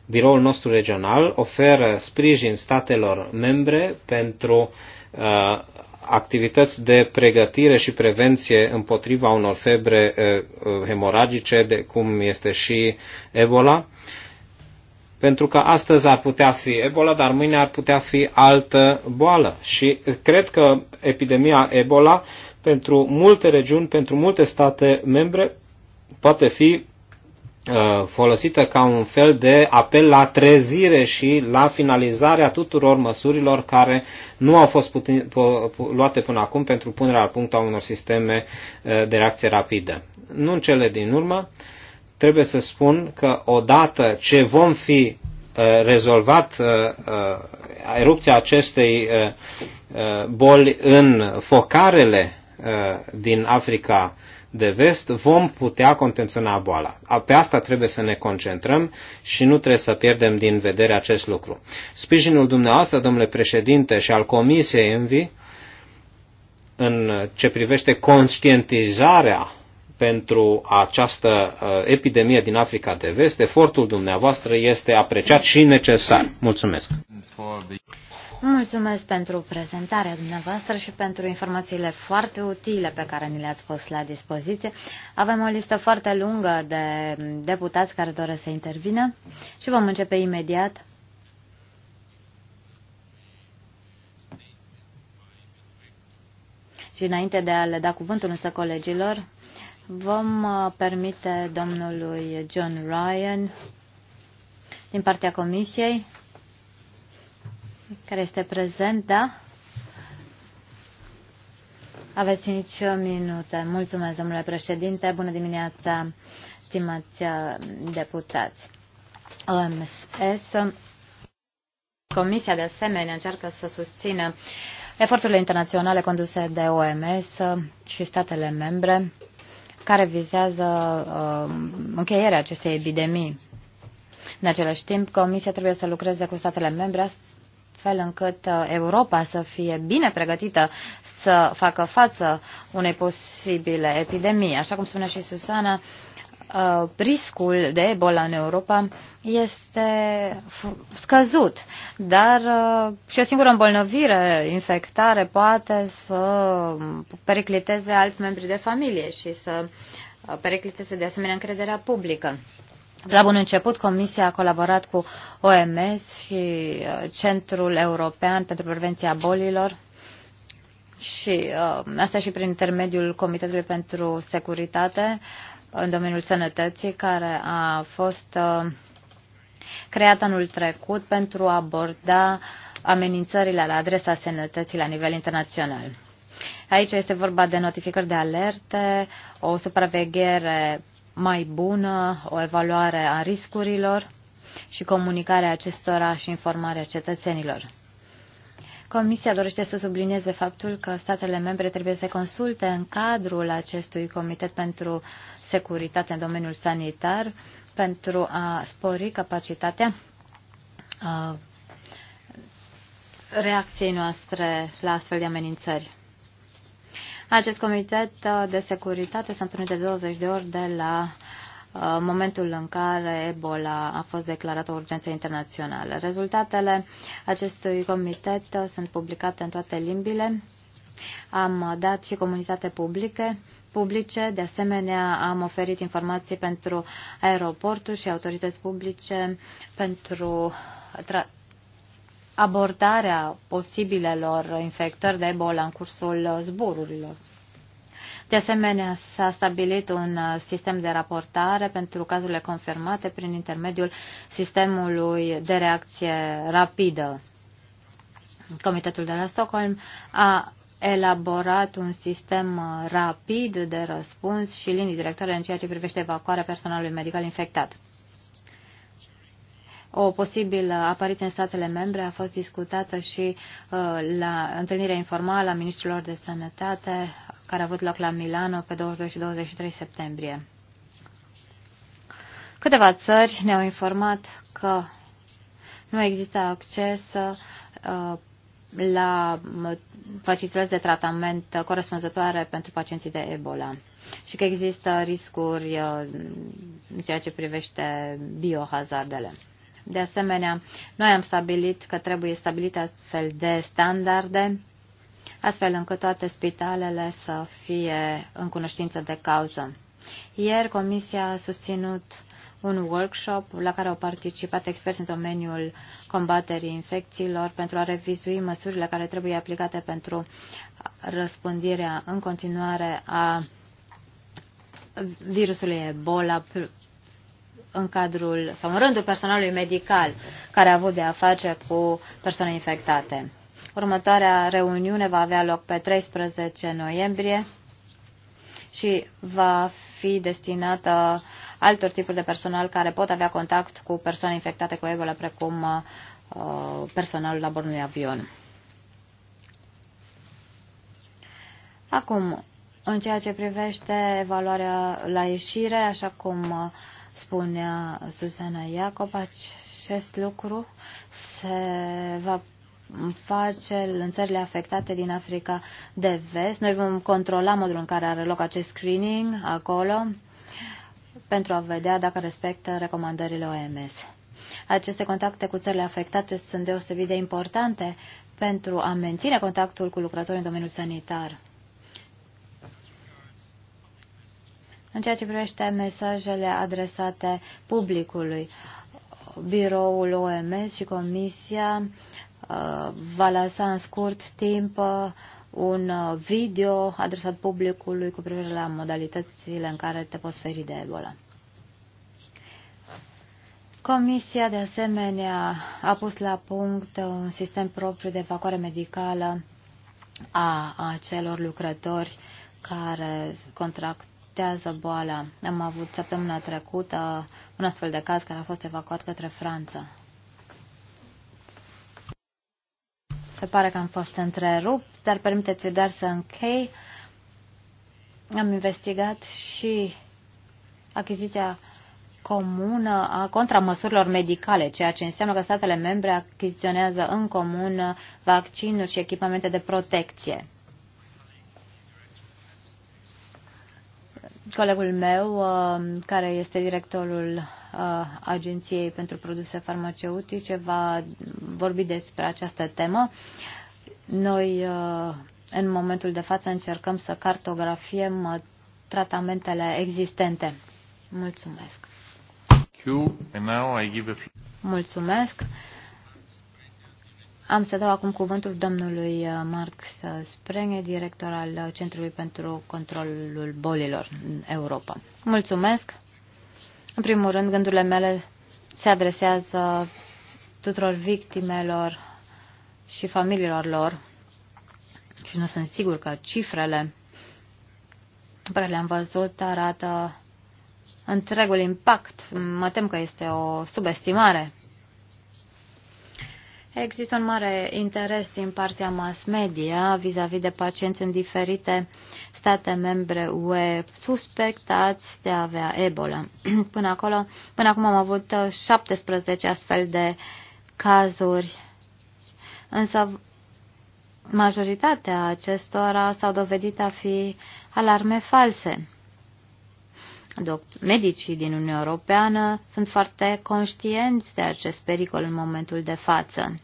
Biroul nostru regional oferă sprijin statelor membre pentru uh, activități de pregătire și prevenție împotriva unor febre eh, eh, hemoragice, de cum este și Ebola, pentru că astăzi ar putea fi Ebola, dar mâine ar putea fi altă boală. Și cred că epidemia Ebola pentru multe regiuni, pentru multe state membre, poate fi Uh, folosită ca un fel de apel la trezire și la finalizarea tuturor măsurilor care nu au fost putin, luate până acum pentru punerea la punct a unor sisteme uh, de reacție rapidă. Nu în cele din urmă, trebuie să spun că odată ce vom fi uh, rezolvat erupția acestei boli în focarele din Africa de vest, vom putea contenționa boala. Pe asta trebuie să ne concentrăm și nu trebuie să pierdem din vedere acest lucru. Sprijinul dumneavoastră, domnule președinte, și al Comisiei Envi, în ce privește conștientizarea pentru această uh, epidemie din Africa de Vest, efortul dumneavoastră este apreciat și necesar. Mulțumesc! Mulțumesc pentru prezentarea dumneavoastră și pentru informațiile foarte utile pe care ni le-ați pus la dispoziție. Avem o listă foarte lungă de deputați care doresc să intervină și vom începe imediat. Și înainte de a le da cuvântul însă colegilor, vom uh, permite domnului John Ryan din partea Comisiei care este prezent, da? Aveți 5 minute. Mulțumesc, domnule președinte. Bună dimineața, stimați uh, deputați. OMS, Comisia de asemenea încearcă să susțină eforturile internaționale conduse de OMS și statele membre care vizează uh, încheierea acestei epidemii. În același timp, Comisia trebuie să lucreze cu statele membre fel încât uh, Europa să fie bine pregătită să facă față unei posibile epidemii. Așa cum spune și Susana, uh, riscul de Ebola în Europa este scăzut, dar uh, și o singură îmbolnăvire, infectare, poate să pericliteze alți membri de familie și să pericliteze de asemenea încrederea publică. La bun început, Comisia a colaborat cu OMS și uh, Centrul European pentru Prevenția Bolilor și uh, asta și prin intermediul Comitetului pentru Securitate uh, în domeniul sănătății, care a fost creat anul trecut pentru a aborda amenințările la adresa sănătății la nivel internațional. Aici este vorba de notificări de alerte, o supraveghere mai bună, o evaluare a riscurilor și comunicarea acestora și informarea cetățenilor. Comisia dorește să sublinieze faptul că statele membre trebuie să consulte în cadrul acestui Comitet pentru Securitate în domeniul sanitar pentru a spori capacitatea uh, reacției noastre la astfel de amenințări. Acest comitet uh, de securitate s-a întâlnit de 20 de ori de la uh, momentul în care Ebola a fost declarată o urgență internațională. Rezultatele acestui comitet uh, sunt publicate în toate limbile. Am dat și comunitate publice, publice, de asemenea am oferit informații pentru aeroporturi și autorități publice pentru abordarea posibilelor infectări de Ebola în cursul zborurilor. De asemenea, s-a stabilit un uh, sistem de raportare pentru cazurile confirmate prin intermediul sistemului de reacție rapidă. Comitetul de la Stockholm a elaborat un sistem uh, rapid de răspuns și linii directoare în ceea ce privește evacuarea personalului medical infectat o posibilă apariție în statele membre a fost discutată și uh, la întâlnirea informală a ministrilor de sănătate care a avut loc la Milano pe 22 și 23 septembrie. Câteva țări ne-au informat că nu există acces uh, la facilități de tratament corespunzătoare pentru pacienții de Ebola și că există riscuri uh, în ceea ce privește biohazardele. De asemenea, noi am stabilit că trebuie stabilite astfel de standarde, astfel încât toate spitalele să fie în cunoștință de cauză. Ieri Comisia a susținut un workshop la care au participat experți în domeniul combaterii infecțiilor pentru a revizui măsurile care trebuie aplicate pentru răspândirea în continuare a virusului Ebola în cadrul sau în rândul personalului medical care a avut de a face cu persoane infectate. Următoarea reuniune va avea loc pe 13 noiembrie și va fi destinată altor tipuri de personal care pot avea contact cu persoane infectate cu Ebola, precum uh, personalul la bordul avion. Acum, în ceea ce privește evaluarea la ieșire, așa cum uh, spunea Susana Iacob, acest lucru se va face în țările afectate din Africa de Vest. Noi vom controla modul în care are loc acest screening acolo pentru a vedea dacă respectă recomandările OMS. Aceste contacte cu țările afectate sunt deosebit de importante pentru a menține contactul cu lucrătorii în domeniul sanitar. În ceea ce privește mesajele adresate publicului, biroul OMS și Comisia uh, va lansa în scurt timp uh, un uh, video adresat publicului cu privire la modalitățile în care te poți feri de Ebola. Comisia, de asemenea, a pus la punct un sistem propriu de evacuare medicală a acelor lucrători care contract afectează boala. Am avut săptămâna trecută un astfel de caz care a fost evacuat către Franța. Se pare că am fost întrerupt, dar permiteți-mi doar să închei. Am investigat și achiziția comună a contramăsurilor medicale, ceea ce înseamnă că statele membre achiziționează în comun vaccinuri și echipamente de protecție. colegul meu, uh, care este directorul uh, Agenției pentru Produse Farmaceutice, va vorbi despre această temă. Noi, uh, în momentul de față, încercăm să cartografiem tratamentele existente. Mulțumesc! Mulțumesc! Am să dau acum cuvântul domnului uh, Marx Sprenge, director al uh, Centrului pentru Controlul Bolilor în Europa. Mulțumesc! În primul rând, gândurile mele se adresează tuturor victimelor și familiilor lor și nu sunt sigur că cifrele pe care le-am văzut arată întregul impact. Mă tem că este o subestimare Există un mare interes din partea mass media vis-a-vis -vis de pacienți în diferite state membre UE suspectați de a avea Ebola. Până, acolo, până acum am avut 17 uh, astfel de cazuri, însă majoritatea acestora s-au dovedit a fi alarme false medicii din Uniunea Europeană sunt foarte conștienți de acest pericol în momentul de față.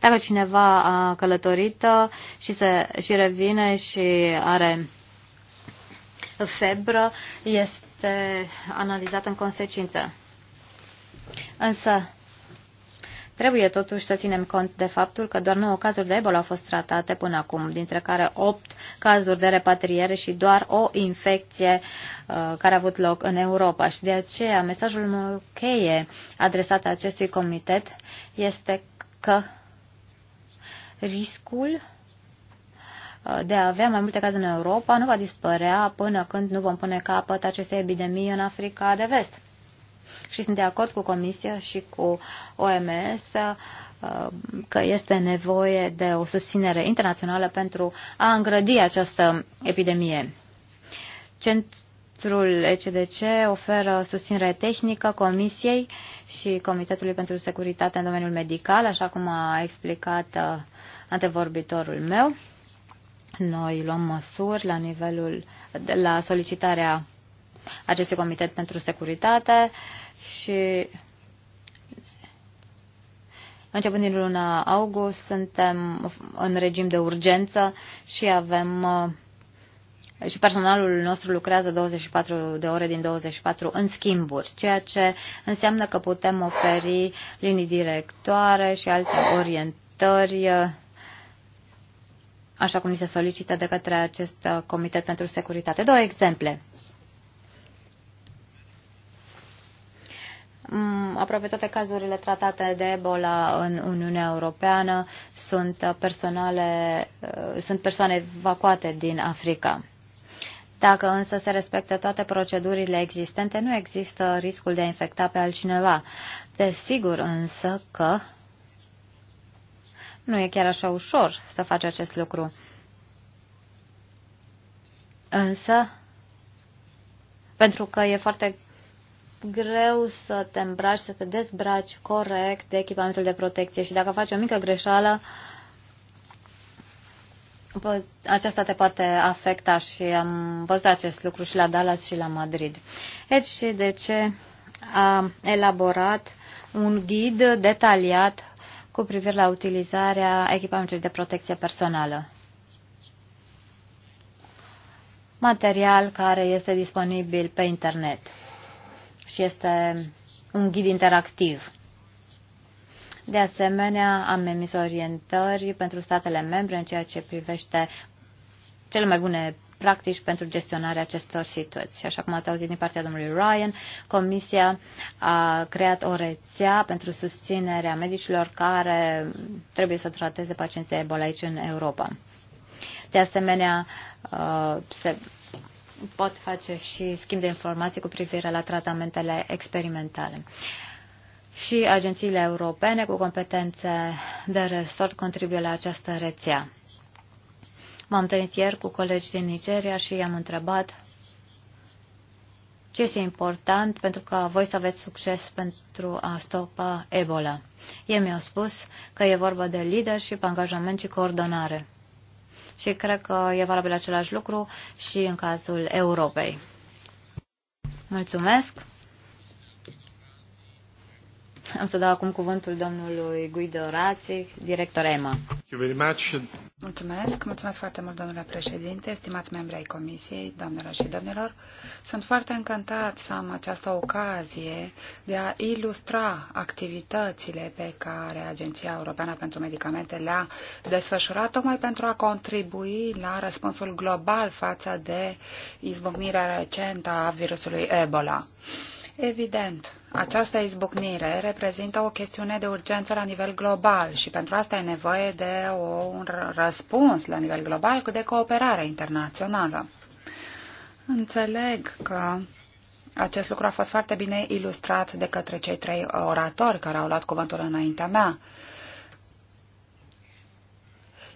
Dacă cineva a călătorit uh, și, se, și revine și are febră, este analizat în consecință. Însă, Trebuie totuși să ținem cont de faptul că doar 9 cazuri de Ebola au fost tratate până acum, dintre care 8 cazuri de repatriere și doar o infecție uh, care a avut loc în Europa. Și de aceea mesajul meu cheie adresat acestui comitet este că riscul uh, de a avea mai multe cazuri în Europa nu va dispărea până când nu vom pune capăt acestei epidemii în Africa de Vest și sunt de acord cu Comisia și cu OMS uh, că este nevoie de o susținere internațională pentru a îngrădi această epidemie. Centrul ECDC oferă susținere tehnică Comisiei și Comitetului pentru Securitate în domeniul medical, așa cum a explicat uh, antevorbitorul meu. Noi luăm măsuri la nivelul, la solicitarea acestui Comitet pentru Securitate și începând din luna august suntem în regim de urgență și avem uh, și personalul nostru lucrează 24 de ore din 24 în schimburi, ceea ce înseamnă că putem oferi linii directoare și alte orientări uh, așa cum ni se solicită de către acest uh, Comitet pentru Securitate. Două exemple. Mm, aproape toate cazurile tratate de Ebola în Uniunea Europeană sunt, uh, personale, uh, sunt persoane evacuate din Africa. Dacă însă se respectă toate procedurile existente, nu există riscul de a infecta pe altcineva. Desigur însă că nu e chiar așa ușor să faci acest lucru. Însă, pentru că e foarte greu să te îmbraci, să te dezbraci corect de echipamentul de protecție și dacă faci o mică greșeală, aceasta te poate afecta și am văzut acest lucru și la Dallas și la Madrid. Deci și de ce a elaborat un ghid detaliat cu privire la utilizarea echipamentului de protecție personală. Material care este disponibil pe internet și este un ghid interactiv. De asemenea, am emis orientări pentru statele membre în ceea ce privește cele mai bune practici pentru gestionarea acestor situații. Așa cum ați auzit din partea domnului Ryan, Comisia a creat o rețea pentru susținerea medicilor care trebuie să trateze pacienții de Ebola aici în Europa. De asemenea, uh, se pot face și schimb de informații cu privire la tratamentele experimentale. Și agențiile europene cu competențe de resort contribuie la această rețea. M-am întâlnit ieri cu colegi din Nigeria și i-am întrebat ce este important pentru ca voi să aveți succes pentru a stopa Ebola. Ei mi-au spus că e vorba de leadership, angajament și coordonare și cred că e valabil același lucru și în cazul Europei. Mulțumesc! Am să dau acum cuvântul domnului Guido Rați, director EMA. Mulțumesc, mulțumesc foarte mult, domnule președinte, stimați membri ai comisiei, doamnelor și domnilor. Sunt foarte încântat să am această ocazie de a ilustra activitățile pe care Agenția Europeană pentru Medicamente le-a desfășurat, tocmai pentru a contribui la răspunsul global față de izbucnirea recentă a virusului Ebola. Evident, această izbucnire reprezintă o chestiune de urgență la nivel global și pentru asta e nevoie de o, un răspuns la nivel global cu de cooperare internațională. Înțeleg că acest lucru a fost foarte bine ilustrat de către cei trei oratori care au luat cuvântul înaintea mea.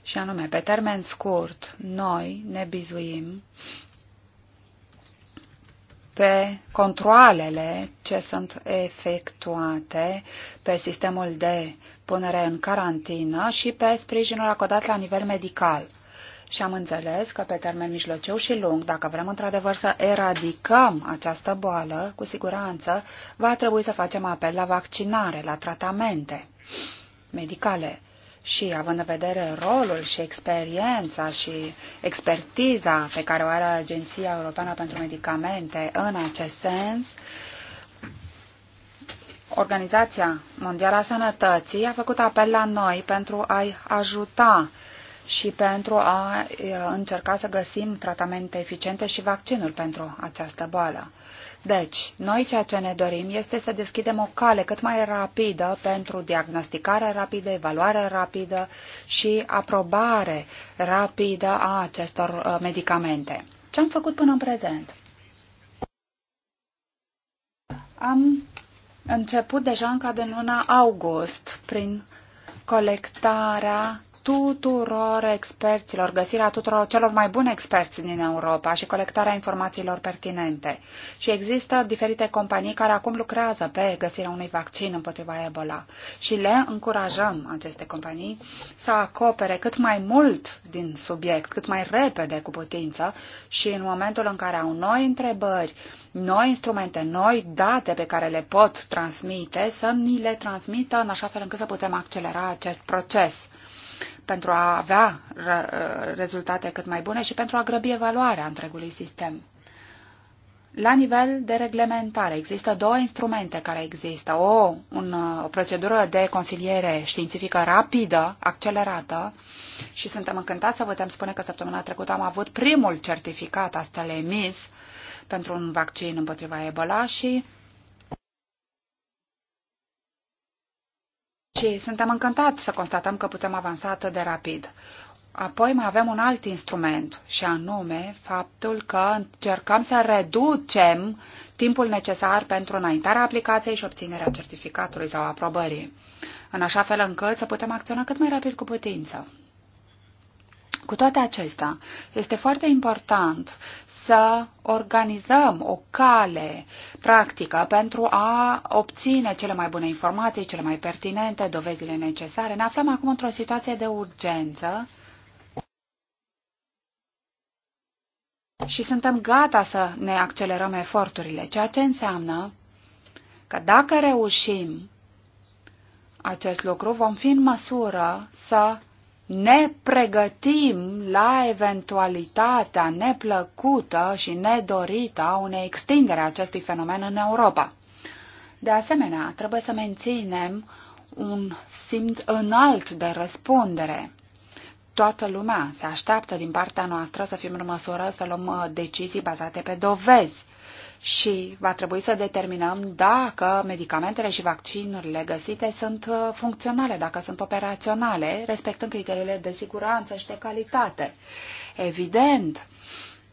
Și anume, pe termen scurt, noi ne bizuim pe controalele ce sunt efectuate pe sistemul de punere în carantină și pe sprijinul acordat la nivel medical. Și am înțeles că pe termen mijlociu și lung, dacă vrem într-adevăr să eradicăm această boală, cu siguranță va trebui să facem apel la vaccinare, la tratamente medicale. Și având în vedere rolul și experiența și expertiza pe care o are Agenția Europeană pentru Medicamente în acest sens, Organizația Mondială a Sănătății a făcut apel la noi pentru a-i ajuta și pentru a încerca să găsim tratamente eficiente și vaccinul pentru această boală. Deci, noi ceea ce ne dorim este să deschidem o cale cât mai rapidă pentru diagnosticare rapidă, evaluare rapidă și aprobare rapidă a acestor uh, medicamente. Ce am făcut până în prezent? Am început deja încă din luna august prin colectarea tuturor experților, găsirea tuturor celor mai buni experți din Europa și colectarea informațiilor pertinente. Și există diferite companii care acum lucrează pe găsirea unui vaccin împotriva Ebola și le încurajăm aceste companii să acopere cât mai mult din subiect, cât mai repede cu putință și în momentul în care au noi întrebări, noi instrumente, noi date pe care le pot transmite, să ni le transmită în așa fel încât să putem accelera acest proces pentru a avea rezultate cât mai bune și pentru a grăbi evaluarea întregului sistem. La nivel de reglementare există două instrumente care există. O, un, o procedură de consiliere științifică rapidă, accelerată și suntem încântați să putem spune că săptămâna trecută am avut primul certificat astfel emis pentru un vaccin împotriva Ebola și Și suntem încântați să constatăm că putem avansa atât de rapid. Apoi mai avem un alt instrument, și anume faptul că încercăm să reducem timpul necesar pentru înaintarea aplicației și obținerea certificatului sau aprobării, în așa fel încât să putem acționa cât mai rapid cu putință. Cu toate acestea, este foarte important să organizăm o cale practică pentru a obține cele mai bune informații, cele mai pertinente, dovezile necesare. Ne aflăm acum într-o situație de urgență și suntem gata să ne accelerăm eforturile, ceea ce înseamnă că dacă reușim acest lucru, vom fi în măsură să ne pregătim la eventualitatea neplăcută și nedorită a unei extindere a acestui fenomen în Europa. De asemenea, trebuie să menținem un simț înalt de răspundere. Toată lumea se așteaptă din partea noastră să fim în măsură să luăm uh, decizii bazate pe dovezi și va trebui să determinăm dacă medicamentele și vaccinurile găsite sunt uh, funcționale, dacă sunt operaționale, respectând criteriile de siguranță și de calitate. Evident,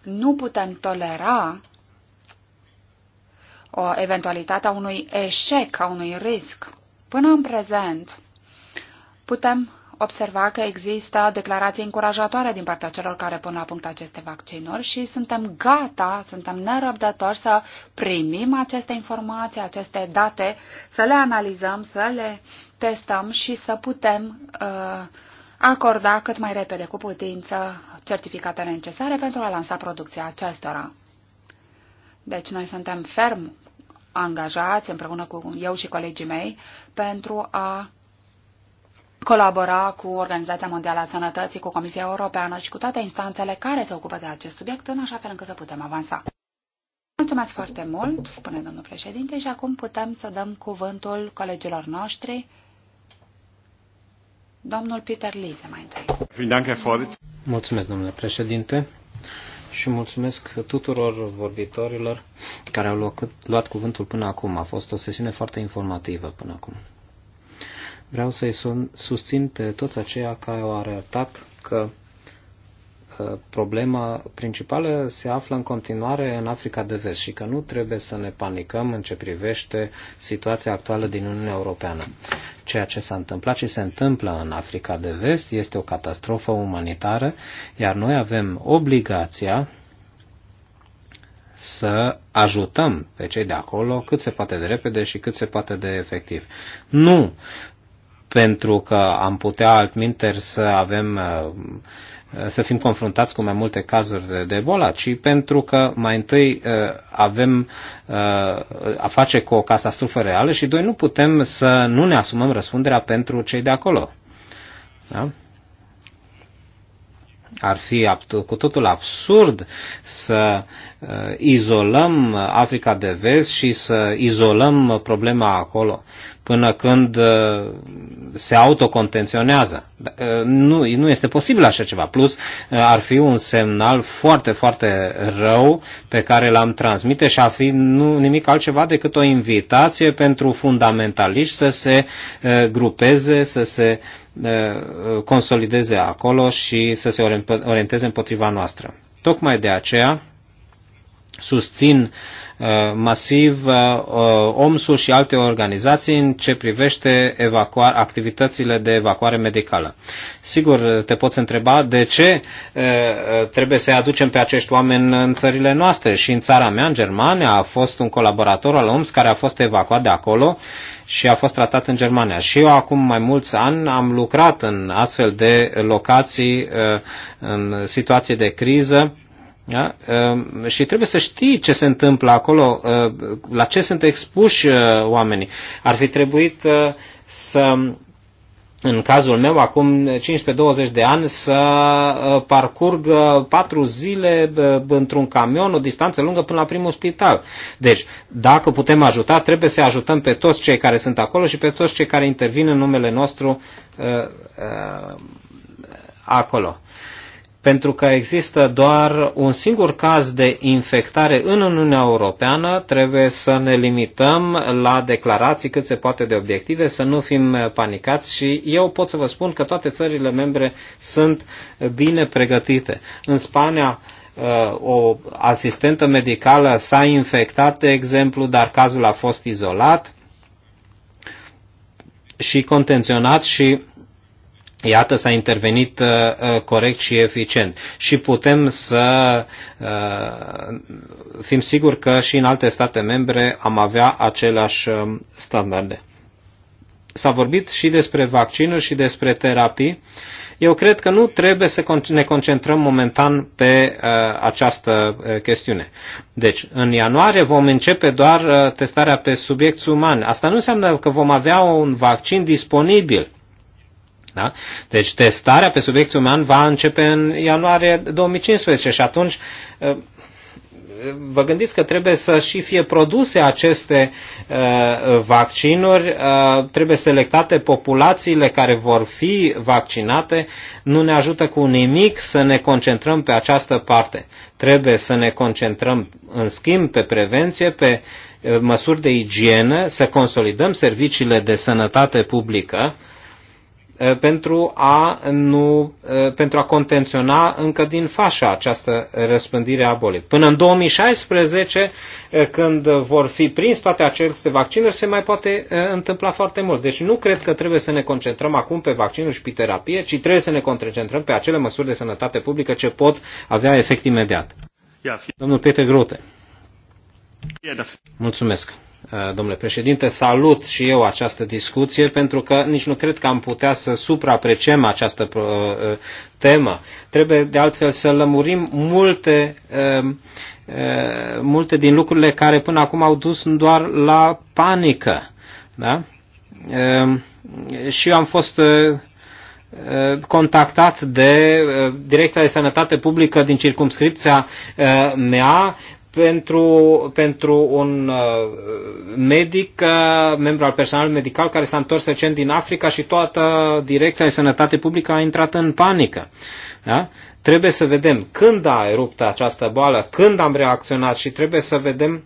nu putem tolera o eventualitate a unui eșec, a unui risc. Până în prezent, putem observa că există declarații încurajatoare din partea celor care pun la punct aceste vaccinuri și suntem gata, suntem nerăbdători să primim aceste informații, aceste date, să le analizăm, să le testăm și să putem uh, acorda cât mai repede cu putință certificatele necesare pentru a lansa producția acestora. Deci noi suntem ferm angajați împreună cu eu și colegii mei pentru a colabora cu Organizația Mondială a Sănătății, cu Comisia Europeană și cu toate instanțele care se ocupă de acest subiect, în așa fel încât să putem avansa. Mulțumesc foarte mult, spune domnul președinte, și acum putem să dăm cuvântul colegilor noștri. Domnul Peter Lise mai întâi. Mulțumesc, domnule președinte, și mulțumesc tuturor vorbitorilor care au luat cuvântul până acum. A fost o sesiune foarte informativă până acum. Vreau să-i susțin pe toți aceia care au arătat că uh, problema principală se află în continuare în Africa de Vest și că nu trebuie să ne panicăm în ce privește situația actuală din Uniunea Europeană. Ceea ce s-a întâmplat și se întâmplă în Africa de Vest este o catastrofă umanitară, iar noi avem obligația să ajutăm pe cei de acolo cât se poate de repede și cât se poate de efectiv. Nu pentru că am putea altminteri să avem uh, să fim confruntați cu mai multe cazuri de boală, ci pentru că mai întâi uh, avem uh, a face cu o catastrofă reală și doi, nu putem să nu ne asumăm răspunderea pentru cei de acolo. Da? Ar fi cu totul absurd să izolăm Africa de vest și să izolăm problema acolo până când uh, se autocontenționează. Da, uh, nu, nu este posibil așa ceva. Plus, uh, ar fi un semnal foarte, foarte rău pe care l-am transmite și ar fi nu, nimic altceva decât o invitație pentru fundamentaliști să se grupeze, să se consolideze acolo și să se orienteze împotriva noastră. Tocmai de aceea, susțin uh, masiv uh, uh, OMSU și alte organizații în ce privește activitățile de evacuare medicală. Sigur, te poți întreba de ce trebuie să aducem pe acești oameni în țările noastre și în țara mea, în Germania, a fost un colaborator al OMS care a fost evacuat de acolo și a fost tratat în Germania. Și eu acum mai mulți ani am lucrat în astfel de locații, în situații de criză, da? Ehm, și trebuie să știi ce se întâmplă acolo, ehm, la ce sunt expuși ehm, oamenii. Ar fi trebuit să, în cazul meu, acum 15-20 de ani, să parcurg patru zile într-un camion, o distanță lungă până la primul spital. Deci, dacă putem ajuta, trebuie să ajutăm pe toți cei care sunt acolo și pe toți cei care intervin în numele nostru acolo pentru că există doar un singur caz de infectare în Uniunea Europeană, trebuie să ne limităm la declarații cât se poate de obiective, să nu fim panicați și eu pot să vă spun că toate țările membre sunt bine pregătite. În Spania uh, o asistentă medicală s-a infectat, de exemplu, dar cazul a fost izolat și contenționat și Iată, s-a intervenit uh, uh, corect și eficient. Și putem să uh, fim siguri că și în alte state membre am avea aceleași um, standarde. S-a vorbit și despre vaccinuri și despre terapii. Eu cred că nu trebuie să ne concentrăm momentan pe uh, această uh, chestiune. Deci, în ianuarie vom începe doar uh, testarea pe subiecti umani. Asta nu înseamnă că vom avea un vaccin disponibil da? Deci testarea pe subiect uman va începe în ianuarie 2015 și atunci ă, vă gândiți că trebuie să și fie produse aceste ă, vaccinuri, ă, trebuie selectate populațiile care vor fi vaccinate, nu ne ajută cu nimic să ne concentrăm pe această parte. Trebuie să ne concentrăm, în schimb, pe prevenție, pe măsuri de igienă, să consolidăm serviciile de sănătate publică, uh, Uh, pentru a, nu, uh, pentru a contenționa încă din fașa această răspândire a bolii. Până în 2016, uh, când vor fi prins toate aceste vaccinuri, se mai poate întâmpla foarte mult. Deci nu cred că trebuie să ne concentrăm acum pe vaccinuri și pe terapie, ci trebuie să ne concentrăm pe acele măsuri de sănătate publică ce pot avea efect imediat. Domnul Peter Grote. Da. Mulțumesc. Eh, domnule președinte. Salut și eu această discuție pentru că nici nu cred că am putea să supraprecem această eh, eh, temă. Trebuie de altfel să lămurim multe, multe din lucrurile care până acum au dus doar la panică. Da? Și eu am fost contactat de Direcția de Sănătate Publică din circumscripția mea pentru, pentru un uh, medic, uh, membru al personalului medical care s-a întors recent din Africa și toată direcția de sănătate publică a intrat în panică. Da? Trebuie să vedem când a erupt această boală, când am reacționat și trebuie să vedem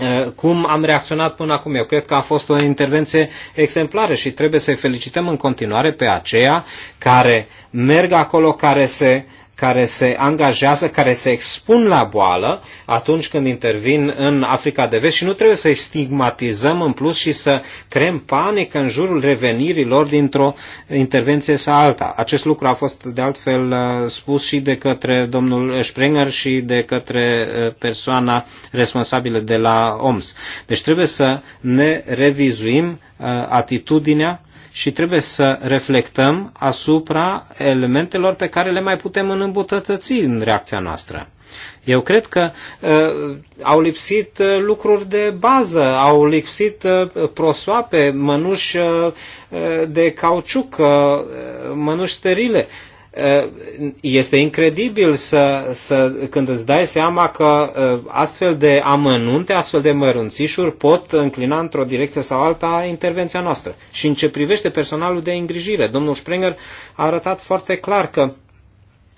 uh, cum am reacționat până acum. Eu cred că a fost o intervenție exemplară și trebuie să-i felicităm în continuare pe aceia care merg acolo, care se uh, care se angajează, care se expun la boală atunci când intervin în Africa de Vest și nu trebuie să-i stigmatizăm în plus și să creăm panică în jurul revenirilor dintr-o intervenție sau alta. Acest lucru a fost de altfel uh, spus și de către domnul Sprenger și de către uh, persoana responsabilă de la OMS. Deci trebuie să ne revizuim uh, atitudinea și trebuie să reflectăm asupra elementelor pe care le mai putem îmbunătăți în reacția noastră. Eu cred că uh, au lipsit uh, lucruri de bază, au lipsit uh, prosoape, mănuși uh, uh de cauciuc, uh, mănuși sterile este incredibil să, să, când îți dai seama că astfel de amănunte, astfel de mărunțișuri pot înclina într-o direcție sau alta intervenția noastră. Și în ce privește personalul de îngrijire, domnul Sprenger a arătat foarte clar că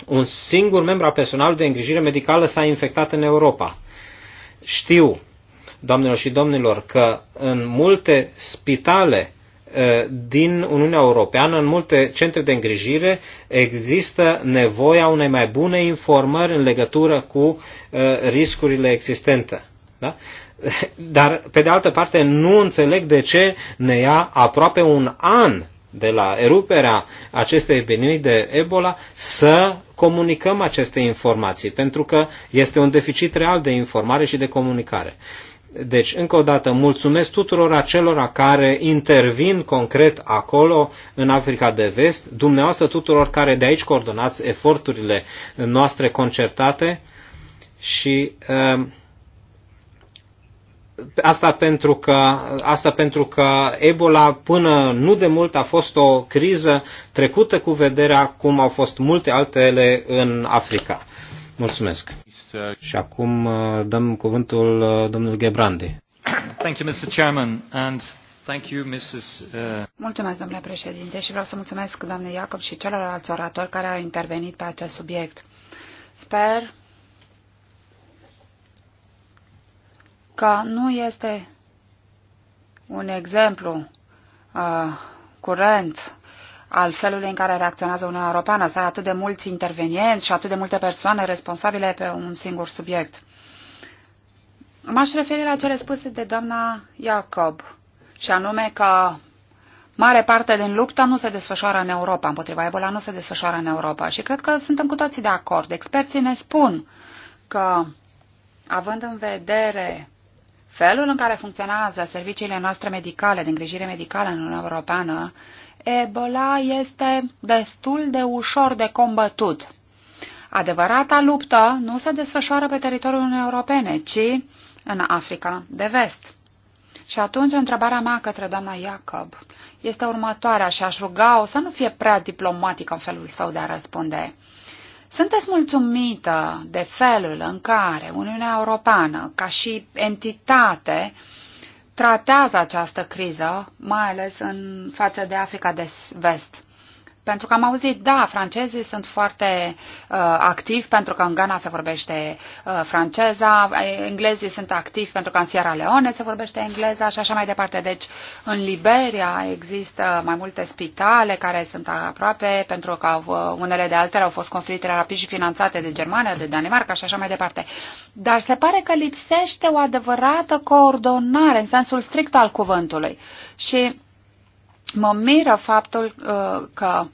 un singur membru al personalului de îngrijire medicală s-a infectat în Europa. Știu, doamnelor și domnilor, că în multe spitale Eh, din Uniunea Europeană, în multe centre de îngrijire, există nevoia unei mai bune informări în legătură cu eh, riscurile existente. Da? Dar, pe de altă parte, nu înțeleg de ce ne ia aproape un an de la eruperea acestei epidemii de Ebola să comunicăm aceste informații, pentru că este un deficit real de informare și de comunicare. Deci, încă o dată, mulțumesc tuturor acelora care intervin concret acolo, în Africa de Vest, dumneavoastră tuturor care de aici coordonați eforturile noastre concertate și uh, asta pentru că, asta pentru că Ebola până nu de mult a fost o criză trecută cu vederea cum au fost multe altele în Africa. Mulțumesc. Și acum uh, dăm cuvântul uh, domnului Gebrandi. Thank you, Mr. Chairman, and thank you, Mrs. Uh, mulțumesc, domnule președinte, și vreau să mulțumesc domnului Iacob și celorlalți oratori care au intervenit pe acest subiect. Sper că nu este un exemplu uh, curent al felului în care reacționează Uniunea Europeană, să ai atât de mulți intervenienți și atât de multe persoane responsabile pe un singur subiect. M-aș referi la cele spuse de doamna Iacob, și anume că mare parte din luptă nu se desfășoară în Europa, împotriva Ebola nu se desfășoară în Europa. Și cred că suntem cu toții de acord. Experții ne spun că, având în vedere felul în care funcționează serviciile noastre medicale, de îngrijire medicală în Uniunea Europeană Ebola este destul de ușor de combătut. Adevărata luptă nu se desfășoară pe teritoriul Uniunii Europene, ci în Africa de Vest. Și atunci întrebarea mea către doamna Iacob este următoarea și aș ruga-o să nu fie prea diplomatică în felul său de a răspunde. Sunteți mulțumită de felul în care Uniunea Europeană, ca și entitate, tratează această criză, mai ales în față de Africa de Vest. Pentru că am auzit, da, francezii sunt foarte uh, activi pentru că în Ghana se vorbește uh, franceza, eh, englezii sunt activi pentru că în Sierra Leone se vorbește engleza și așa mai departe. Deci în Liberia există mai multe spitale care sunt aproape pentru că au, uh, unele de altele au fost construite rapid și finanțate de Germania, de Danemarca și așa mai departe. Dar se pare că lipsește o adevărată coordonare în sensul strict al cuvântului. Și mă miră faptul uh, că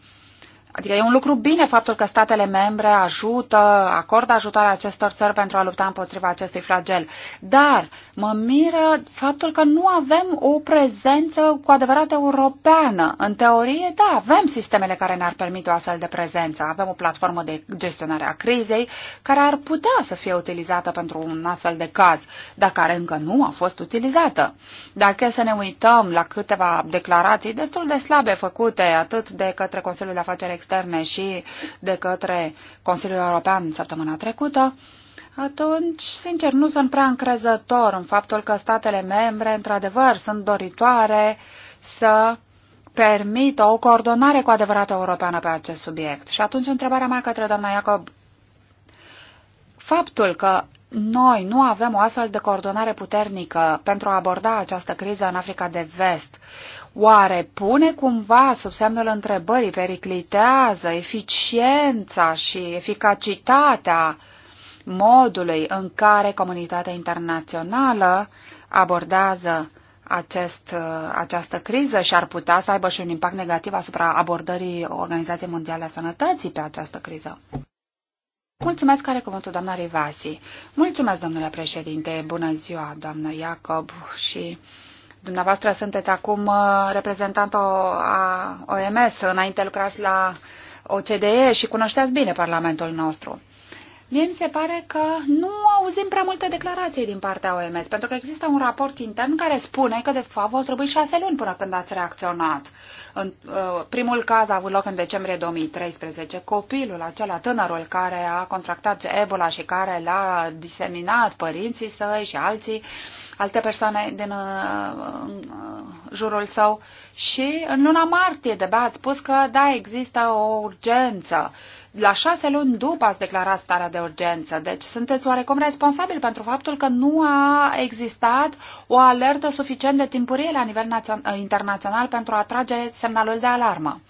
Adică e un lucru bine faptul că statele membre ajută, acordă ajutoare acestor țări pentru a lupta împotriva acestui flagel. Dar mă miră faptul că nu avem o prezență cu adevărat europeană. În teorie, da, avem sistemele care ne-ar permite o astfel de prezență. Avem o platformă de gestionare a crizei care ar putea să fie utilizată pentru un astfel de caz, dar care încă nu a fost utilizată. Dacă să ne uităm la câteva declarații destul de slabe făcute atât de către Consiliul de Afaceri externe și de către Consiliul European săptămâna trecută, atunci, sincer, nu sunt prea încrezător în faptul că statele membre, într-adevăr, sunt doritoare să permită o coordonare cu adevărat europeană pe acest subiect. Și atunci, întrebarea mea către doamna Iacob, faptul că noi nu avem o astfel de coordonare puternică pentru a aborda această criză în Africa de Vest, Oare pune cumva sub semnul întrebării, periclitează eficiența și eficacitatea modului în care comunitatea internațională abordează acest, această criză și ar putea să aibă și un impact negativ asupra abordării Organizației Mondiale a Sănătății pe această criză. Mulțumesc, care cuvântul, doamna Rivasi. Mulțumesc, domnule președinte. Bună ziua, doamnă Iacob și uh, Dumneavoastră sunteți acum uh, reprezentant uh, a OMS, înainte lucrați la OCDE și cunoșteați bine Parlamentul nostru. Mie mi se pare că nu auzim prea multe declarații din partea OMS, pentru că există un raport intern care spune că, de fapt, vor trebui șase luni până când ați reacționat. În uh, primul caz a avut loc în decembrie 2013. Copilul acela, tânărul care a contractat Ebola și care l-a diseminat părinții săi și alții, uh, alte persoane din uh, uh, jurul său și în luna martie de bați, spus că da, există o urgență la șase luni după ați declarat starea de urgență. Deci sunteți oarecum responsabil pentru faptul că nu a existat o alertă suficient de timpurie la nivel ă, internațional pentru a atrage semnalul de alarmă.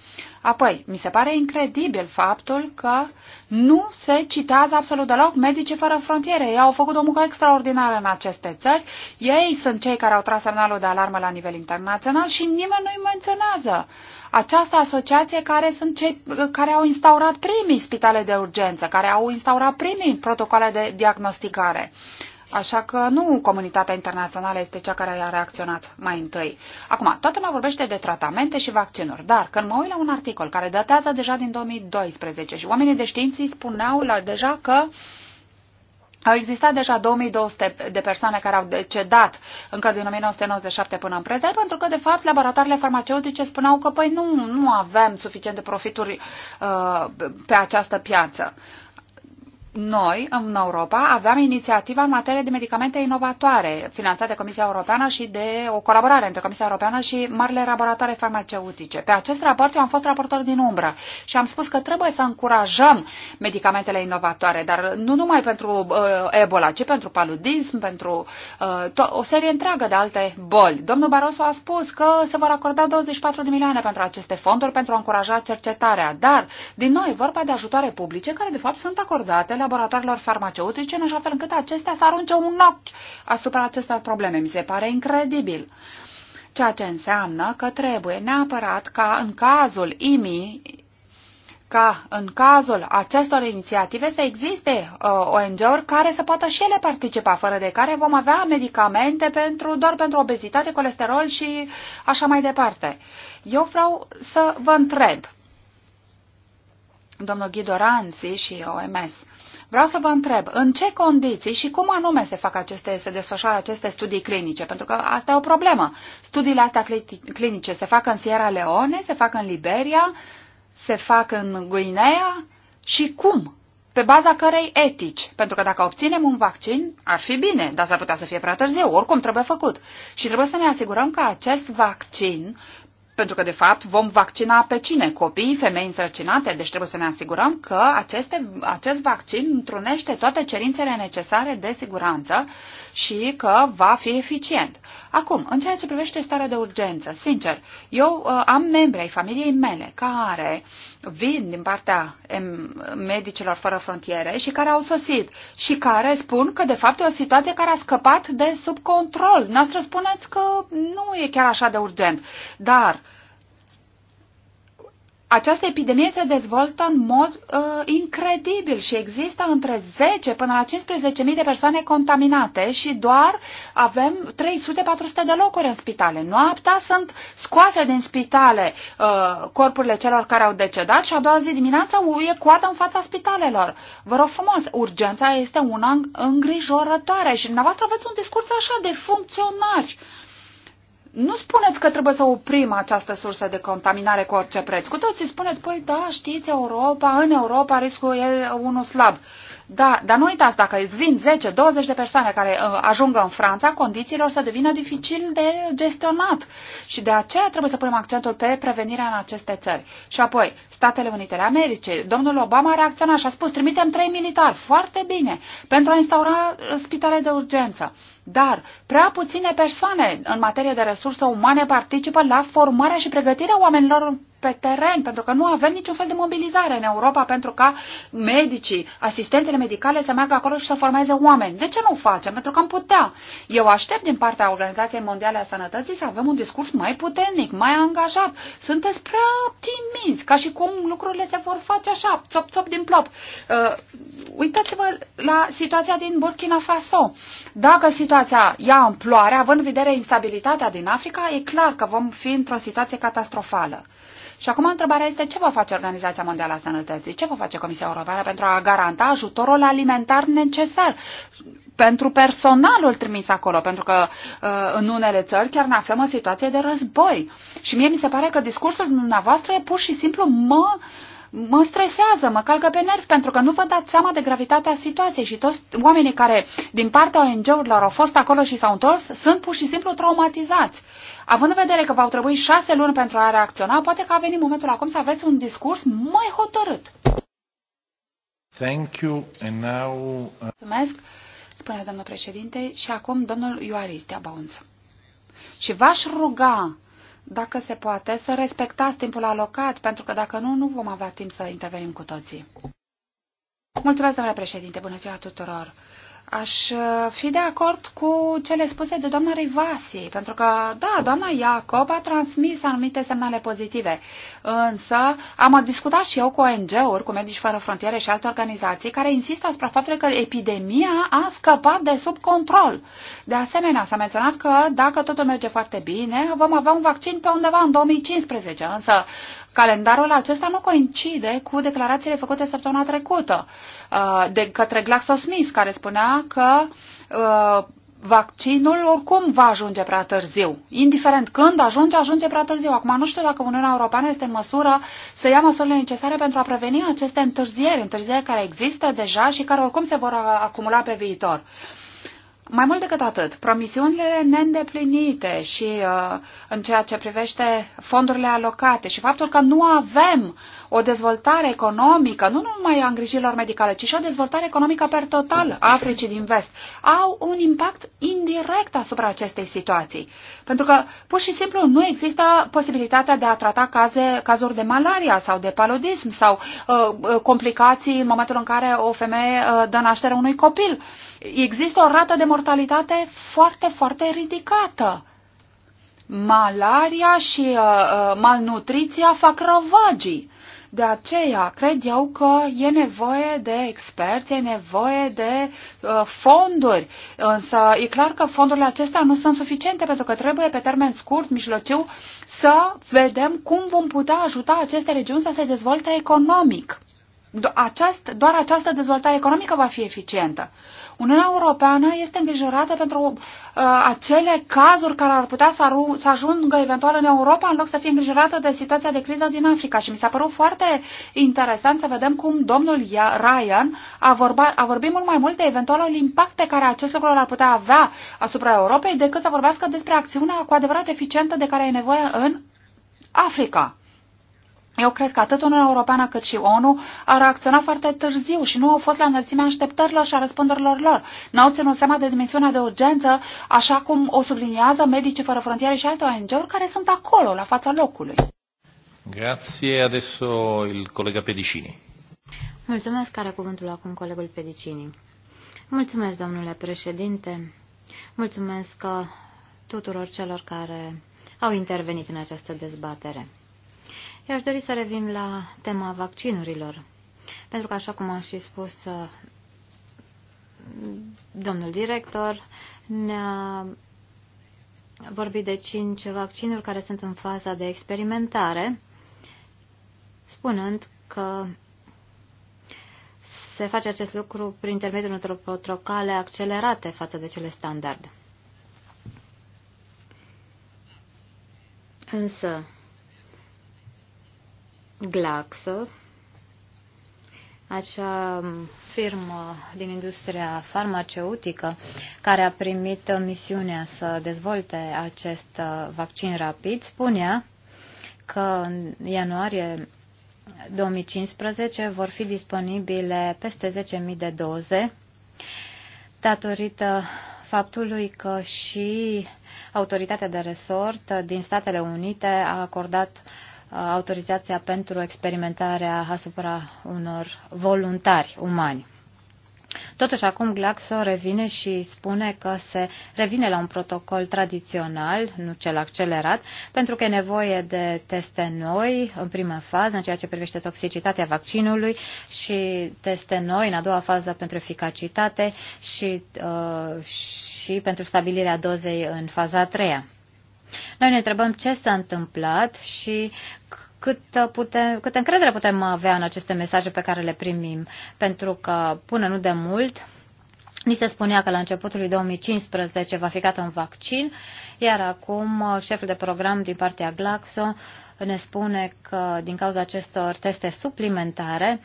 Apoi, mi se pare incredibil faptul că nu se citează absolut deloc medicii fără frontiere. Ei au făcut o muncă extraordinară în aceste țări, ei sunt cei care au tras semnalul de alarmă la nivel internațional și nimeni nu-i menționează această asociație care sunt cei care au instaurat primii spitale de urgență, care au instaurat primii protocoale de diagnosticare. Așa că nu comunitatea internațională este cea care a reacționat mai întâi. Acum, toată lumea vorbește de tratamente și vaccinuri, dar când mă uit la un articol care datează deja din 2012 și oamenii de știință spuneau la, deja că uh, au existat deja 2200 de persoane care au decedat încă din 1997 până în prezent, pentru că, de fapt, laboratoarele farmaceutice spuneau că, păi, nu, nu avem suficiente profituri uh, pe această piață noi, în Europa, aveam inițiativa în materie de medicamente inovatoare, finanțată de Comisia Europeană și de o colaborare între Comisia Europeană și marile laboratoare farmaceutice. Pe acest raport eu am fost raportor din umbră și am spus că trebuie să încurajăm medicamentele inovatoare, dar nu numai pentru uh, Ebola, ci pentru paludism, pentru uh, o serie întreagă de alte boli. Domnul Barroso a spus că se vor acorda 24 de milioane pentru aceste fonduri pentru a încuraja cercetarea, dar, din nou, e vorba de ajutoare publice care, de fapt, sunt acordate laboratoarelor farmaceutice, în așa fel încât acestea să arunce un ochi asupra acestor probleme. Mi se pare incredibil. Ceea ce înseamnă că trebuie neapărat ca în cazul IMI, ca în cazul acestor inițiative să existe uh, ONG-uri care să poată și ele participa, fără de care vom avea medicamente pentru, doar pentru obezitate, colesterol și așa mai departe. Eu vreau să vă întreb, domnul Ghidoranzi și OMS, uh, Vreau să vă întreb, în ce condiții și cum anume se fac aceste, se desfășoară aceste studii clinice? Pentru că asta e o problemă. Studiile astea clinice se fac în Sierra Leone, se fac în Liberia, se fac în Guinea și cum? Pe baza cărei etici. Pentru că dacă obținem un vaccin, ar fi bine, dar s-ar putea să fie prea târziu, oricum trebuie făcut. Și trebuie să ne asigurăm că acest vaccin pentru că, de fapt, vom vaccina pe cine? Copii, femei însărcinate, deci trebuie să ne asigurăm că aceste, acest vaccin întrunește toate cerințele necesare de siguranță și că va fi eficient. Acum, în ceea ce privește starea de urgență, sincer, eu uh, am membri ai familiei mele care uh, vin din partea medicilor fără frontiere și care au sosit și care spun că de fapt e o situație care a scăpat de sub control. Noastră spuneți că nu e chiar așa de urgent, dar uh, această epidemie se dezvoltă în mod uh, incredibil și există între 10 până la 15.000 de persoane contaminate și doar avem 300-400 de locuri în spitale. Noaptea sunt scoase din spitale uh, corpurile celor care au decedat și a doua zi dimineața e coadă în fața spitalelor. Vă rog frumos, urgența este una îngrijorătoare și dumneavoastră aveți un discurs așa de funcționari. Uh, nu spuneți că trebuie să oprim această sursă de contaminare cu orice preț. Cu toții spuneți, păi da, știți, Europa, în Europa riscul e unul slab. Da, dar nu uitați, dacă îți vin 10-20 de persoane care uh, ajungă în Franța, condițiile o să devină dificil de gestionat. Și de aceea trebuie să punem accentul pe prevenirea în aceste țări. Și apoi, Statele Unite ale Americii, domnul Obama a reacționat și a spus, trimitem trei militari, foarte bine, pentru a instaura uh, spitale de urgență. Dar prea puține persoane în materie de resurse umane participă la formarea și pregătirea oamenilor pe teren, pentru că nu avem niciun fel de mobilizare în Europa pentru ca medicii, asistentele medicale să meargă acolo și să formeze oameni. De ce nu facem? Pentru că am putea. Eu aștept din partea Organizației Mondiale a Sănătății să avem un discurs mai puternic, mai angajat. Sunteți prea optimiți, ca și cum lucrurile se vor face așa, țop-țop din plop. Uh, uitați-vă la situația din Burkina Faso. Dacă situația ia amploare, având în vedere instabilitatea din Africa, e clar că vom fi într-o situație catastrofală. Și acum întrebarea este ce va face Organizația Mondială a Sănătății, ce va face Comisia Europeană pentru a garanta ajutorul alimentar necesar pentru personalul trimis acolo, pentru că uh, în unele țări chiar ne aflăm în situație de război. Și mie mi se pare că discursul dumneavoastră e pur și simplu mă uh, mă stresează, mă calcă pe nervi, pentru că nu vă dați seama de gravitatea situației și toți oamenii care din partea ONG-urilor au fost acolo și s-au întors sunt pur și simplu traumatizați. Având în vedere că v-au trebuit șase luni pentru a reacționa, poate că a venit momentul acum să aveți un discurs mai hotărât. Thank you. And now, uh... Mulțumesc, spune domnul președinte, și acum domnul Ioaris de Abonță. Și v-aș ruga dacă se poate, să respectați timpul alocat, pentru că dacă nu, nu vom avea timp să intervenim cu toții. Mulțumesc, domnule președinte, bună ziua tuturor! Aș uh, fi de acord cu cele spuse de doamna Rivasi, pentru că, da, doamna Iacob a transmis anumite semnale pozitive, însă am discutat și eu cu ONG-uri, cu Medici Fără Frontiere și alte organizații care insistă asupra faptului că epidemia a scăpat de sub control. De asemenea, s-a menționat că dacă totul merge foarte bine, vom avea un vaccin pe undeva în 2015, însă Calendarul acesta nu coincide cu declarațiile făcute săptămâna trecută uh, de către GlaxoSmith, care spunea că uh, vaccinul oricum va ajunge prea târziu. Indiferent când ajunge, ajunge prea târziu. Acum nu știu dacă Uniunea Europeană este în măsură să ia măsurile necesare pentru a preveni aceste întârzieri, întârzieri care există deja și care oricum se vor acumula pe viitor. Uh, mai mult decât atât, promisiunile neîndeplinite și uh, în ceea ce privește fondurile alocate și faptul că nu avem o dezvoltare economică, nu numai a îngrijirilor medicale, ci și o dezvoltare economică per total a Africii din vest, au un impact indirect asupra acestei situații. Pentru că, pur și simplu, nu există posibilitatea de a trata caze, cazuri de malaria sau de paludism sau uh, uh complicații în momentul în care o femeie uh, dă naștere unui copil. Există o rată de mortalitate foarte, foarte ridicată malaria și uh, uh malnutriția fac ravagii. De aceea, cred eu că e nevoie de experți, e nevoie de uh, fonduri, însă e clar că fondurile acestea nu sunt suficiente pentru că trebuie pe termen scurt, mijlociu, să vedem cum vom putea ajuta aceste regiuni să se dezvolte economic aceast, doar această dezvoltare economică va fi eficientă. Uniunea Europeană este îngrijorată pentru uh, acele cazuri care ar putea să, aru- să ajungă eventual în Europa în loc să fie îngrijorată de situația de criză din Africa. Și mi s-a părut foarte interesant să vedem cum domnul Ryan a, vorba, a vorbit mult mai mult de eventualul impact pe care acest lucru ar putea avea asupra Europei decât să vorbească despre acțiunea cu adevărat eficientă de care e nevoie în Africa. Eu cred că atât Uniunea Europeană cât și ONU a reacționat foarte târziu și nu au fost la înălțimea așteptărilor și a răspunderilor lor. N-au ținut seama de dimensiunea de urgență, așa cum o subliniază Medicii Fără Frontiere și alte ONG-uri care sunt acolo, la fața locului. Grazie, adesso il colega Pedicini. Mulțumesc, care cuvântul acum colegul Pedicini. Mulțumesc, domnule președinte. Mulțumesc uh, tuturor celor care au intervenit în această dezbatere i aș dori să revin la tema vaccinurilor, pentru că, așa cum am și spus uh, domnul director, ne-a vorbit de cinci vaccinuri care sunt în faza de experimentare, spunând că se face acest lucru prin intermediul unor protocale accelerate față de cele standard. Însă, Glaxo, acea firmă din industria farmaceutică care a primit misiunea să dezvolte acest vaccin rapid, spunea că în ianuarie 2015 vor fi disponibile peste 10.000 de doze datorită faptului că și autoritatea de resort din Statele Unite a acordat uh, autorizația pentru experimentarea asupra unor voluntari umani. Totuși, acum Glaxo revine și spune că se revine la un protocol tradițional, nu cel accelerat, pentru că e nevoie de teste noi în prima fază, în ceea ce privește toxicitatea vaccinului și teste noi în a doua fază pentru eficacitate și, uh, și pentru stabilirea dozei în faza a treia. Noi ne întrebăm ce s-a întâmplat și cât, putem, cât încredere putem avea în aceste mesaje pe care le primim, pentru că până nu de mult Ni se spunea că la începutul lui 2015 va fi gata un vaccin, iar acum șeful de program din partea Glaxo ne spune că din cauza acestor teste suplimentare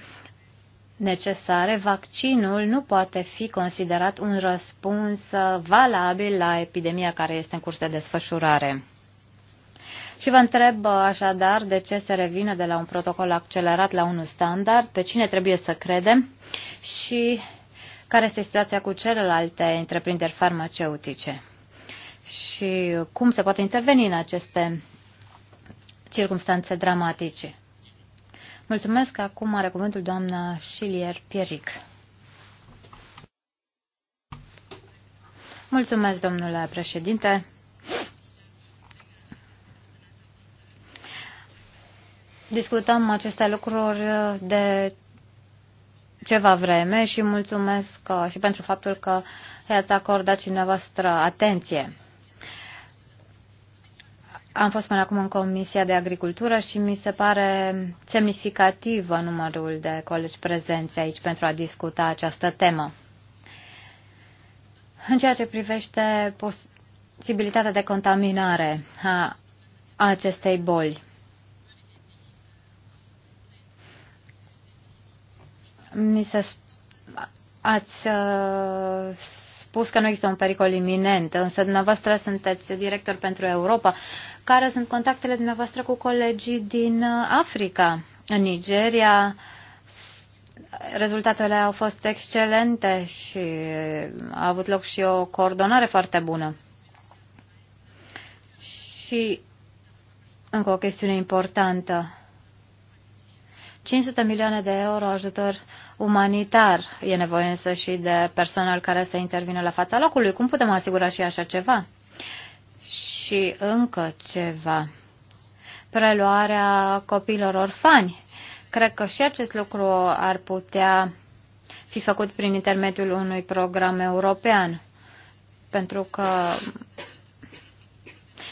necesare, vaccinul nu poate fi considerat un răspuns uh, valabil la epidemia care este în curs de desfășurare. Și vă întreb uh, așadar de ce se revine de la un protocol accelerat la unul standard, pe cine trebuie să credem și care este situația cu celelalte întreprinderi farmaceutice și cum se poate interveni în aceste circumstanțe dramatice. Mulțumesc. Acum are cuvântul doamna Șilier Pieric. Mulțumesc, domnule președinte. Discutăm aceste lucruri de ceva vreme și mulțumesc și pentru faptul că i-ați acordat cineva atenție. Am fost până acum în Comisia de Agricultură și mi se pare semnificativ numărul de colegi prezenți aici pentru a discuta această temă. În ceea ce privește posibilitatea de contaminare a acestei boli, mi se ați uh, spus că nu există un pericol iminent, însă dumneavoastră sunteți director pentru Europa care sunt contactele dumneavoastră cu colegii din uh, Africa, în Nigeria. Rezultatele au fost excelente și a avut loc și o coordonare foarte bună. Și încă o chestiune importantă. 500 milioane de euro ajutor umanitar. E nevoie însă și de personal care să intervină la fața locului. Cum putem asigura și așa ceva? Și încă ceva. Preluarea copiilor orfani. Cred că și acest lucru ar putea fi făcut prin intermediul unui program european. Pentru că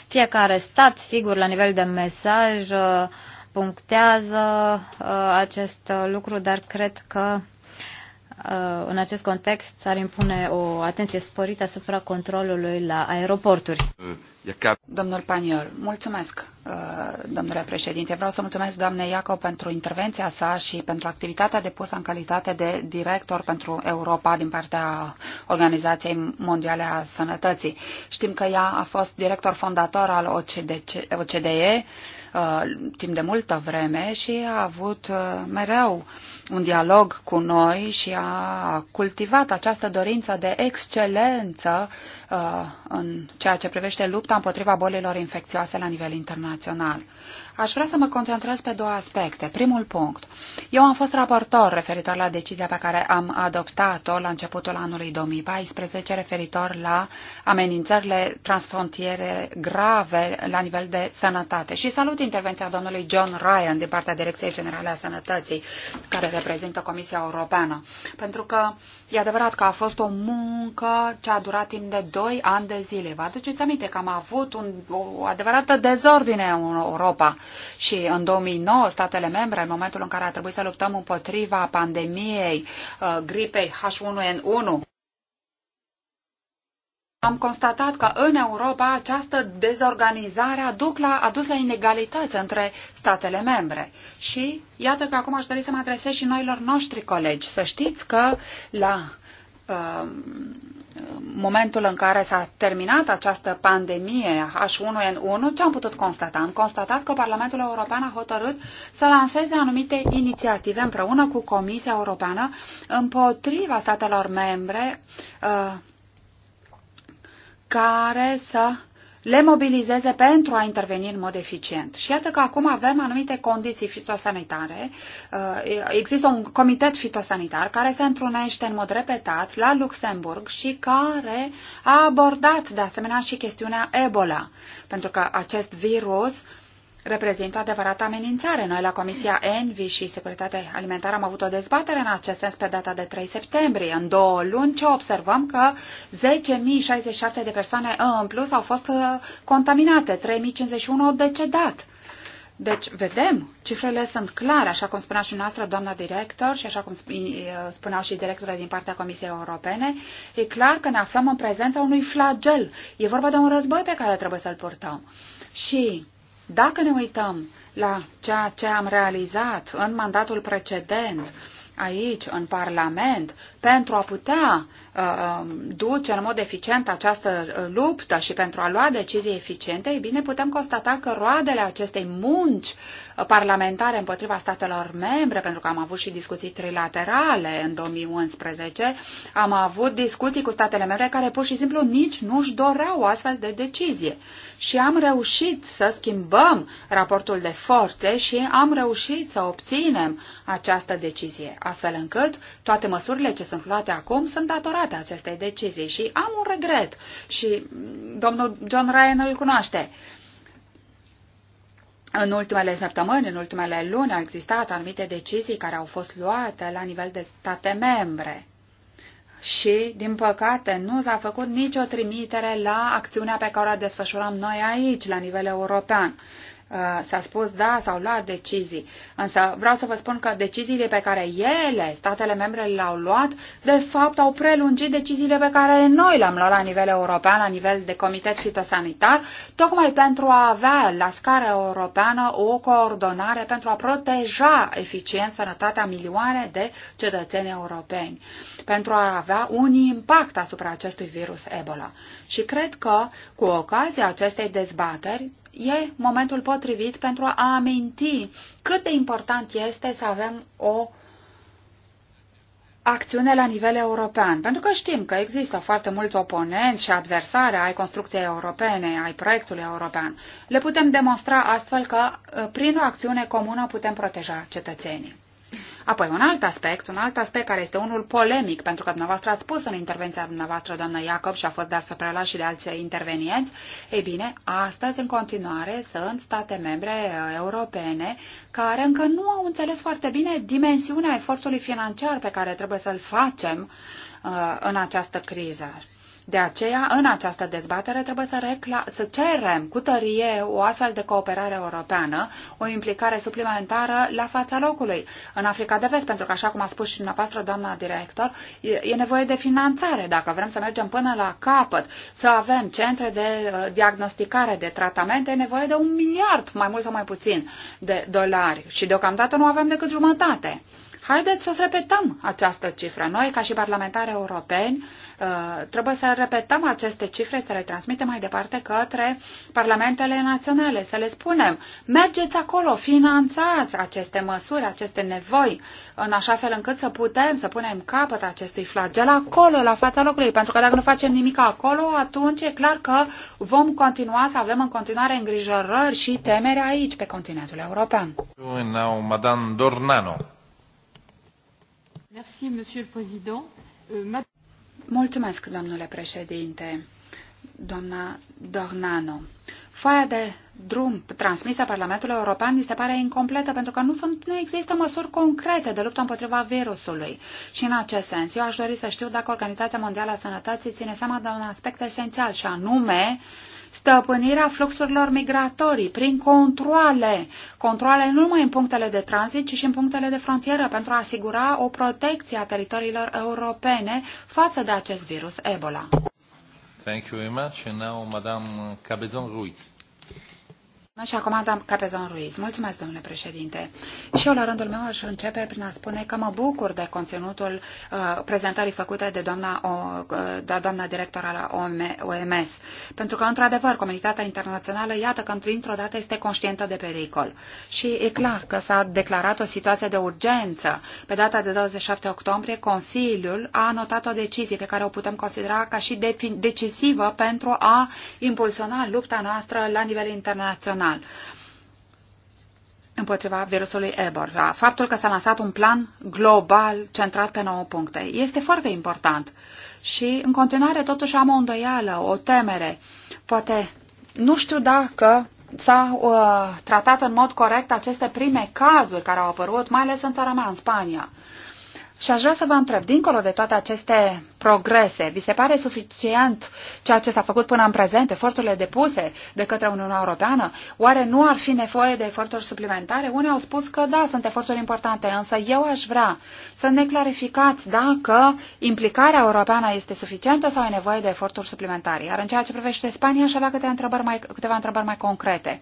fiecare stat, sigur, la nivel de mesaj, uh, punctează uh, acest lucru, dar cred că Uh, în acest context ar impune o atenție sporită asupra controlului la aeroporturi. Uh, Domnul Panior, mulțumesc, uh, domnule președinte. Vreau să mulțumesc doamnei Iacob pentru intervenția sa și pentru activitatea depusă în calitate de director pentru Europa din partea Organizației Mondiale a Sănătății. Știm că ea a fost director fondator al OCDE Uh, timp de multă vreme și a avut uh, mereu un dialog cu noi și a cultivat această dorință de excelență uh, în ceea ce privește lupta împotriva bolilor infecțioase la nivel internațional. Aș vrea să mă concentrez pe două aspecte. Primul punct. Eu am fost raportor referitor la decizia pe care am adoptat-o la începutul anului 2014 referitor la amenințările transfrontiere grave la nivel de sănătate. Și salut intervenția domnului John Ryan din partea Direcției Generale a Sănătății, care reprezintă Comisia Europeană. Pentru că e adevărat că a fost o muncă ce a durat timp de 2 ani de zile. Vă aduceți aminte că am avut un, o adevărată dezordine în Europa și în 2009 statele membre, în momentul în care a trebuit să luptăm împotriva pandemiei uh, gripei H1N1, am constatat că în Europa această dezorganizare a, duc la, a dus la inegalități între statele membre. Și iată că acum aș dori să mă adresez și noilor noștri colegi. Să știți că la uh, momentul în care s-a terminat această pandemie H1N1, ce am putut constata? Am constatat că Parlamentul European a hotărât să lanseze anumite inițiative împreună cu Comisia Europeană împotriva statelor membre uh, care să le mobilizeze pentru a interveni în mod eficient. Și iată că acum avem anumite condiții fitosanitare. Uh, există un comitet fitosanitar care se întrunește în mod repetat la Luxemburg și care a abordat de asemenea și chestiunea Ebola, pentru că acest virus uh, reprezintă adevărată amenințare. Noi la Comisia Envi și Securitatea Alimentară am avut o dezbatere în acest sens pe data de 3 septembrie. În două luni ce observăm că 10.067 de persoane în plus au fost uh, contaminate, 3.051 au decedat. Deci, vedem, cifrele sunt clare, așa cum spunea și noastră doamna director și așa cum uh, spuneau și directorul din partea Comisiei Europene, e clar că ne aflăm în prezența unui flagel. E vorba de un război pe care trebuie să-l purtăm. Și dacă ne uităm la ceea ce am realizat în mandatul precedent, aici, în Parlament, pentru a putea uh, um, duce în mod eficient această uh, luptă și pentru a lua decizii eficiente, bine, putem constata că roadele acestei munci parlamentare împotriva statelor membre, pentru că am avut și discuții trilaterale în 2011, am avut discuții cu statele membre care pur și simplu nici nu-și doreau o astfel de decizie. Și am reușit să schimbăm raportul de forțe și am reușit să obținem această decizie, astfel încât toate măsurile ce sunt luate acum sunt datorate acestei decizii. Și am un regret și mm, domnul John Ryan îl cunoaște. În ultimele săptămâni, în ultimele luni, au existat anumite decizii care au fost luate la nivel de state membre. Și, din păcate, nu s-a făcut nicio trimitere la acțiunea pe care o desfășurăm noi aici, la nivel european. Uh, s-a spus da, s-au luat decizii. Însă vreau să vă spun că deciziile pe care ele, statele membre, le-au luat, de fapt au prelungit deciziile pe care noi le-am luat la nivel european, la nivel de comitet fitosanitar, tocmai pentru a avea la scară europeană o coordonare pentru a proteja eficient sănătatea milioane de cetățeni europeni, pentru a avea un impact asupra acestui virus Ebola. Și cred că, cu ocazia acestei dezbateri, e momentul potrivit pentru a aminti cât de important este să avem o acțiune la nivel european. Pentru că știm că există foarte mulți oponenți și adversari ai construcției europene, ai proiectului european. Le putem demonstra astfel că uh, prin o acțiune comună putem proteja cetățenii. Apoi, un alt aspect, un alt aspect care este unul polemic, pentru că dumneavoastră ați spus în intervenția dumneavoastră, doamna Iacob, și a fost de altfel preluat și de alții intervenienți, ei bine, astăzi, în continuare, sunt state membre uh, europene care încă nu au înțeles foarte bine dimensiunea efortului financiar pe care trebuie să-l facem uh, în această criză. De aceea, în această dezbatere trebuie să, să cerem cu tărie o astfel de cooperare europeană, o implicare suplimentară la fața locului în Africa de Vest, pentru că, așa cum a spus și dumneavoastră, doamna director, e, e nevoie de finanțare dacă vrem să mergem până la capăt, să avem centre de uh, diagnosticare, de tratamente, e nevoie de un miliard, mai mult sau mai puțin, de dolari și deocamdată nu avem decât jumătate. Haideți să repetăm această cifră. Noi, ca și parlamentari europeni, uh, trebuie să repetăm aceste cifre, să le transmitem mai departe către parlamentele naționale, să le spunem, mergeți acolo, finanțați aceste măsuri, aceste nevoi, în așa fel încât să putem să punem capăt acestui flagel acolo, la fața locului, pentru că dacă nu facem nimic acolo, atunci e clar că vom continua să avem în continuare îngrijorări și temeri aici, pe continentul european. Now, Madame Dornano. Euh, Mulțumesc, domnule președinte. Doamna Dornano, foaia de drum transmisă Parlamentului European mi se pare incompletă pentru că nu, sunt, nu există măsuri concrete de luptă împotriva virusului. Și în acest sens, eu aș dori să știu dacă Organizația Mondială a Sănătății ține seama de un aspect esențial și anume uh, stăpânirea fluxurilor migratorii prin controle, controle nu numai în punctele de tranzit, ci și în punctele de frontieră, pentru a asigura o protecție a teritoriilor europene față de acest virus Ebola. Thank you very much. And now, Madame Cabezon Ruiz. Și acum, am Capezon Ruiz, mulțumesc, domnule președinte. Și eu, la rândul meu, aș începe prin a spune că mă bucur de conținutul uh, prezentării făcute de doamna, o, uh, de doamna directora la OMS. Pentru că, într-adevăr, comunitatea internațională, iată că, într o dată, este conștientă de pericol. Și e clar că s-a declarat o situație de urgență. Pe data de 27 octombrie, Consiliul a anotat o decizie pe care o putem considera ca și decisivă pentru a impulsiona lupta noastră la nivel internațional internațional împotriva virusului Ebola. Faptul că s-a lansat un plan global centrat pe 9 puncte este foarte important. Și în continuare totuși am o îndoială, o temere. Poate nu știu dacă s-au uh, tratat în mod corect aceste prime cazuri care au apărut, mai ales în țara mea, în Spania. Și aș vrea să vă întreb, dincolo de toate aceste progrese, vi se pare suficient ceea ce s-a făcut până în prezent, eforturile depuse de către Uniunea Europeană? Oare nu ar fi nevoie de eforturi suplimentare? Unii au spus că da, sunt eforturi importante, însă eu aș vrea să ne clarificați dacă implicarea europeană este suficientă sau e nevoie de eforturi suplimentare. Iar în ceea ce privește Spania, aș avea câteva întrebări mai, câteva întrebări mai concrete.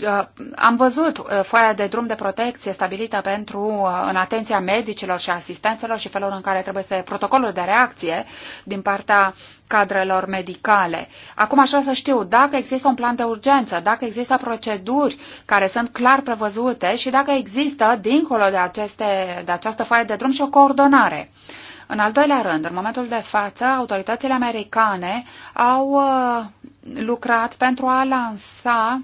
Uh, am văzut uh, foaia de drum de protecție stabilită pentru uh, în atenția medicilor și asistenților instanțelor și felul în care trebuie să protocolul de reacție din partea cadrelor medicale. Acum aș vrea să știu dacă există un plan de urgență, dacă există proceduri care sunt clar prevăzute și dacă există, dincolo de, aceste, de această foaie de drum, și o coordonare. În al doilea rând, în momentul de față, autoritățile americane au uh, lucrat pentru a lansa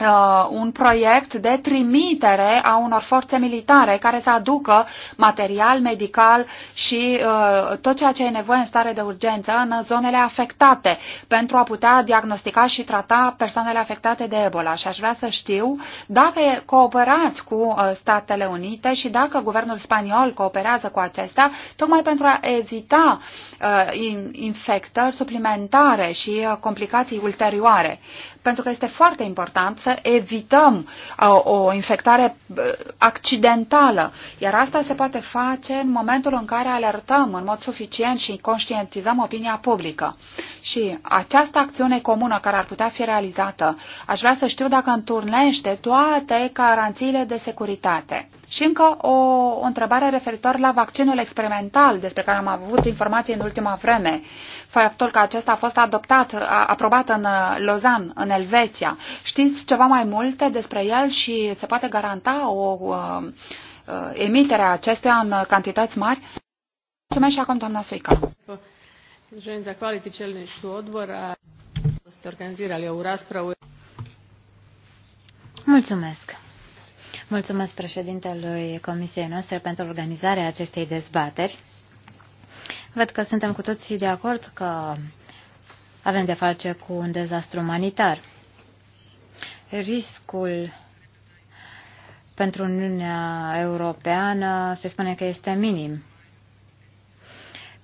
uh, un proiect de trimitere a unor forțe militare care să aducă material medical și uh, tot ceea ce e nevoie în stare de urgență în zonele afectate pentru a putea diagnostica și trata persoanele afectate de Ebola. Și aș vrea să știu dacă cooperați cu uh, Statele Unite și dacă guvernul spaniol cooperează cu acestea, tocmai pentru a evita uh, infectări suplimentare și uh, complicații ulterioare. Pentru că este foarte important să să evităm o infectare accidentală, iar asta se poate face în momentul în care alertăm în mod suficient și conștientizăm opinia publică. Și această acțiune comună care ar putea fi realizată, aș vrea să știu dacă înturnește toate garanțiile de securitate. Și încă o, o întrebare referitor la vaccinul experimental, despre care am avut informații în ultima vreme. Faptul că acesta a fost adoptat, a, aprobat în uh, Lozan, în Elveția. Știți ceva mai multe despre el și se poate garanta o uh, uh emitere a acestuia în cantități mari? Mulțumesc și acum, doamna Suica. Mulțumesc. Mulțumesc președintelui Comisiei noastre pentru organizarea acestei dezbateri. Văd că suntem cu toții de acord că avem de face cu un dezastru umanitar. Riscul pentru Uniunea Europeană se spune că este minim.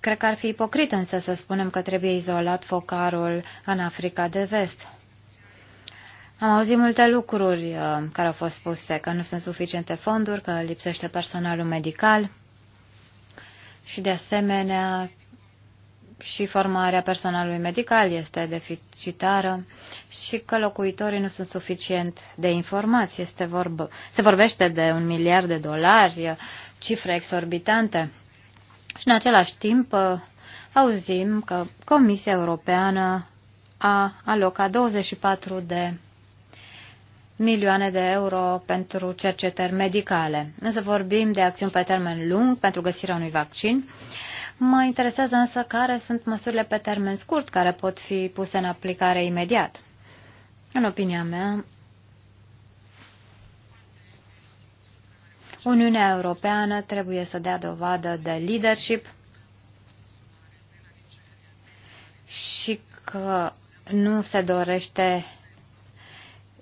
Cred că ar fi ipocrit însă să spunem că trebuie izolat focarul în Africa de Vest. Am auzit multe lucruri uh, care au fost spuse, că nu sunt suficiente fonduri, că lipsește personalul medical și, de asemenea, și formarea personalului medical este deficitară și că locuitorii nu sunt suficient de informați. Este vorbă, se vorbește de un miliard de dolari, uh, cifre exorbitante. Și în același timp uh, auzim că Comisia Europeană a alocat 24 de milioane de euro pentru cercetări medicale. Însă vorbim de acțiuni pe termen lung pentru găsirea unui vaccin. Mă interesează însă care sunt măsurile pe termen scurt care pot fi puse în aplicare imediat. În opinia mea, Uniunea Europeană trebuie să dea dovadă de leadership și că nu se dorește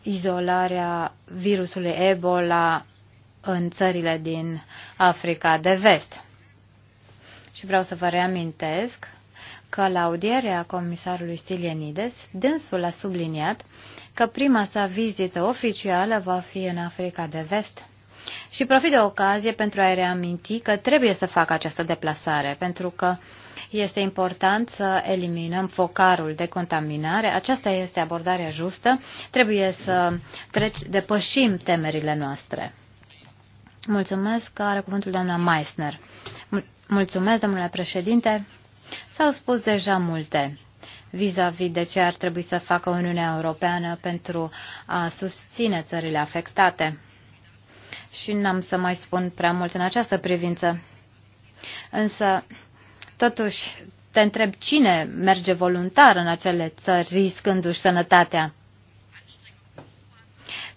izolarea virusului Ebola în țările din Africa de Vest. Și vreau să vă reamintesc că la audierea comisarului Stilianides, dânsul a subliniat că prima sa vizită oficială va fi în Africa de Vest. Și profit de ocazie pentru a-i reaminti că trebuie să facă această deplasare, pentru că uh, este important să eliminăm focarul de contaminare. Aceasta este abordarea justă. Trebuie să treci, depășim temerile noastre. Mulțumesc că are cuvântul doamna Meissner. Mulțumesc, domnule președinte. S-au spus deja multe vis-a-vis -vis de ce ar trebui să facă Uniunea Europeană pentru a susține țările afectate. Și n-am să mai spun prea mult în această privință. Însă Totuși, te întreb cine merge voluntar în acele țări riscându-și sănătatea.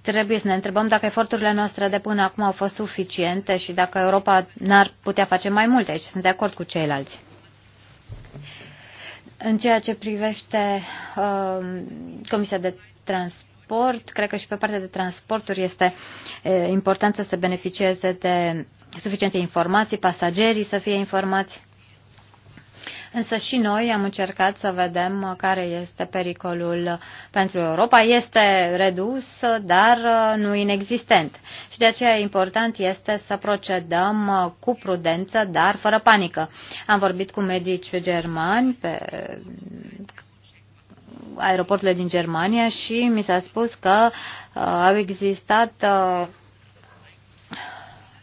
Trebuie să ne întrebăm dacă eforturile noastre de până acum au fost suficiente și dacă Europa n-ar putea face mai multe. Aici sunt de acord cu ceilalți. În ceea ce privește uh, Comisia de Transport, cred că și pe partea de transporturi este uh, important să se beneficieze de suficiente informații, pasagerii să fie informați. Însă și noi am încercat să vedem uh, care este pericolul uh, pentru Europa. Este redus, uh, dar nu inexistent. Și de aceea important este să procedăm cu prudență, dar fără panică. Am vorbit cu medici germani pe aeroporturile din Germania și mi s-a spus că au existat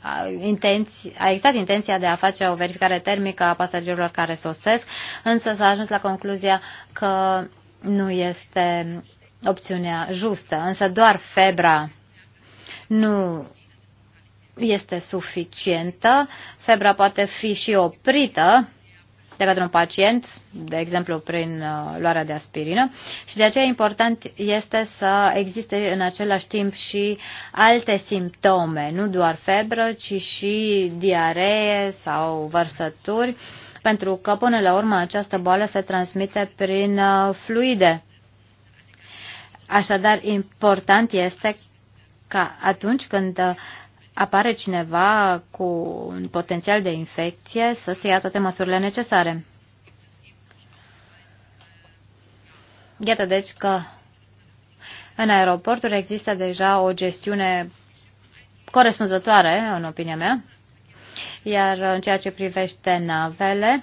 a existat intenția de a face o verificare termică a pasagerilor care sosesc, însă s-a ajuns la concluzia că nu este opțiunea justă, însă doar febra nu este suficientă. Febra poate fi și oprită de către un pacient, de exemplu prin uh, luarea de aspirină și de aceea important este să existe în același timp și alte simptome, nu doar febră, ci și diaree sau vărsături, pentru că până la urmă această boală se transmite prin uh, fluide. Așadar, important este ca atunci când uh, apare cineva cu un potențial de infecție, să se ia toate măsurile necesare. Iată deci că în aeroporturi există deja o gestiune corespunzătoare, în opinia mea, iar în ceea ce privește navele,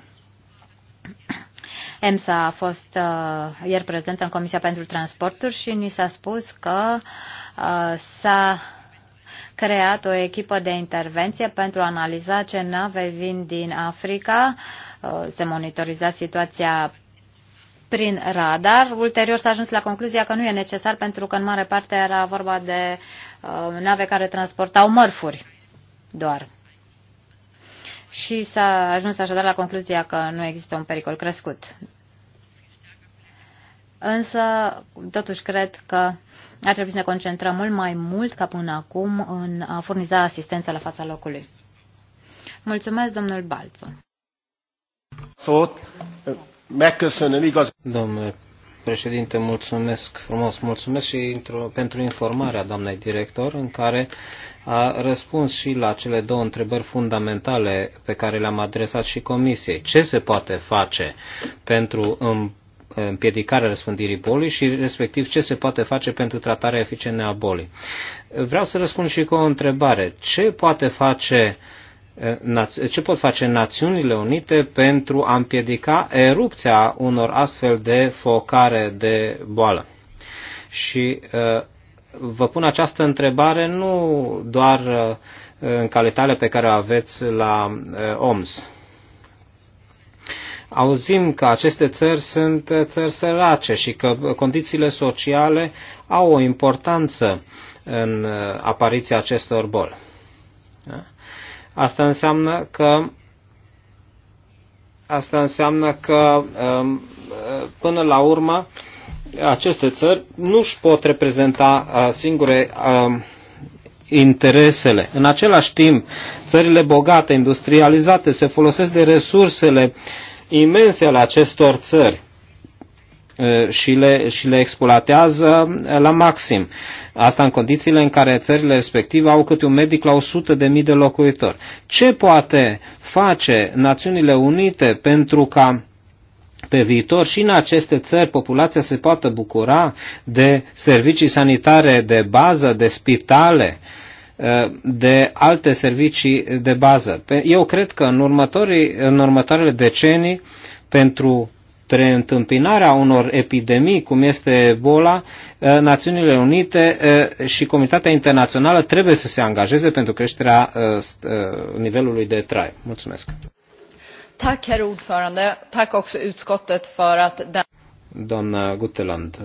EMSA a fost uh, ieri prezentă în Comisia pentru Transporturi și ni s-a spus că uh, s-a creat o echipă de intervenție pentru a analiza ce nave vin din Africa. Uh, se monitoriza situația prin radar. Ulterior s-a ajuns la concluzia că nu e necesar pentru că în mare parte era vorba de uh, nave care transportau mărfuri doar. Și s-a ajuns așadar la concluzia că nu există un pericol crescut. Însă, totuși, cred că ar trebui să ne concentrăm mult mai mult ca până acum în a furniza asistență la fața locului. Mulțumesc, domnul Balțu. Domnule președinte, mulțumesc frumos, mulțumesc și pentru informarea doamnei director, în care a răspuns și la cele două întrebări fundamentale pe care le-am adresat și comisiei. Ce se poate face pentru împiedicarea răspândirii bolii și respectiv ce se poate face pentru tratarea eficientă a bolii. Vreau să răspund și cu o întrebare. Ce poate face eh, ce pot face Națiunile Unite pentru a împiedica erupția unor astfel de focare de boală? Și eh, vă pun această întrebare nu doar eh, în calitatea pe care o aveți la OMS, auzim că aceste țări sunt țări sărace și că condițiile sociale au o importanță în uh, apariția acestor boli. Da? Asta înseamnă că asta înseamnă că um, uh, până la urmă aceste țări nu își pot reprezenta uh, singure um, interesele. În același timp, țările bogate, industrializate, se folosesc de resursele uh, imense ale acestor țări și le, și le exploatează la maxim. Asta în condițiile în care țările respective au câte un medic la 100 de mii de locuitori. Ce poate face Națiunile Unite pentru ca pe viitor și în aceste țări populația se poată bucura de servicii sanitare de bază, de spitale, uh, de alte servicii de bază. Eu cred că în, în următoarele decenii, pentru preîntâmpinarea unor epidemii, cum este Ebola, eh, Națiunile Unite eh, și Comunitatea Internațională trebuie să se angajeze pentru creșterea eh, nivelului de trai. Mulțumesc! Tack, herr ordförande. Tack också utskottet för att den... Doamna Guteland,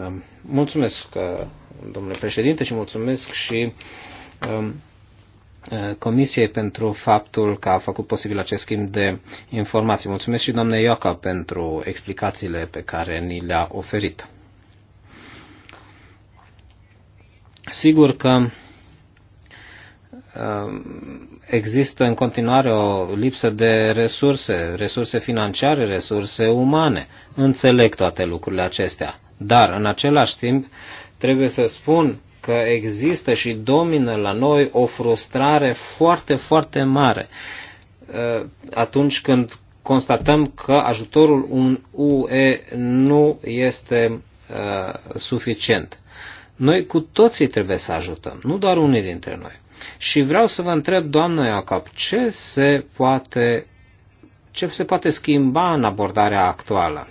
mulțumesc, domnule președinte, și mulțumesc și um, Eh, Comisiei pentru faptul că a făcut posibil acest schimb de informații. Mulțumesc și doamnei Ioca pentru explicațiile pe care ni le-a oferit. Sigur că eh, există în continuare o lipsă de resurse, resurse financiare, resurse umane. Înțeleg toate lucrurile acestea. Dar, în același timp, trebuie să spun că există și domină la noi o frustrare foarte, foarte mare uh, atunci când constatăm că ajutorul un UE nu este uh, suficient. Noi cu toții trebuie să ajutăm, nu doar unii dintre noi. Și vreau să vă întreb, doamnă Iacob, ce se poate, ce se poate schimba în abordarea actuală?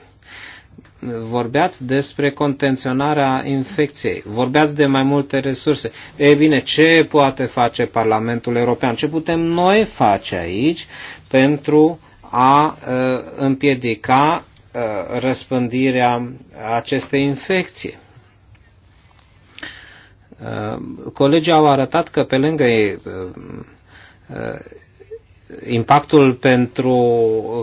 vorbeați despre contenționarea infecției, vorbeați de mai multe resurse. E bine, ce poate face Parlamentul European? Ce putem noi face aici pentru a uh, împiedica uh, răspândirea acestei infecții? Uh, colegii au arătat că pe lângă impactul pentru,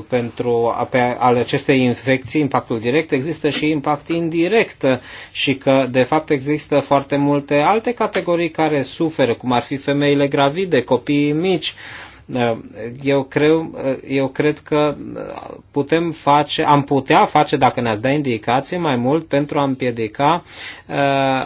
pentru pe, ale acestei infecții, impactul direct, există și impact indirect și că, de fapt, există foarte multe alte categorii care suferă, cum ar fi femeile gravide, copiii mici. Eu, creu, eu cred că putem face, am putea face, dacă ne-ați da indicații, mai mult pentru a împiedica uh,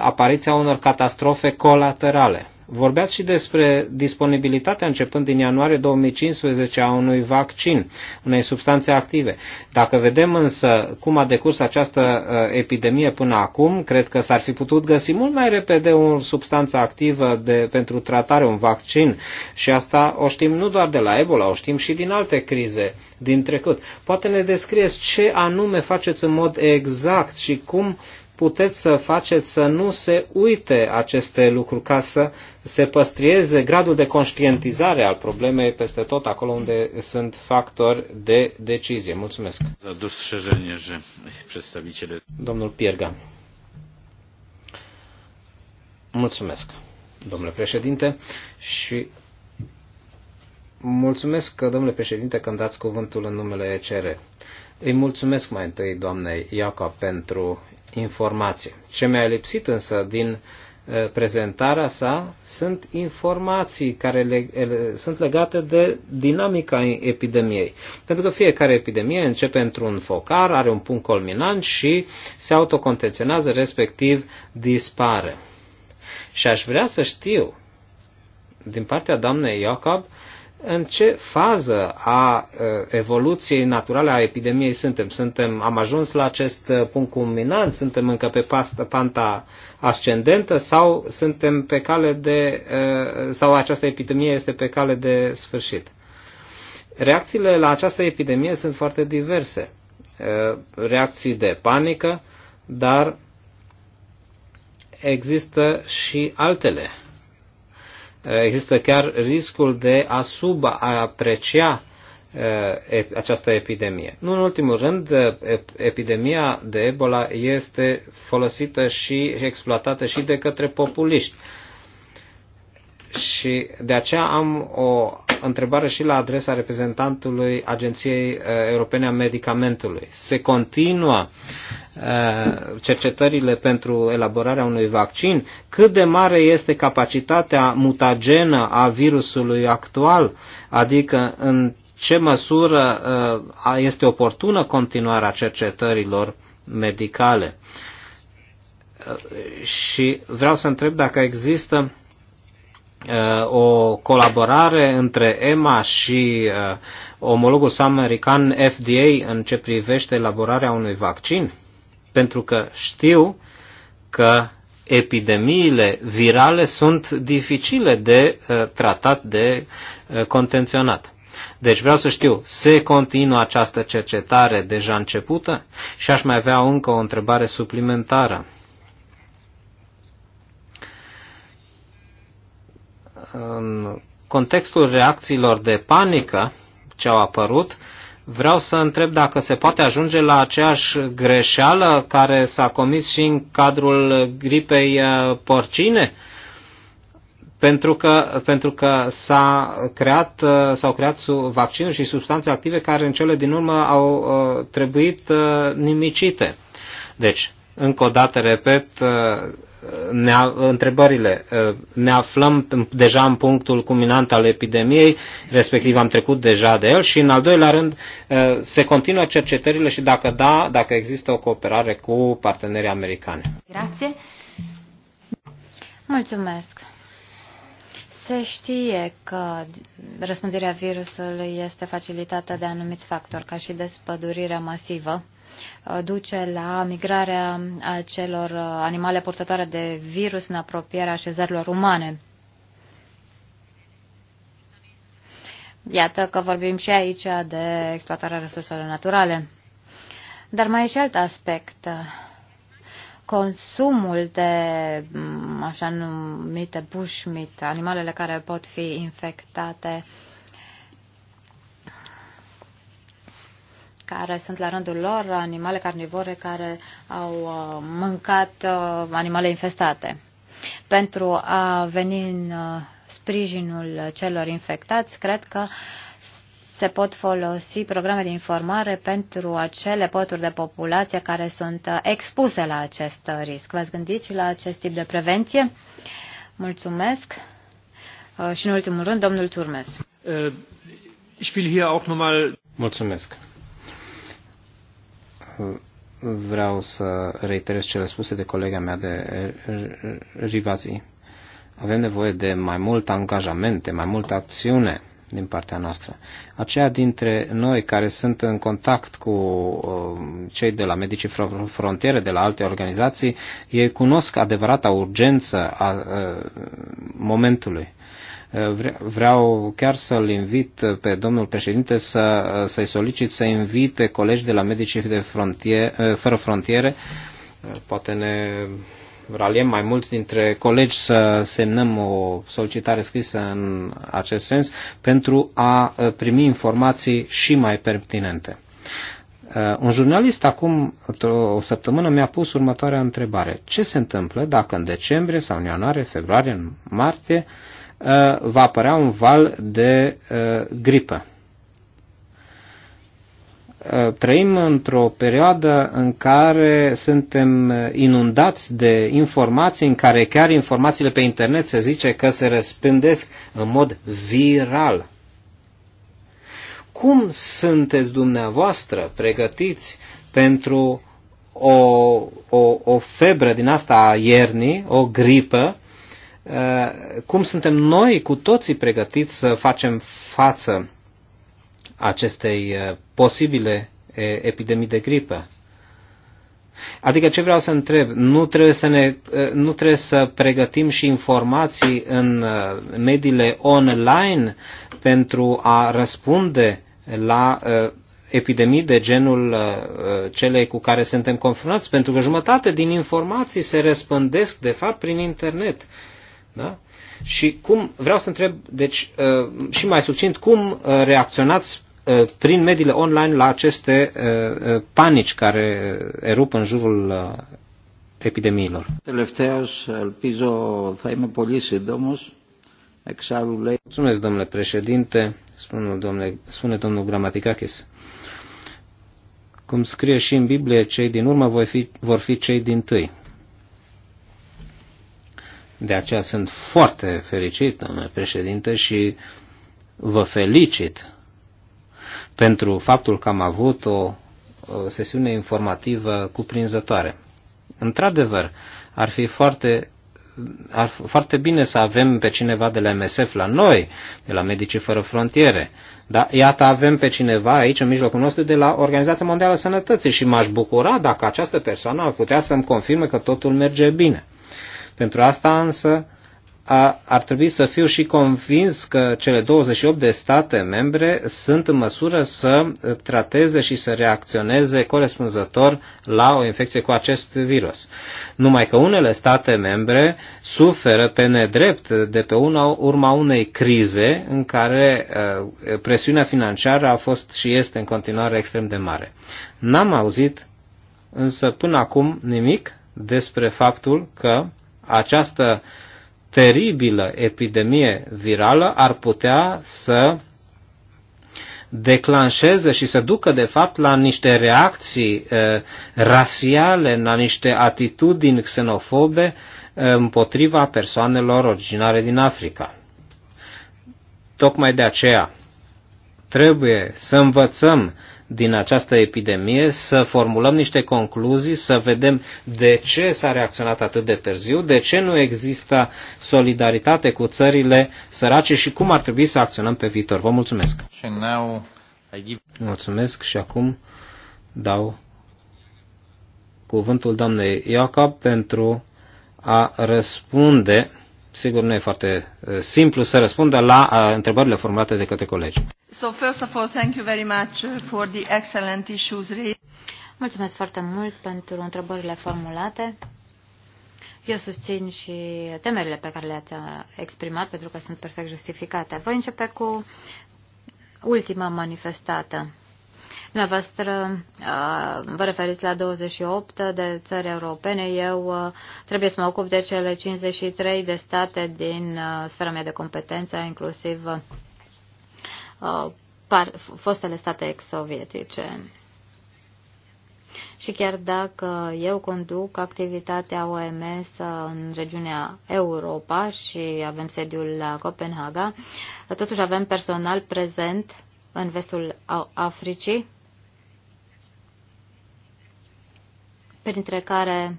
apariția unor catastrofe colaterale. Vorbeați și despre disponibilitatea începând din ianuarie 2015 a unui vaccin, unei substanțe active. Dacă vedem însă cum a decurs această uh, epidemie până acum, cred că s-ar fi putut găsi mult mai repede o substanță activă de, pentru tratare, un vaccin și asta o știm nu doar de la Ebola, o știm și din alte crize din trecut. Poate ne descrieți ce anume faceți în mod exact și cum puteți să faceți să nu se uite aceste lucruri, ca să se păstrieze gradul de conștientizare al problemei peste tot acolo unde sunt factori de decizie. Mulțumesc. Domnul Pierga. Mulțumesc, domnule președinte, și Mulțumesc, domnule președinte, că îmi dați cuvântul în numele ECR. Îi mulțumesc mai întâi doamnei Iaca pentru informație. Ce mi-a lipsit însă din eh, prezentarea sa sunt informații care le, ele, sunt legate de dinamica epidemiei. Pentru că fiecare epidemie începe într-un focar, are un punct culminant și se autocontenționează, respectiv dispare. Și aș vrea să știu din partea doamnei Iacob în ce fază a evoluției naturale a epidemiei suntem. suntem am ajuns la acest punct culminant, suntem încă pe panta ascendentă sau suntem pe cale de, sau această epidemie este pe cale de sfârșit. Reacțiile la această epidemie sunt foarte diverse. Reacții de panică, dar există și altele există chiar riscul de a subaprecia eh, această epidemie. Nu în ultimul rând, eh, epidemia de Ebola este folosită și exploatată și de către populiști. Și de aceea am o întrebare și la adresa reprezentantului Agenției uh, Europene a Medicamentului. Se continuă uh, cercetările pentru elaborarea unui vaccin? Cât de mare este capacitatea mutagenă a virusului actual? Adică în ce măsură uh, este oportună continuarea cercetărilor medicale? Și vreau să întreb dacă există Uh, o colaborare între EMA și uh, omologul său american FDA în ce privește elaborarea unui vaccin? Pentru că știu că epidemiile virale sunt dificile de uh, tratat, de contenționat. Deci vreau să știu, se continuă această cercetare deja începută? Și aș mai avea încă o întrebare suplimentară. în contextul reacțiilor de panică ce au apărut, vreau să întreb dacă se poate ajunge la aceeași greșeală care s-a comis și în cadrul gripei uh, porcine, pentru că, pentru că s-a creat, uh, s-au creat vaccinuri și substanțe active care în cele din urmă au uh, trebuit nimicite. Deci, încă o dată repet, ne, întrebările. Uh, ne aflăm deja în punctul culminant al epidemiei, respectiv am trecut deja de el și în al doilea rând uh, se continuă cercetările și dacă da, dacă există o cooperare cu partenerii americani. Grație. Mulțumesc. Se știe că răspândirea virusului este facilitată de anumiți factori, ca și despădurirea masivă Uh, duce la migrarea acelor uh, animale purtătoare de virus în apropierea așezărilor umane. Iată că vorbim și aici de exploatarea resurselor naturale. Dar mai e și alt aspect. Consumul de așa numite bushmeat, animalele care pot fi infectate care sunt la rândul lor animale carnivore care au uh, mâncat uh, animale infestate. Pentru a veni în uh, sprijinul celor infectați, cred că se pot folosi programe de informare pentru acele poturi de populație care sunt expuse la acest risc. V-ați gândit și la acest tip de prevenție? Mulțumesc. Și în ultimul rând, domnul Turmes. Mulțumesc vreau să reiterez cele spuse de colega mea de Rivazi. Avem nevoie de mai mult angajament, de mai multă acțiune din partea noastră. Aceia dintre noi care sunt în contact cu uh, cei de la Medicii Frontiere, de la alte organizații, ei cunosc adevărata urgență a uh, momentului. Vreau chiar să-l invit pe domnul președinte să, să-i solicit să invite colegi de la Medicii de frontier, Fără Frontiere. Poate ne raliem mai mulți dintre colegi să semnăm o solicitare scrisă în acest sens pentru a primi informații și mai pertinente. Uh, un jurnalist acum o săptămână mi-a pus următoarea întrebare. Ce se întâmplă dacă în decembrie sau în ianuarie, februarie, în martie, Uh, va apărea un val de uh, gripă. Uh, trăim într-o perioadă în care suntem inundați de informații, în care chiar informațiile pe internet se zice că se răspândesc în mod viral cum sunteți dumneavoastră pregătiți pentru o, o, o febră din asta a iernii, o gripă, Eh, cum suntem noi cu toții pregătiți să facem față acestei eh, posibile epidemii de gripă. Adică ce vreau să întreb, nu trebuie să, ne, eh, nu trebuie să pregătim și informații în mediile online pentru a răspunde la epidemii de genul celei cu care suntem confruntați, pentru că jumătate din informații se răspândesc, de fapt, prin internet. Da? Și cum, vreau să întreb, deci, uh, și mai succint, cum uh, reacționați uh, prin mediile online la aceste panici care erup în jurul epidemiilor. Τελευταίος, ελπίζω θα είμαι πολύ σύντομος. Εξάλλου λέει... Mulțumesc, domnule președinte, spune, domnule, spune domnul Gramaticakis. Cum scrie și în Biblie, cei din urmă voi fi, vor fi cei din tâi. De aceea sunt foarte fericit, domnule președinte, și vă felicit pentru faptul că am avut o sesiune informativă cuprinzătoare. Într-adevăr, ar fi foarte ar fi foarte bine să avem pe cineva de la MSF la noi, de la Medicii Fără Frontiere. Dar iată, avem pe cineva aici, în mijlocul nostru, de la Organizația Mondială a Sănătății și m-aș bucura dacă această persoană ar putea să-mi confirme că totul merge bine. Pentru asta însă a, ar trebui să fiu și convins că cele 28 de state membre sunt în măsură să trateze și să reacționeze corespunzător la o infecție cu acest virus. Numai că unele state membre suferă pe nedrept de pe una, urma unei crize în care uh, presiunea financiară a fost și este în continuare extrem de mare. N-am auzit însă până acum nimic despre faptul că această teribilă epidemie virală ar putea să declanșeze și să ducă, de fapt, la niște reacții uh, rasiale, la niște atitudini xenofobe uh, împotriva persoanelor originare din Africa. Tocmai de aceea trebuie să învățăm din această epidemie, să formulăm niște concluzii, să vedem de ce s-a reacționat atât de târziu, de ce nu există solidaritate cu țările sărace și cum ar trebui să acționăm pe viitor. Vă mulțumesc! Mulțumesc și acum dau cuvântul doamnei Iacob pentru a răspunde, sigur nu e foarte eh, simplu să răspundă la eh, întrebările formulate de către colegi. So first of all, thank you very much uh, for the excellent issues raised. Mulțumesc foarte mult pentru întrebările formulate. Eu susțin și temerile pe care le-ați uh, exprimat, pentru că sunt perfect justificate. Voi începe cu ultima manifestată. Dumneavoastră uh, vă referiți la 28 de țări europene. Eu trebuie să mă ocup de cele 53 de state din sfera mea de competență, inclusiv Uh, fostele state ex-sovietice. Și chiar dacă eu conduc activitatea OMS în regiunea Europa și avem sediul la Copenhaga, totuși avem personal prezent în vestul Africii, printre care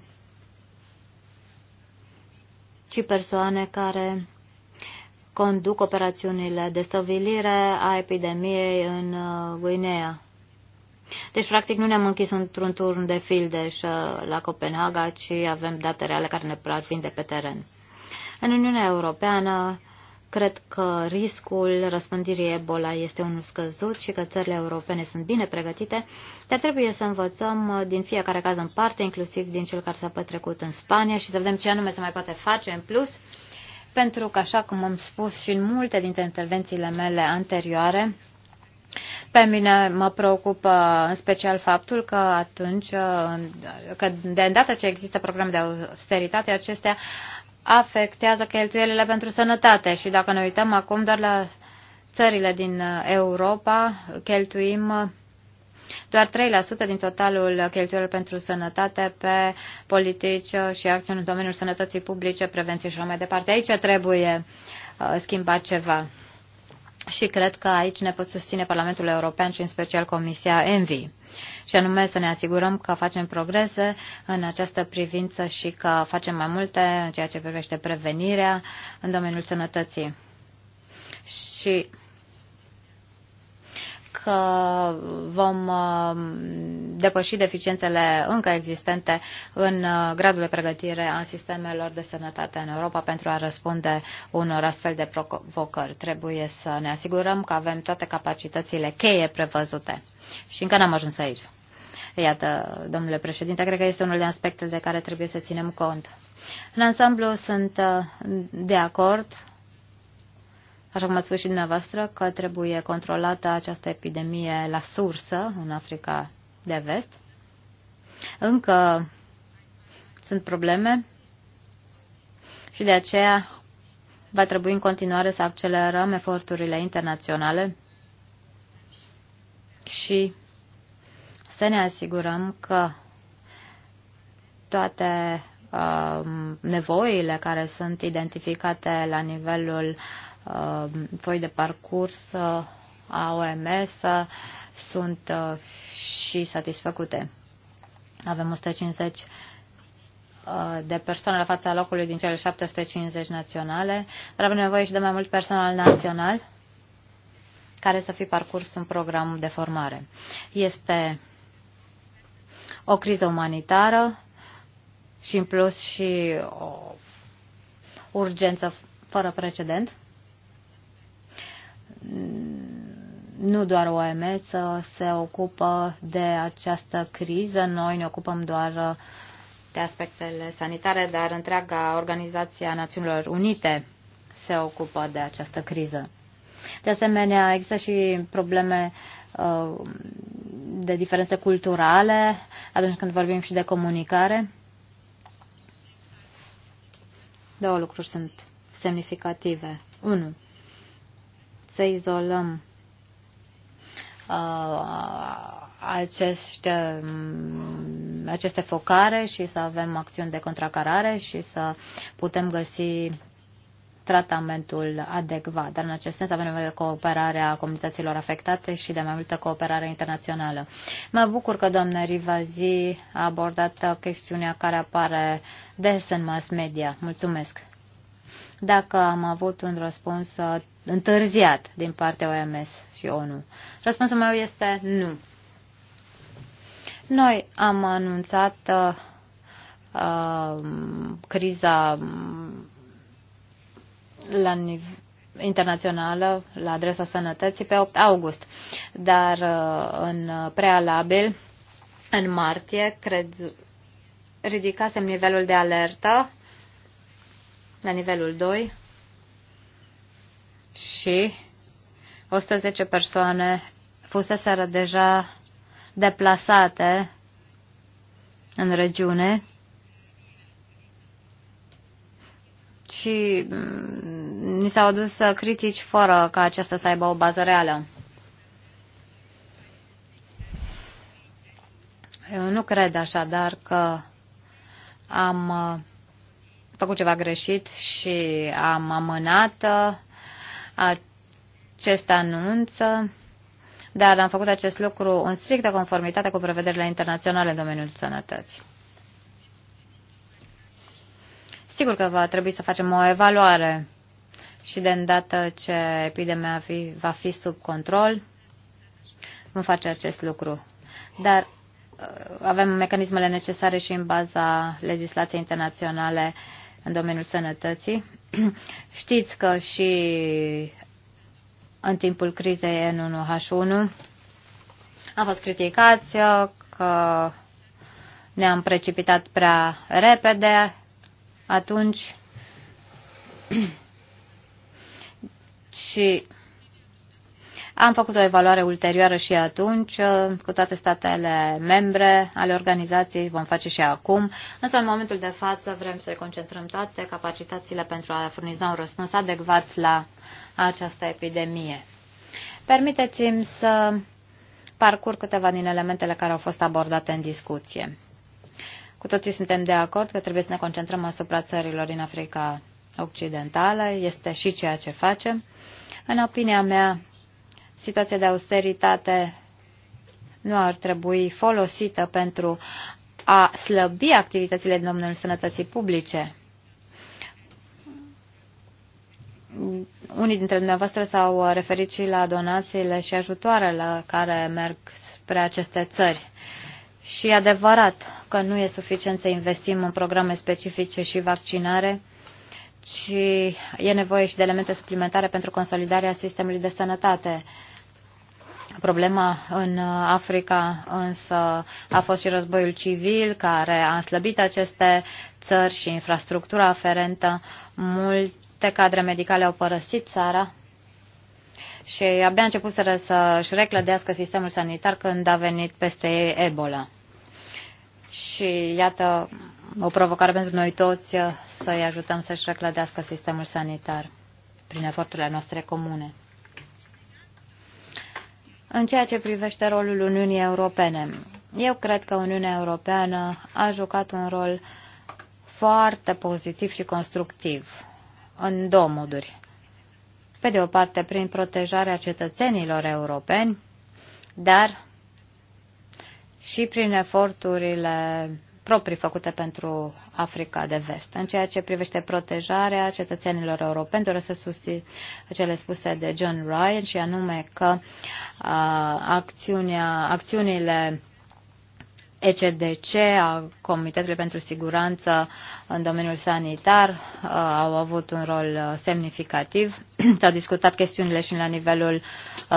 și persoane care conduc operațiunile de stăvilire a epidemiei în uh, Guinea. Deci, practic, nu ne-am închis într-un turn de fildeș uh, la Copenhaga, ci avem date reale care ne parvin de pe teren. În Uniunea Europeană, cred că riscul răspândirii Ebola este unul scăzut și că țările europene sunt bine pregătite, dar trebuie să învățăm uh, din fiecare caz în parte, inclusiv din cel care s-a petrecut în Spania și să vedem ce anume se mai poate face în plus pentru că, așa cum am spus și în multe dintre intervențiile mele anterioare, pe mine mă preocupă în special faptul că atunci, că de îndată ce există programe de austeritate, acestea afectează cheltuielile pentru sănătate și dacă ne uităm acum doar la țările din Europa, cheltuim doar 3% din totalul cheltuielor pentru sănătate pe politici și acțiuni în domeniul sănătății publice, prevenție și la mai departe. Aici trebuie uh, schimbat ceva. Și cred că aici ne pot susține Parlamentul European și în special Comisia ENVI. Și anume să ne asigurăm că facem progrese în această privință și că facem mai multe în ceea ce privește prevenirea în domeniul sănătății. Și că vom uh, depăși deficiențele încă existente în uh, gradul de pregătire a sistemelor de sănătate în Europa pentru a răspunde unor astfel de provocări. Trebuie să ne asigurăm că avem toate capacitățile cheie prevăzute. Și încă n-am ajuns aici. Iată, domnule președinte, cred că este unul din aspectele de care trebuie să ținem cont. În ansamblu sunt uh, de acord așa cum ați spus și dumneavoastră, că trebuie controlată această epidemie la sursă în Africa de vest. Încă sunt probleme și de aceea va trebui în continuare să accelerăm eforturile internaționale și să ne asigurăm că toate uh, nevoile care sunt identificate la nivelul uh, foi uh, de parcurs uh, a OMS uh, sunt și satisfăcute. Avem 150 de persoane la fața locului din cele 750 naționale, dar avem nevoie și de mai mult personal național care să fi parcurs un program de formare. Este o criză umanitară și în plus și o urgență fără precedent nu doar OMS se ocupă de această criză, noi ne ocupăm doar de aspectele sanitare, dar întreaga Organizația Națiunilor Unite se ocupă de această criză. De asemenea, există și probleme uh, de diferențe culturale atunci când vorbim și de comunicare. Două lucruri sunt semnificative. Unul să izolăm uh, acești, um, aceste focare și să avem acțiuni de contracarare și să putem găsi tratamentul adecvat. Dar în acest sens avem nevoie de cooperarea comunităților afectate și de mai multă cooperare internațională. Mă bucur că doamna Rivazi a abordat chestiunea care apare des în mass media. Mulțumesc! dacă am avut un răspuns uh, întârziat din partea OMS și ONU? Răspunsul meu este nu. Noi am anunțat uh, uh criza mm, la nivel internațională la adresa sănătății pe 8 august, dar uh, în prealabil, în martie, cred, ridicasem nivelul de alertă la nivelul 2 și 110 persoane fuseseră deja deplasate în regiune și mm, ni s-au adus critici fără ca acesta să aibă o bază reală. Eu nu cred așadar că am uh, făcut ceva greșit și am amânat uh, acest anunț, dar am făcut acest lucru în strictă conformitate cu prevederile internaționale în domeniul sănătății. Sigur că va trebui să facem o evaluare și de îndată ce epidemia va fi sub control, vom face acest lucru. Dar uh, avem mecanismele necesare și în baza legislației internaționale uh, în domeniul sănătății. Știți că și în timpul crizei N1H1 am fost criticați uh, că ne-am precipitat prea repede atunci și am făcut o evaluare ulterioară și atunci uh, cu toate statele membre ale organizației, vom face și acum, însă în momentul de față vrem să concentrăm toate capacitățile pentru a furniza un răspuns adecvat la această epidemie. Permiteți-mi să parcurg câteva din elementele care au fost abordate în discuție. Cu toții suntem de acord că trebuie să ne concentrăm asupra țărilor din Africa Occidentală, este și ceea ce facem. În opinia mea, situația de austeritate nu ar trebui folosită pentru a slăbi activitățile din domeniul sănătății publice. Unii dintre dumneavoastră s-au referit și la donațiile și ajutoarele care merg spre aceste țări. Și e adevărat că nu e suficient să investim în programe specifice și vaccinare, și e nevoie și de elemente suplimentare pentru consolidarea sistemului de sănătate. Problema în Africa însă a fost și războiul civil care a slăbit aceste țări și infrastructura aferentă. Multe cadre medicale au părăsit țara și abia început să-și reclădească sistemul sanitar când a venit peste ei Ebola. Și iată, o provocare pentru noi toți uh, să-i ajutăm să-și reclădească sistemul sanitar prin eforturile noastre comune. În ceea ce privește rolul Uniunii Europene, eu cred că Uniunea Europeană a jucat un rol foarte pozitiv și constructiv în două moduri. Pe de o parte, prin protejarea cetățenilor europeni, dar și prin eforturile proprii făcute pentru Africa de Vest. În ceea ce privește protejarea cetățenilor europeni, doresc să susțin cele spuse de John Ryan și anume că a, acțiunea, acțiunile ECDC, a Comitetului pentru Siguranță în domeniul sanitar, au avut un rol semnificativ. S-au discutat chestiunile și la nivelul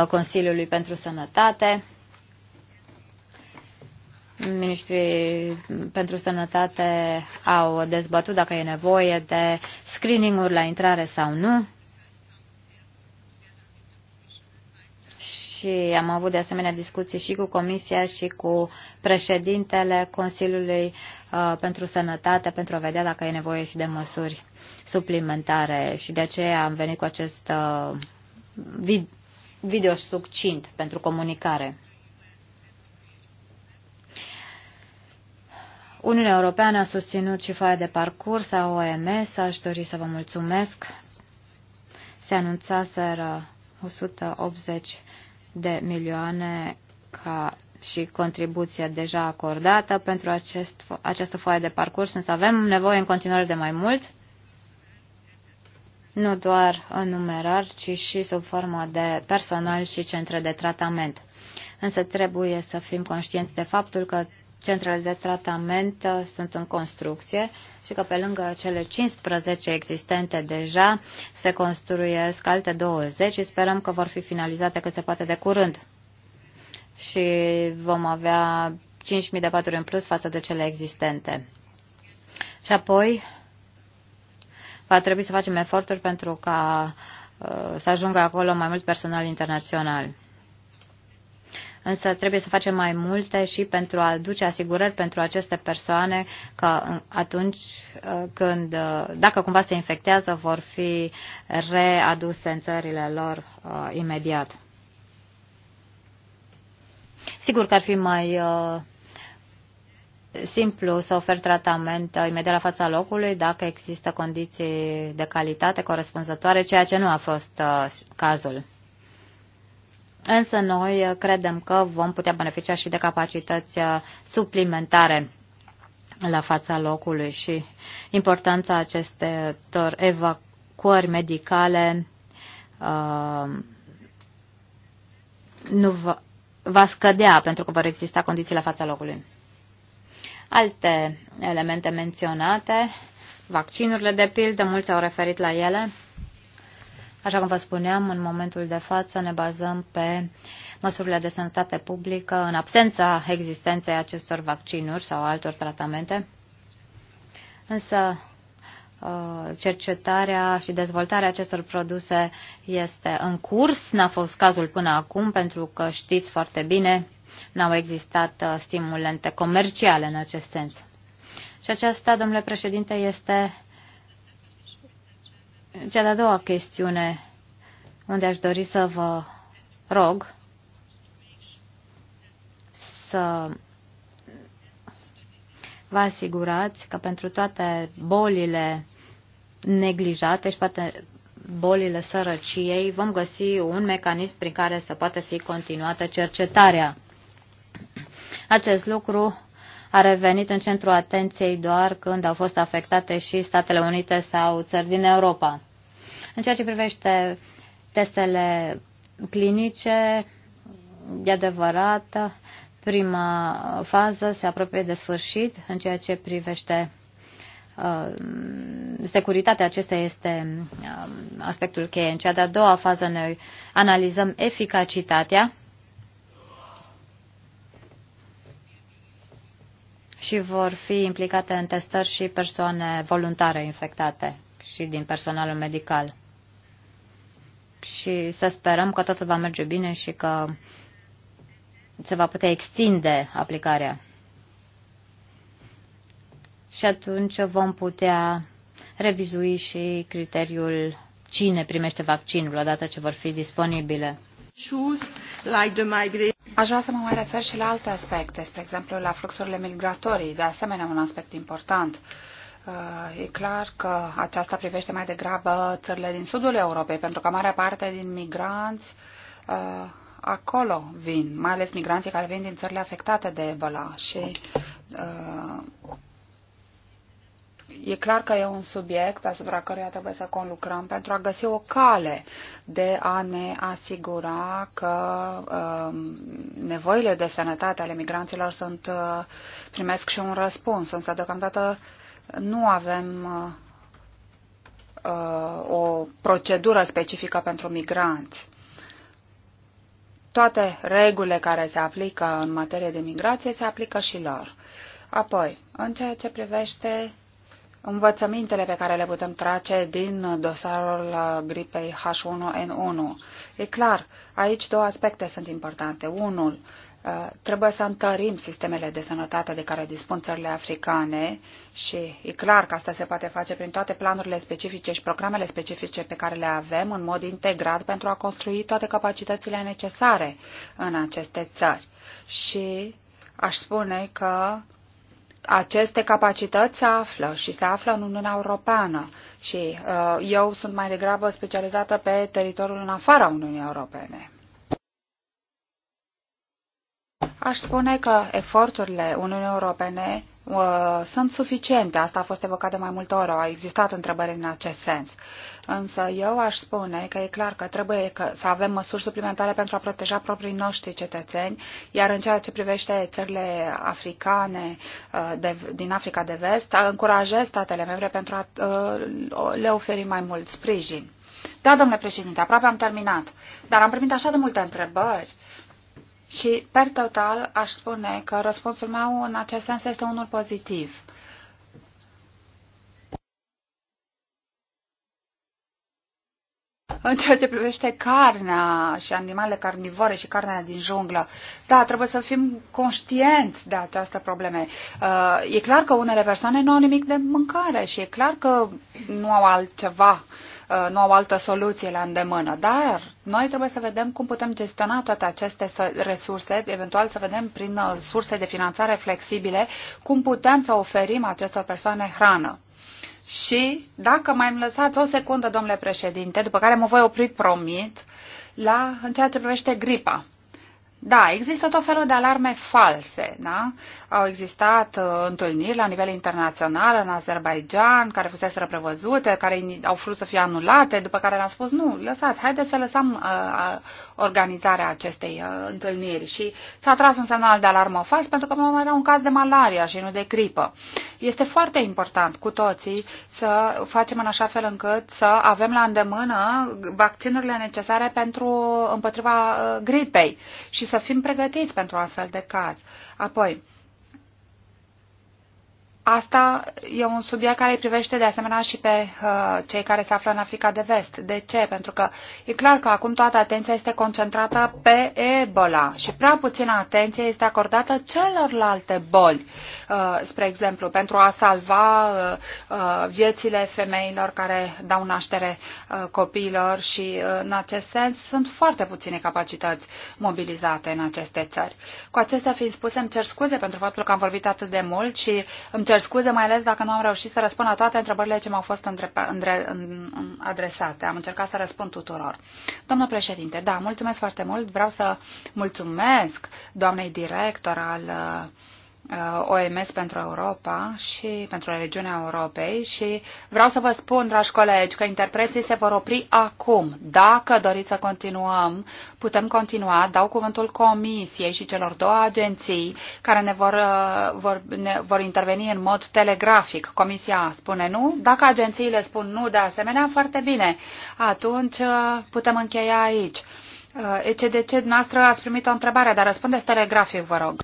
Consiliului pentru Sănătate. Ministrii pentru Sănătate au dezbătut dacă e nevoie de screening-uri la intrare sau nu. și am avut de asemenea discuții și cu Comisia și cu președintele Consiliului uh, pentru Sănătate pentru a vedea dacă e nevoie și de măsuri suplimentare și de aceea am venit cu acest uh, video succint pentru comunicare. Uniunea Europeană a susținut și foaia de parcurs a OMS. Aș dori să vă mulțumesc. Se anunțaseră 180 de milioane ca și contribuția deja acordată pentru acest, această foaie de parcurs, însă avem nevoie în continuare de mai mult, nu doar în numerar, ci și sub formă de personal și centre de tratament. Însă trebuie să fim conștienți de faptul că centrele de tratament uh, sunt în construcție și că pe lângă cele 15 existente deja se construiesc alte 20 și sperăm că vor fi finalizate cât se poate de curând. Și vom avea 5.000 de paturi în plus față de cele existente. Și apoi va trebui să facem eforturi pentru ca uh, să ajungă acolo mai mult personal internațional însă trebuie să facem mai multe și pentru a aduce asigurări pentru aceste persoane că atunci uh, când, uh, dacă cumva se infectează, vor fi readuse în țările lor uh, imediat. Sigur că ar fi mai uh, simplu să ofer tratament uh, imediat la fața locului dacă există condiții de calitate corespunzătoare, ceea ce nu a fost uh, cazul. Însă noi uh, credem că vom putea beneficia și de capacități uh, suplimentare la fața locului și importanța acestor evacuări medicale uh, nu va, va scădea pentru că vor exista condiții la fața locului. Alte elemente menționate, vaccinurile de pildă, mulți au referit la ele. Așa cum vă spuneam, în momentul de față ne bazăm pe măsurile de sănătate publică în absența existenței acestor vaccinuri sau altor tratamente. Însă uh, cercetarea și dezvoltarea acestor produse este în curs. N-a fost cazul până acum pentru că știți foarte bine, n-au existat uh, stimulente comerciale în acest sens. Și aceasta, domnule președinte, este cea de-a doua chestiune unde aș dori să vă rog să vă asigurați că pentru toate bolile neglijate și poate bolile sărăciei vom găsi un mecanism prin care să poată fi continuată cercetarea. Acest lucru a revenit în centrul atenției doar când au fost afectate și Statele Unite sau țări din Europa. În ceea ce privește testele clinice, e adevărat, prima fază se apropie de sfârșit în ceea ce privește uh, securitatea acesta este um, aspectul cheie. În cea de-a doua fază noi analizăm eficacitatea și vor fi implicate în testări și persoane voluntare infectate și din personalul medical. Și să sperăm că totul va merge bine și că se va putea extinde aplicarea. Și atunci vom putea revizui și criteriul cine primește vaccinul odată ce vor fi disponibile. Aș vrea să mă mai refer și la alte aspecte, spre exemplu la fluxurile migratorii, de asemenea un aspect important. Uh, e clar că aceasta privește mai degrabă țările din sudul Europei, pentru că marea parte din migranți uh, acolo vin, mai ales migranții care vin din țările afectate de Ebola și uh, e clar că e un subiect asupra căruia trebuie să conlucrăm pentru a găsi o cale de a ne asigura că uh, nevoile de sănătate ale migranților sunt, uh, primesc și un răspuns, însă deocamdată nu avem uh, uh, o procedură specifică pentru migranți. Toate regulile care se aplică în materie de migrație se aplică și lor. Apoi, în ceea ce privește învățămintele pe care le putem trage din dosarul gripei H1N1. E clar, aici două aspecte sunt importante. Unul, uh, trebuie să întărim sistemele de sănătate de care dispun țările africane și e clar că asta se poate face prin toate planurile specifice și programele specifice pe care le avem în mod integrat pentru a construi toate capacitățile necesare în aceste țări. Și aș spune că aceste capacități se află și se află în Uniunea Europeană și uh, eu sunt mai degrabă specializată pe teritoriul în afara Uniunii Europene. Aș spune că eforturile Uniunii Europene Uh, sunt suficiente. Asta a fost evocat de mai multe ori, au existat întrebări în acest sens. Însă eu aș spune că e clar că trebuie că, să avem măsuri suplimentare pentru a proteja proprii noștri cetățeni, iar în ceea ce privește țările africane uh, de, din Africa de Vest, încurajez statele membre pentru a uh, le oferi mai mult sprijin. Da, domnule președinte, aproape am terminat, dar am primit așa de multe întrebări și, per total, aș spune că răspunsul meu în acest sens este unul pozitiv. În ceea ce privește carnea și animalele carnivore și carnea din junglă, da, trebuie să fim conștienți de această probleme. Uh, e clar că unele persoane nu au nimic de mâncare și e clar că nu au altceva Uh, nu au altă soluție la îndemână. Dar noi trebuie să vedem cum putem gestiona toate aceste resurse, eventual să vedem prin uh, surse de finanțare flexibile cum putem să oferim acestor persoane hrană. Și dacă mai îmi lăsați o secundă, domnule președinte, după care mă voi opri, promit, la, în ceea ce privește gripa. Da, există tot felul de alarme false, da? Au existat uh, întâlniri la nivel internațional în Azerbaijan, care fuseseră prevăzute, care au fost să fie anulate, după care le-am spus, nu, lăsați, haideți să lăsăm uh, uh, organizarea acestei uh, întâlniri. Și s-a tras un semnal de alarmă fals, pentru că mai era un caz de malaria și nu de gripă. Este foarte important cu toții să facem în așa fel încât să avem la îndemână vaccinurile necesare pentru împotriva uh, gripei și să fim pregătiți pentru astfel de caz. Apoi, Asta e un subiect care îi privește de asemenea și pe uh, cei care se află în Africa de Vest. De ce? Pentru că e clar că acum toată atenția este concentrată pe Ebola și prea puțină atenție este acordată celorlalte boli, uh, spre exemplu, pentru a salva uh, uh, viețile femeilor care dau naștere uh, copiilor și uh, în acest sens sunt foarte puține capacități mobilizate în aceste țări. Cu acestea fiind spuse, îmi cer scuze pentru faptul că am vorbit atât de mult și îmi cer scuze, mai ales dacă nu am reușit să răspund la toate întrebările ce m-au fost îndre... Îndre... adresate. Am încercat să răspund tuturor. Domnul președinte, da, mulțumesc foarte mult. Vreau să mulțumesc doamnei director al uh, Uh, OMS pentru Europa și pentru regiunea Europei și vreau să vă spun, dragi colegi, că interpreții se vor opri acum. Dacă doriți să continuăm, putem continua. Dau cuvântul Comisiei și celor două agenții care ne vor, uh, vor, ne vor interveni în mod telegrafic. Comisia spune nu. Dacă agențiile spun nu, de asemenea, foarte bine. Atunci uh, putem încheia aici. ECDC noastră ați primit o întrebare, dar răspundeți telegrafic, vă rog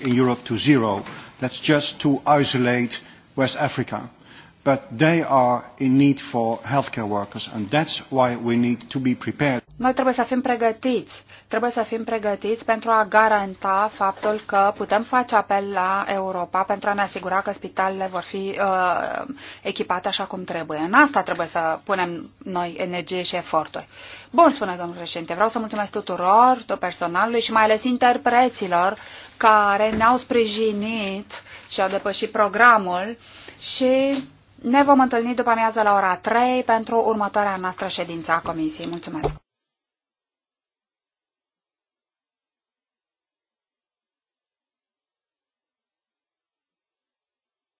in Europe to zero. That's just to isolate West Africa but they are in need for healthcare workers and that's why we need to be prepared. Noi trebuie să fim pregătiți. Trebuie să fim pregătiți pentru a garanta faptul că putem face apel la Europa pentru a ne asigura că spitalele vor fi uh, echipate așa cum trebuie. În asta trebuie să punem noi energie și eforturi. Bun, spune domnul președinte, vreau să mulțumesc tuturor, tot personalului și mai ales interpreților care ne-au sprijinit și au depășit programul și ne vom întâlni după amiază la ora 3 pentru următoarea noastră ședință a Comisiei. Mulțumesc!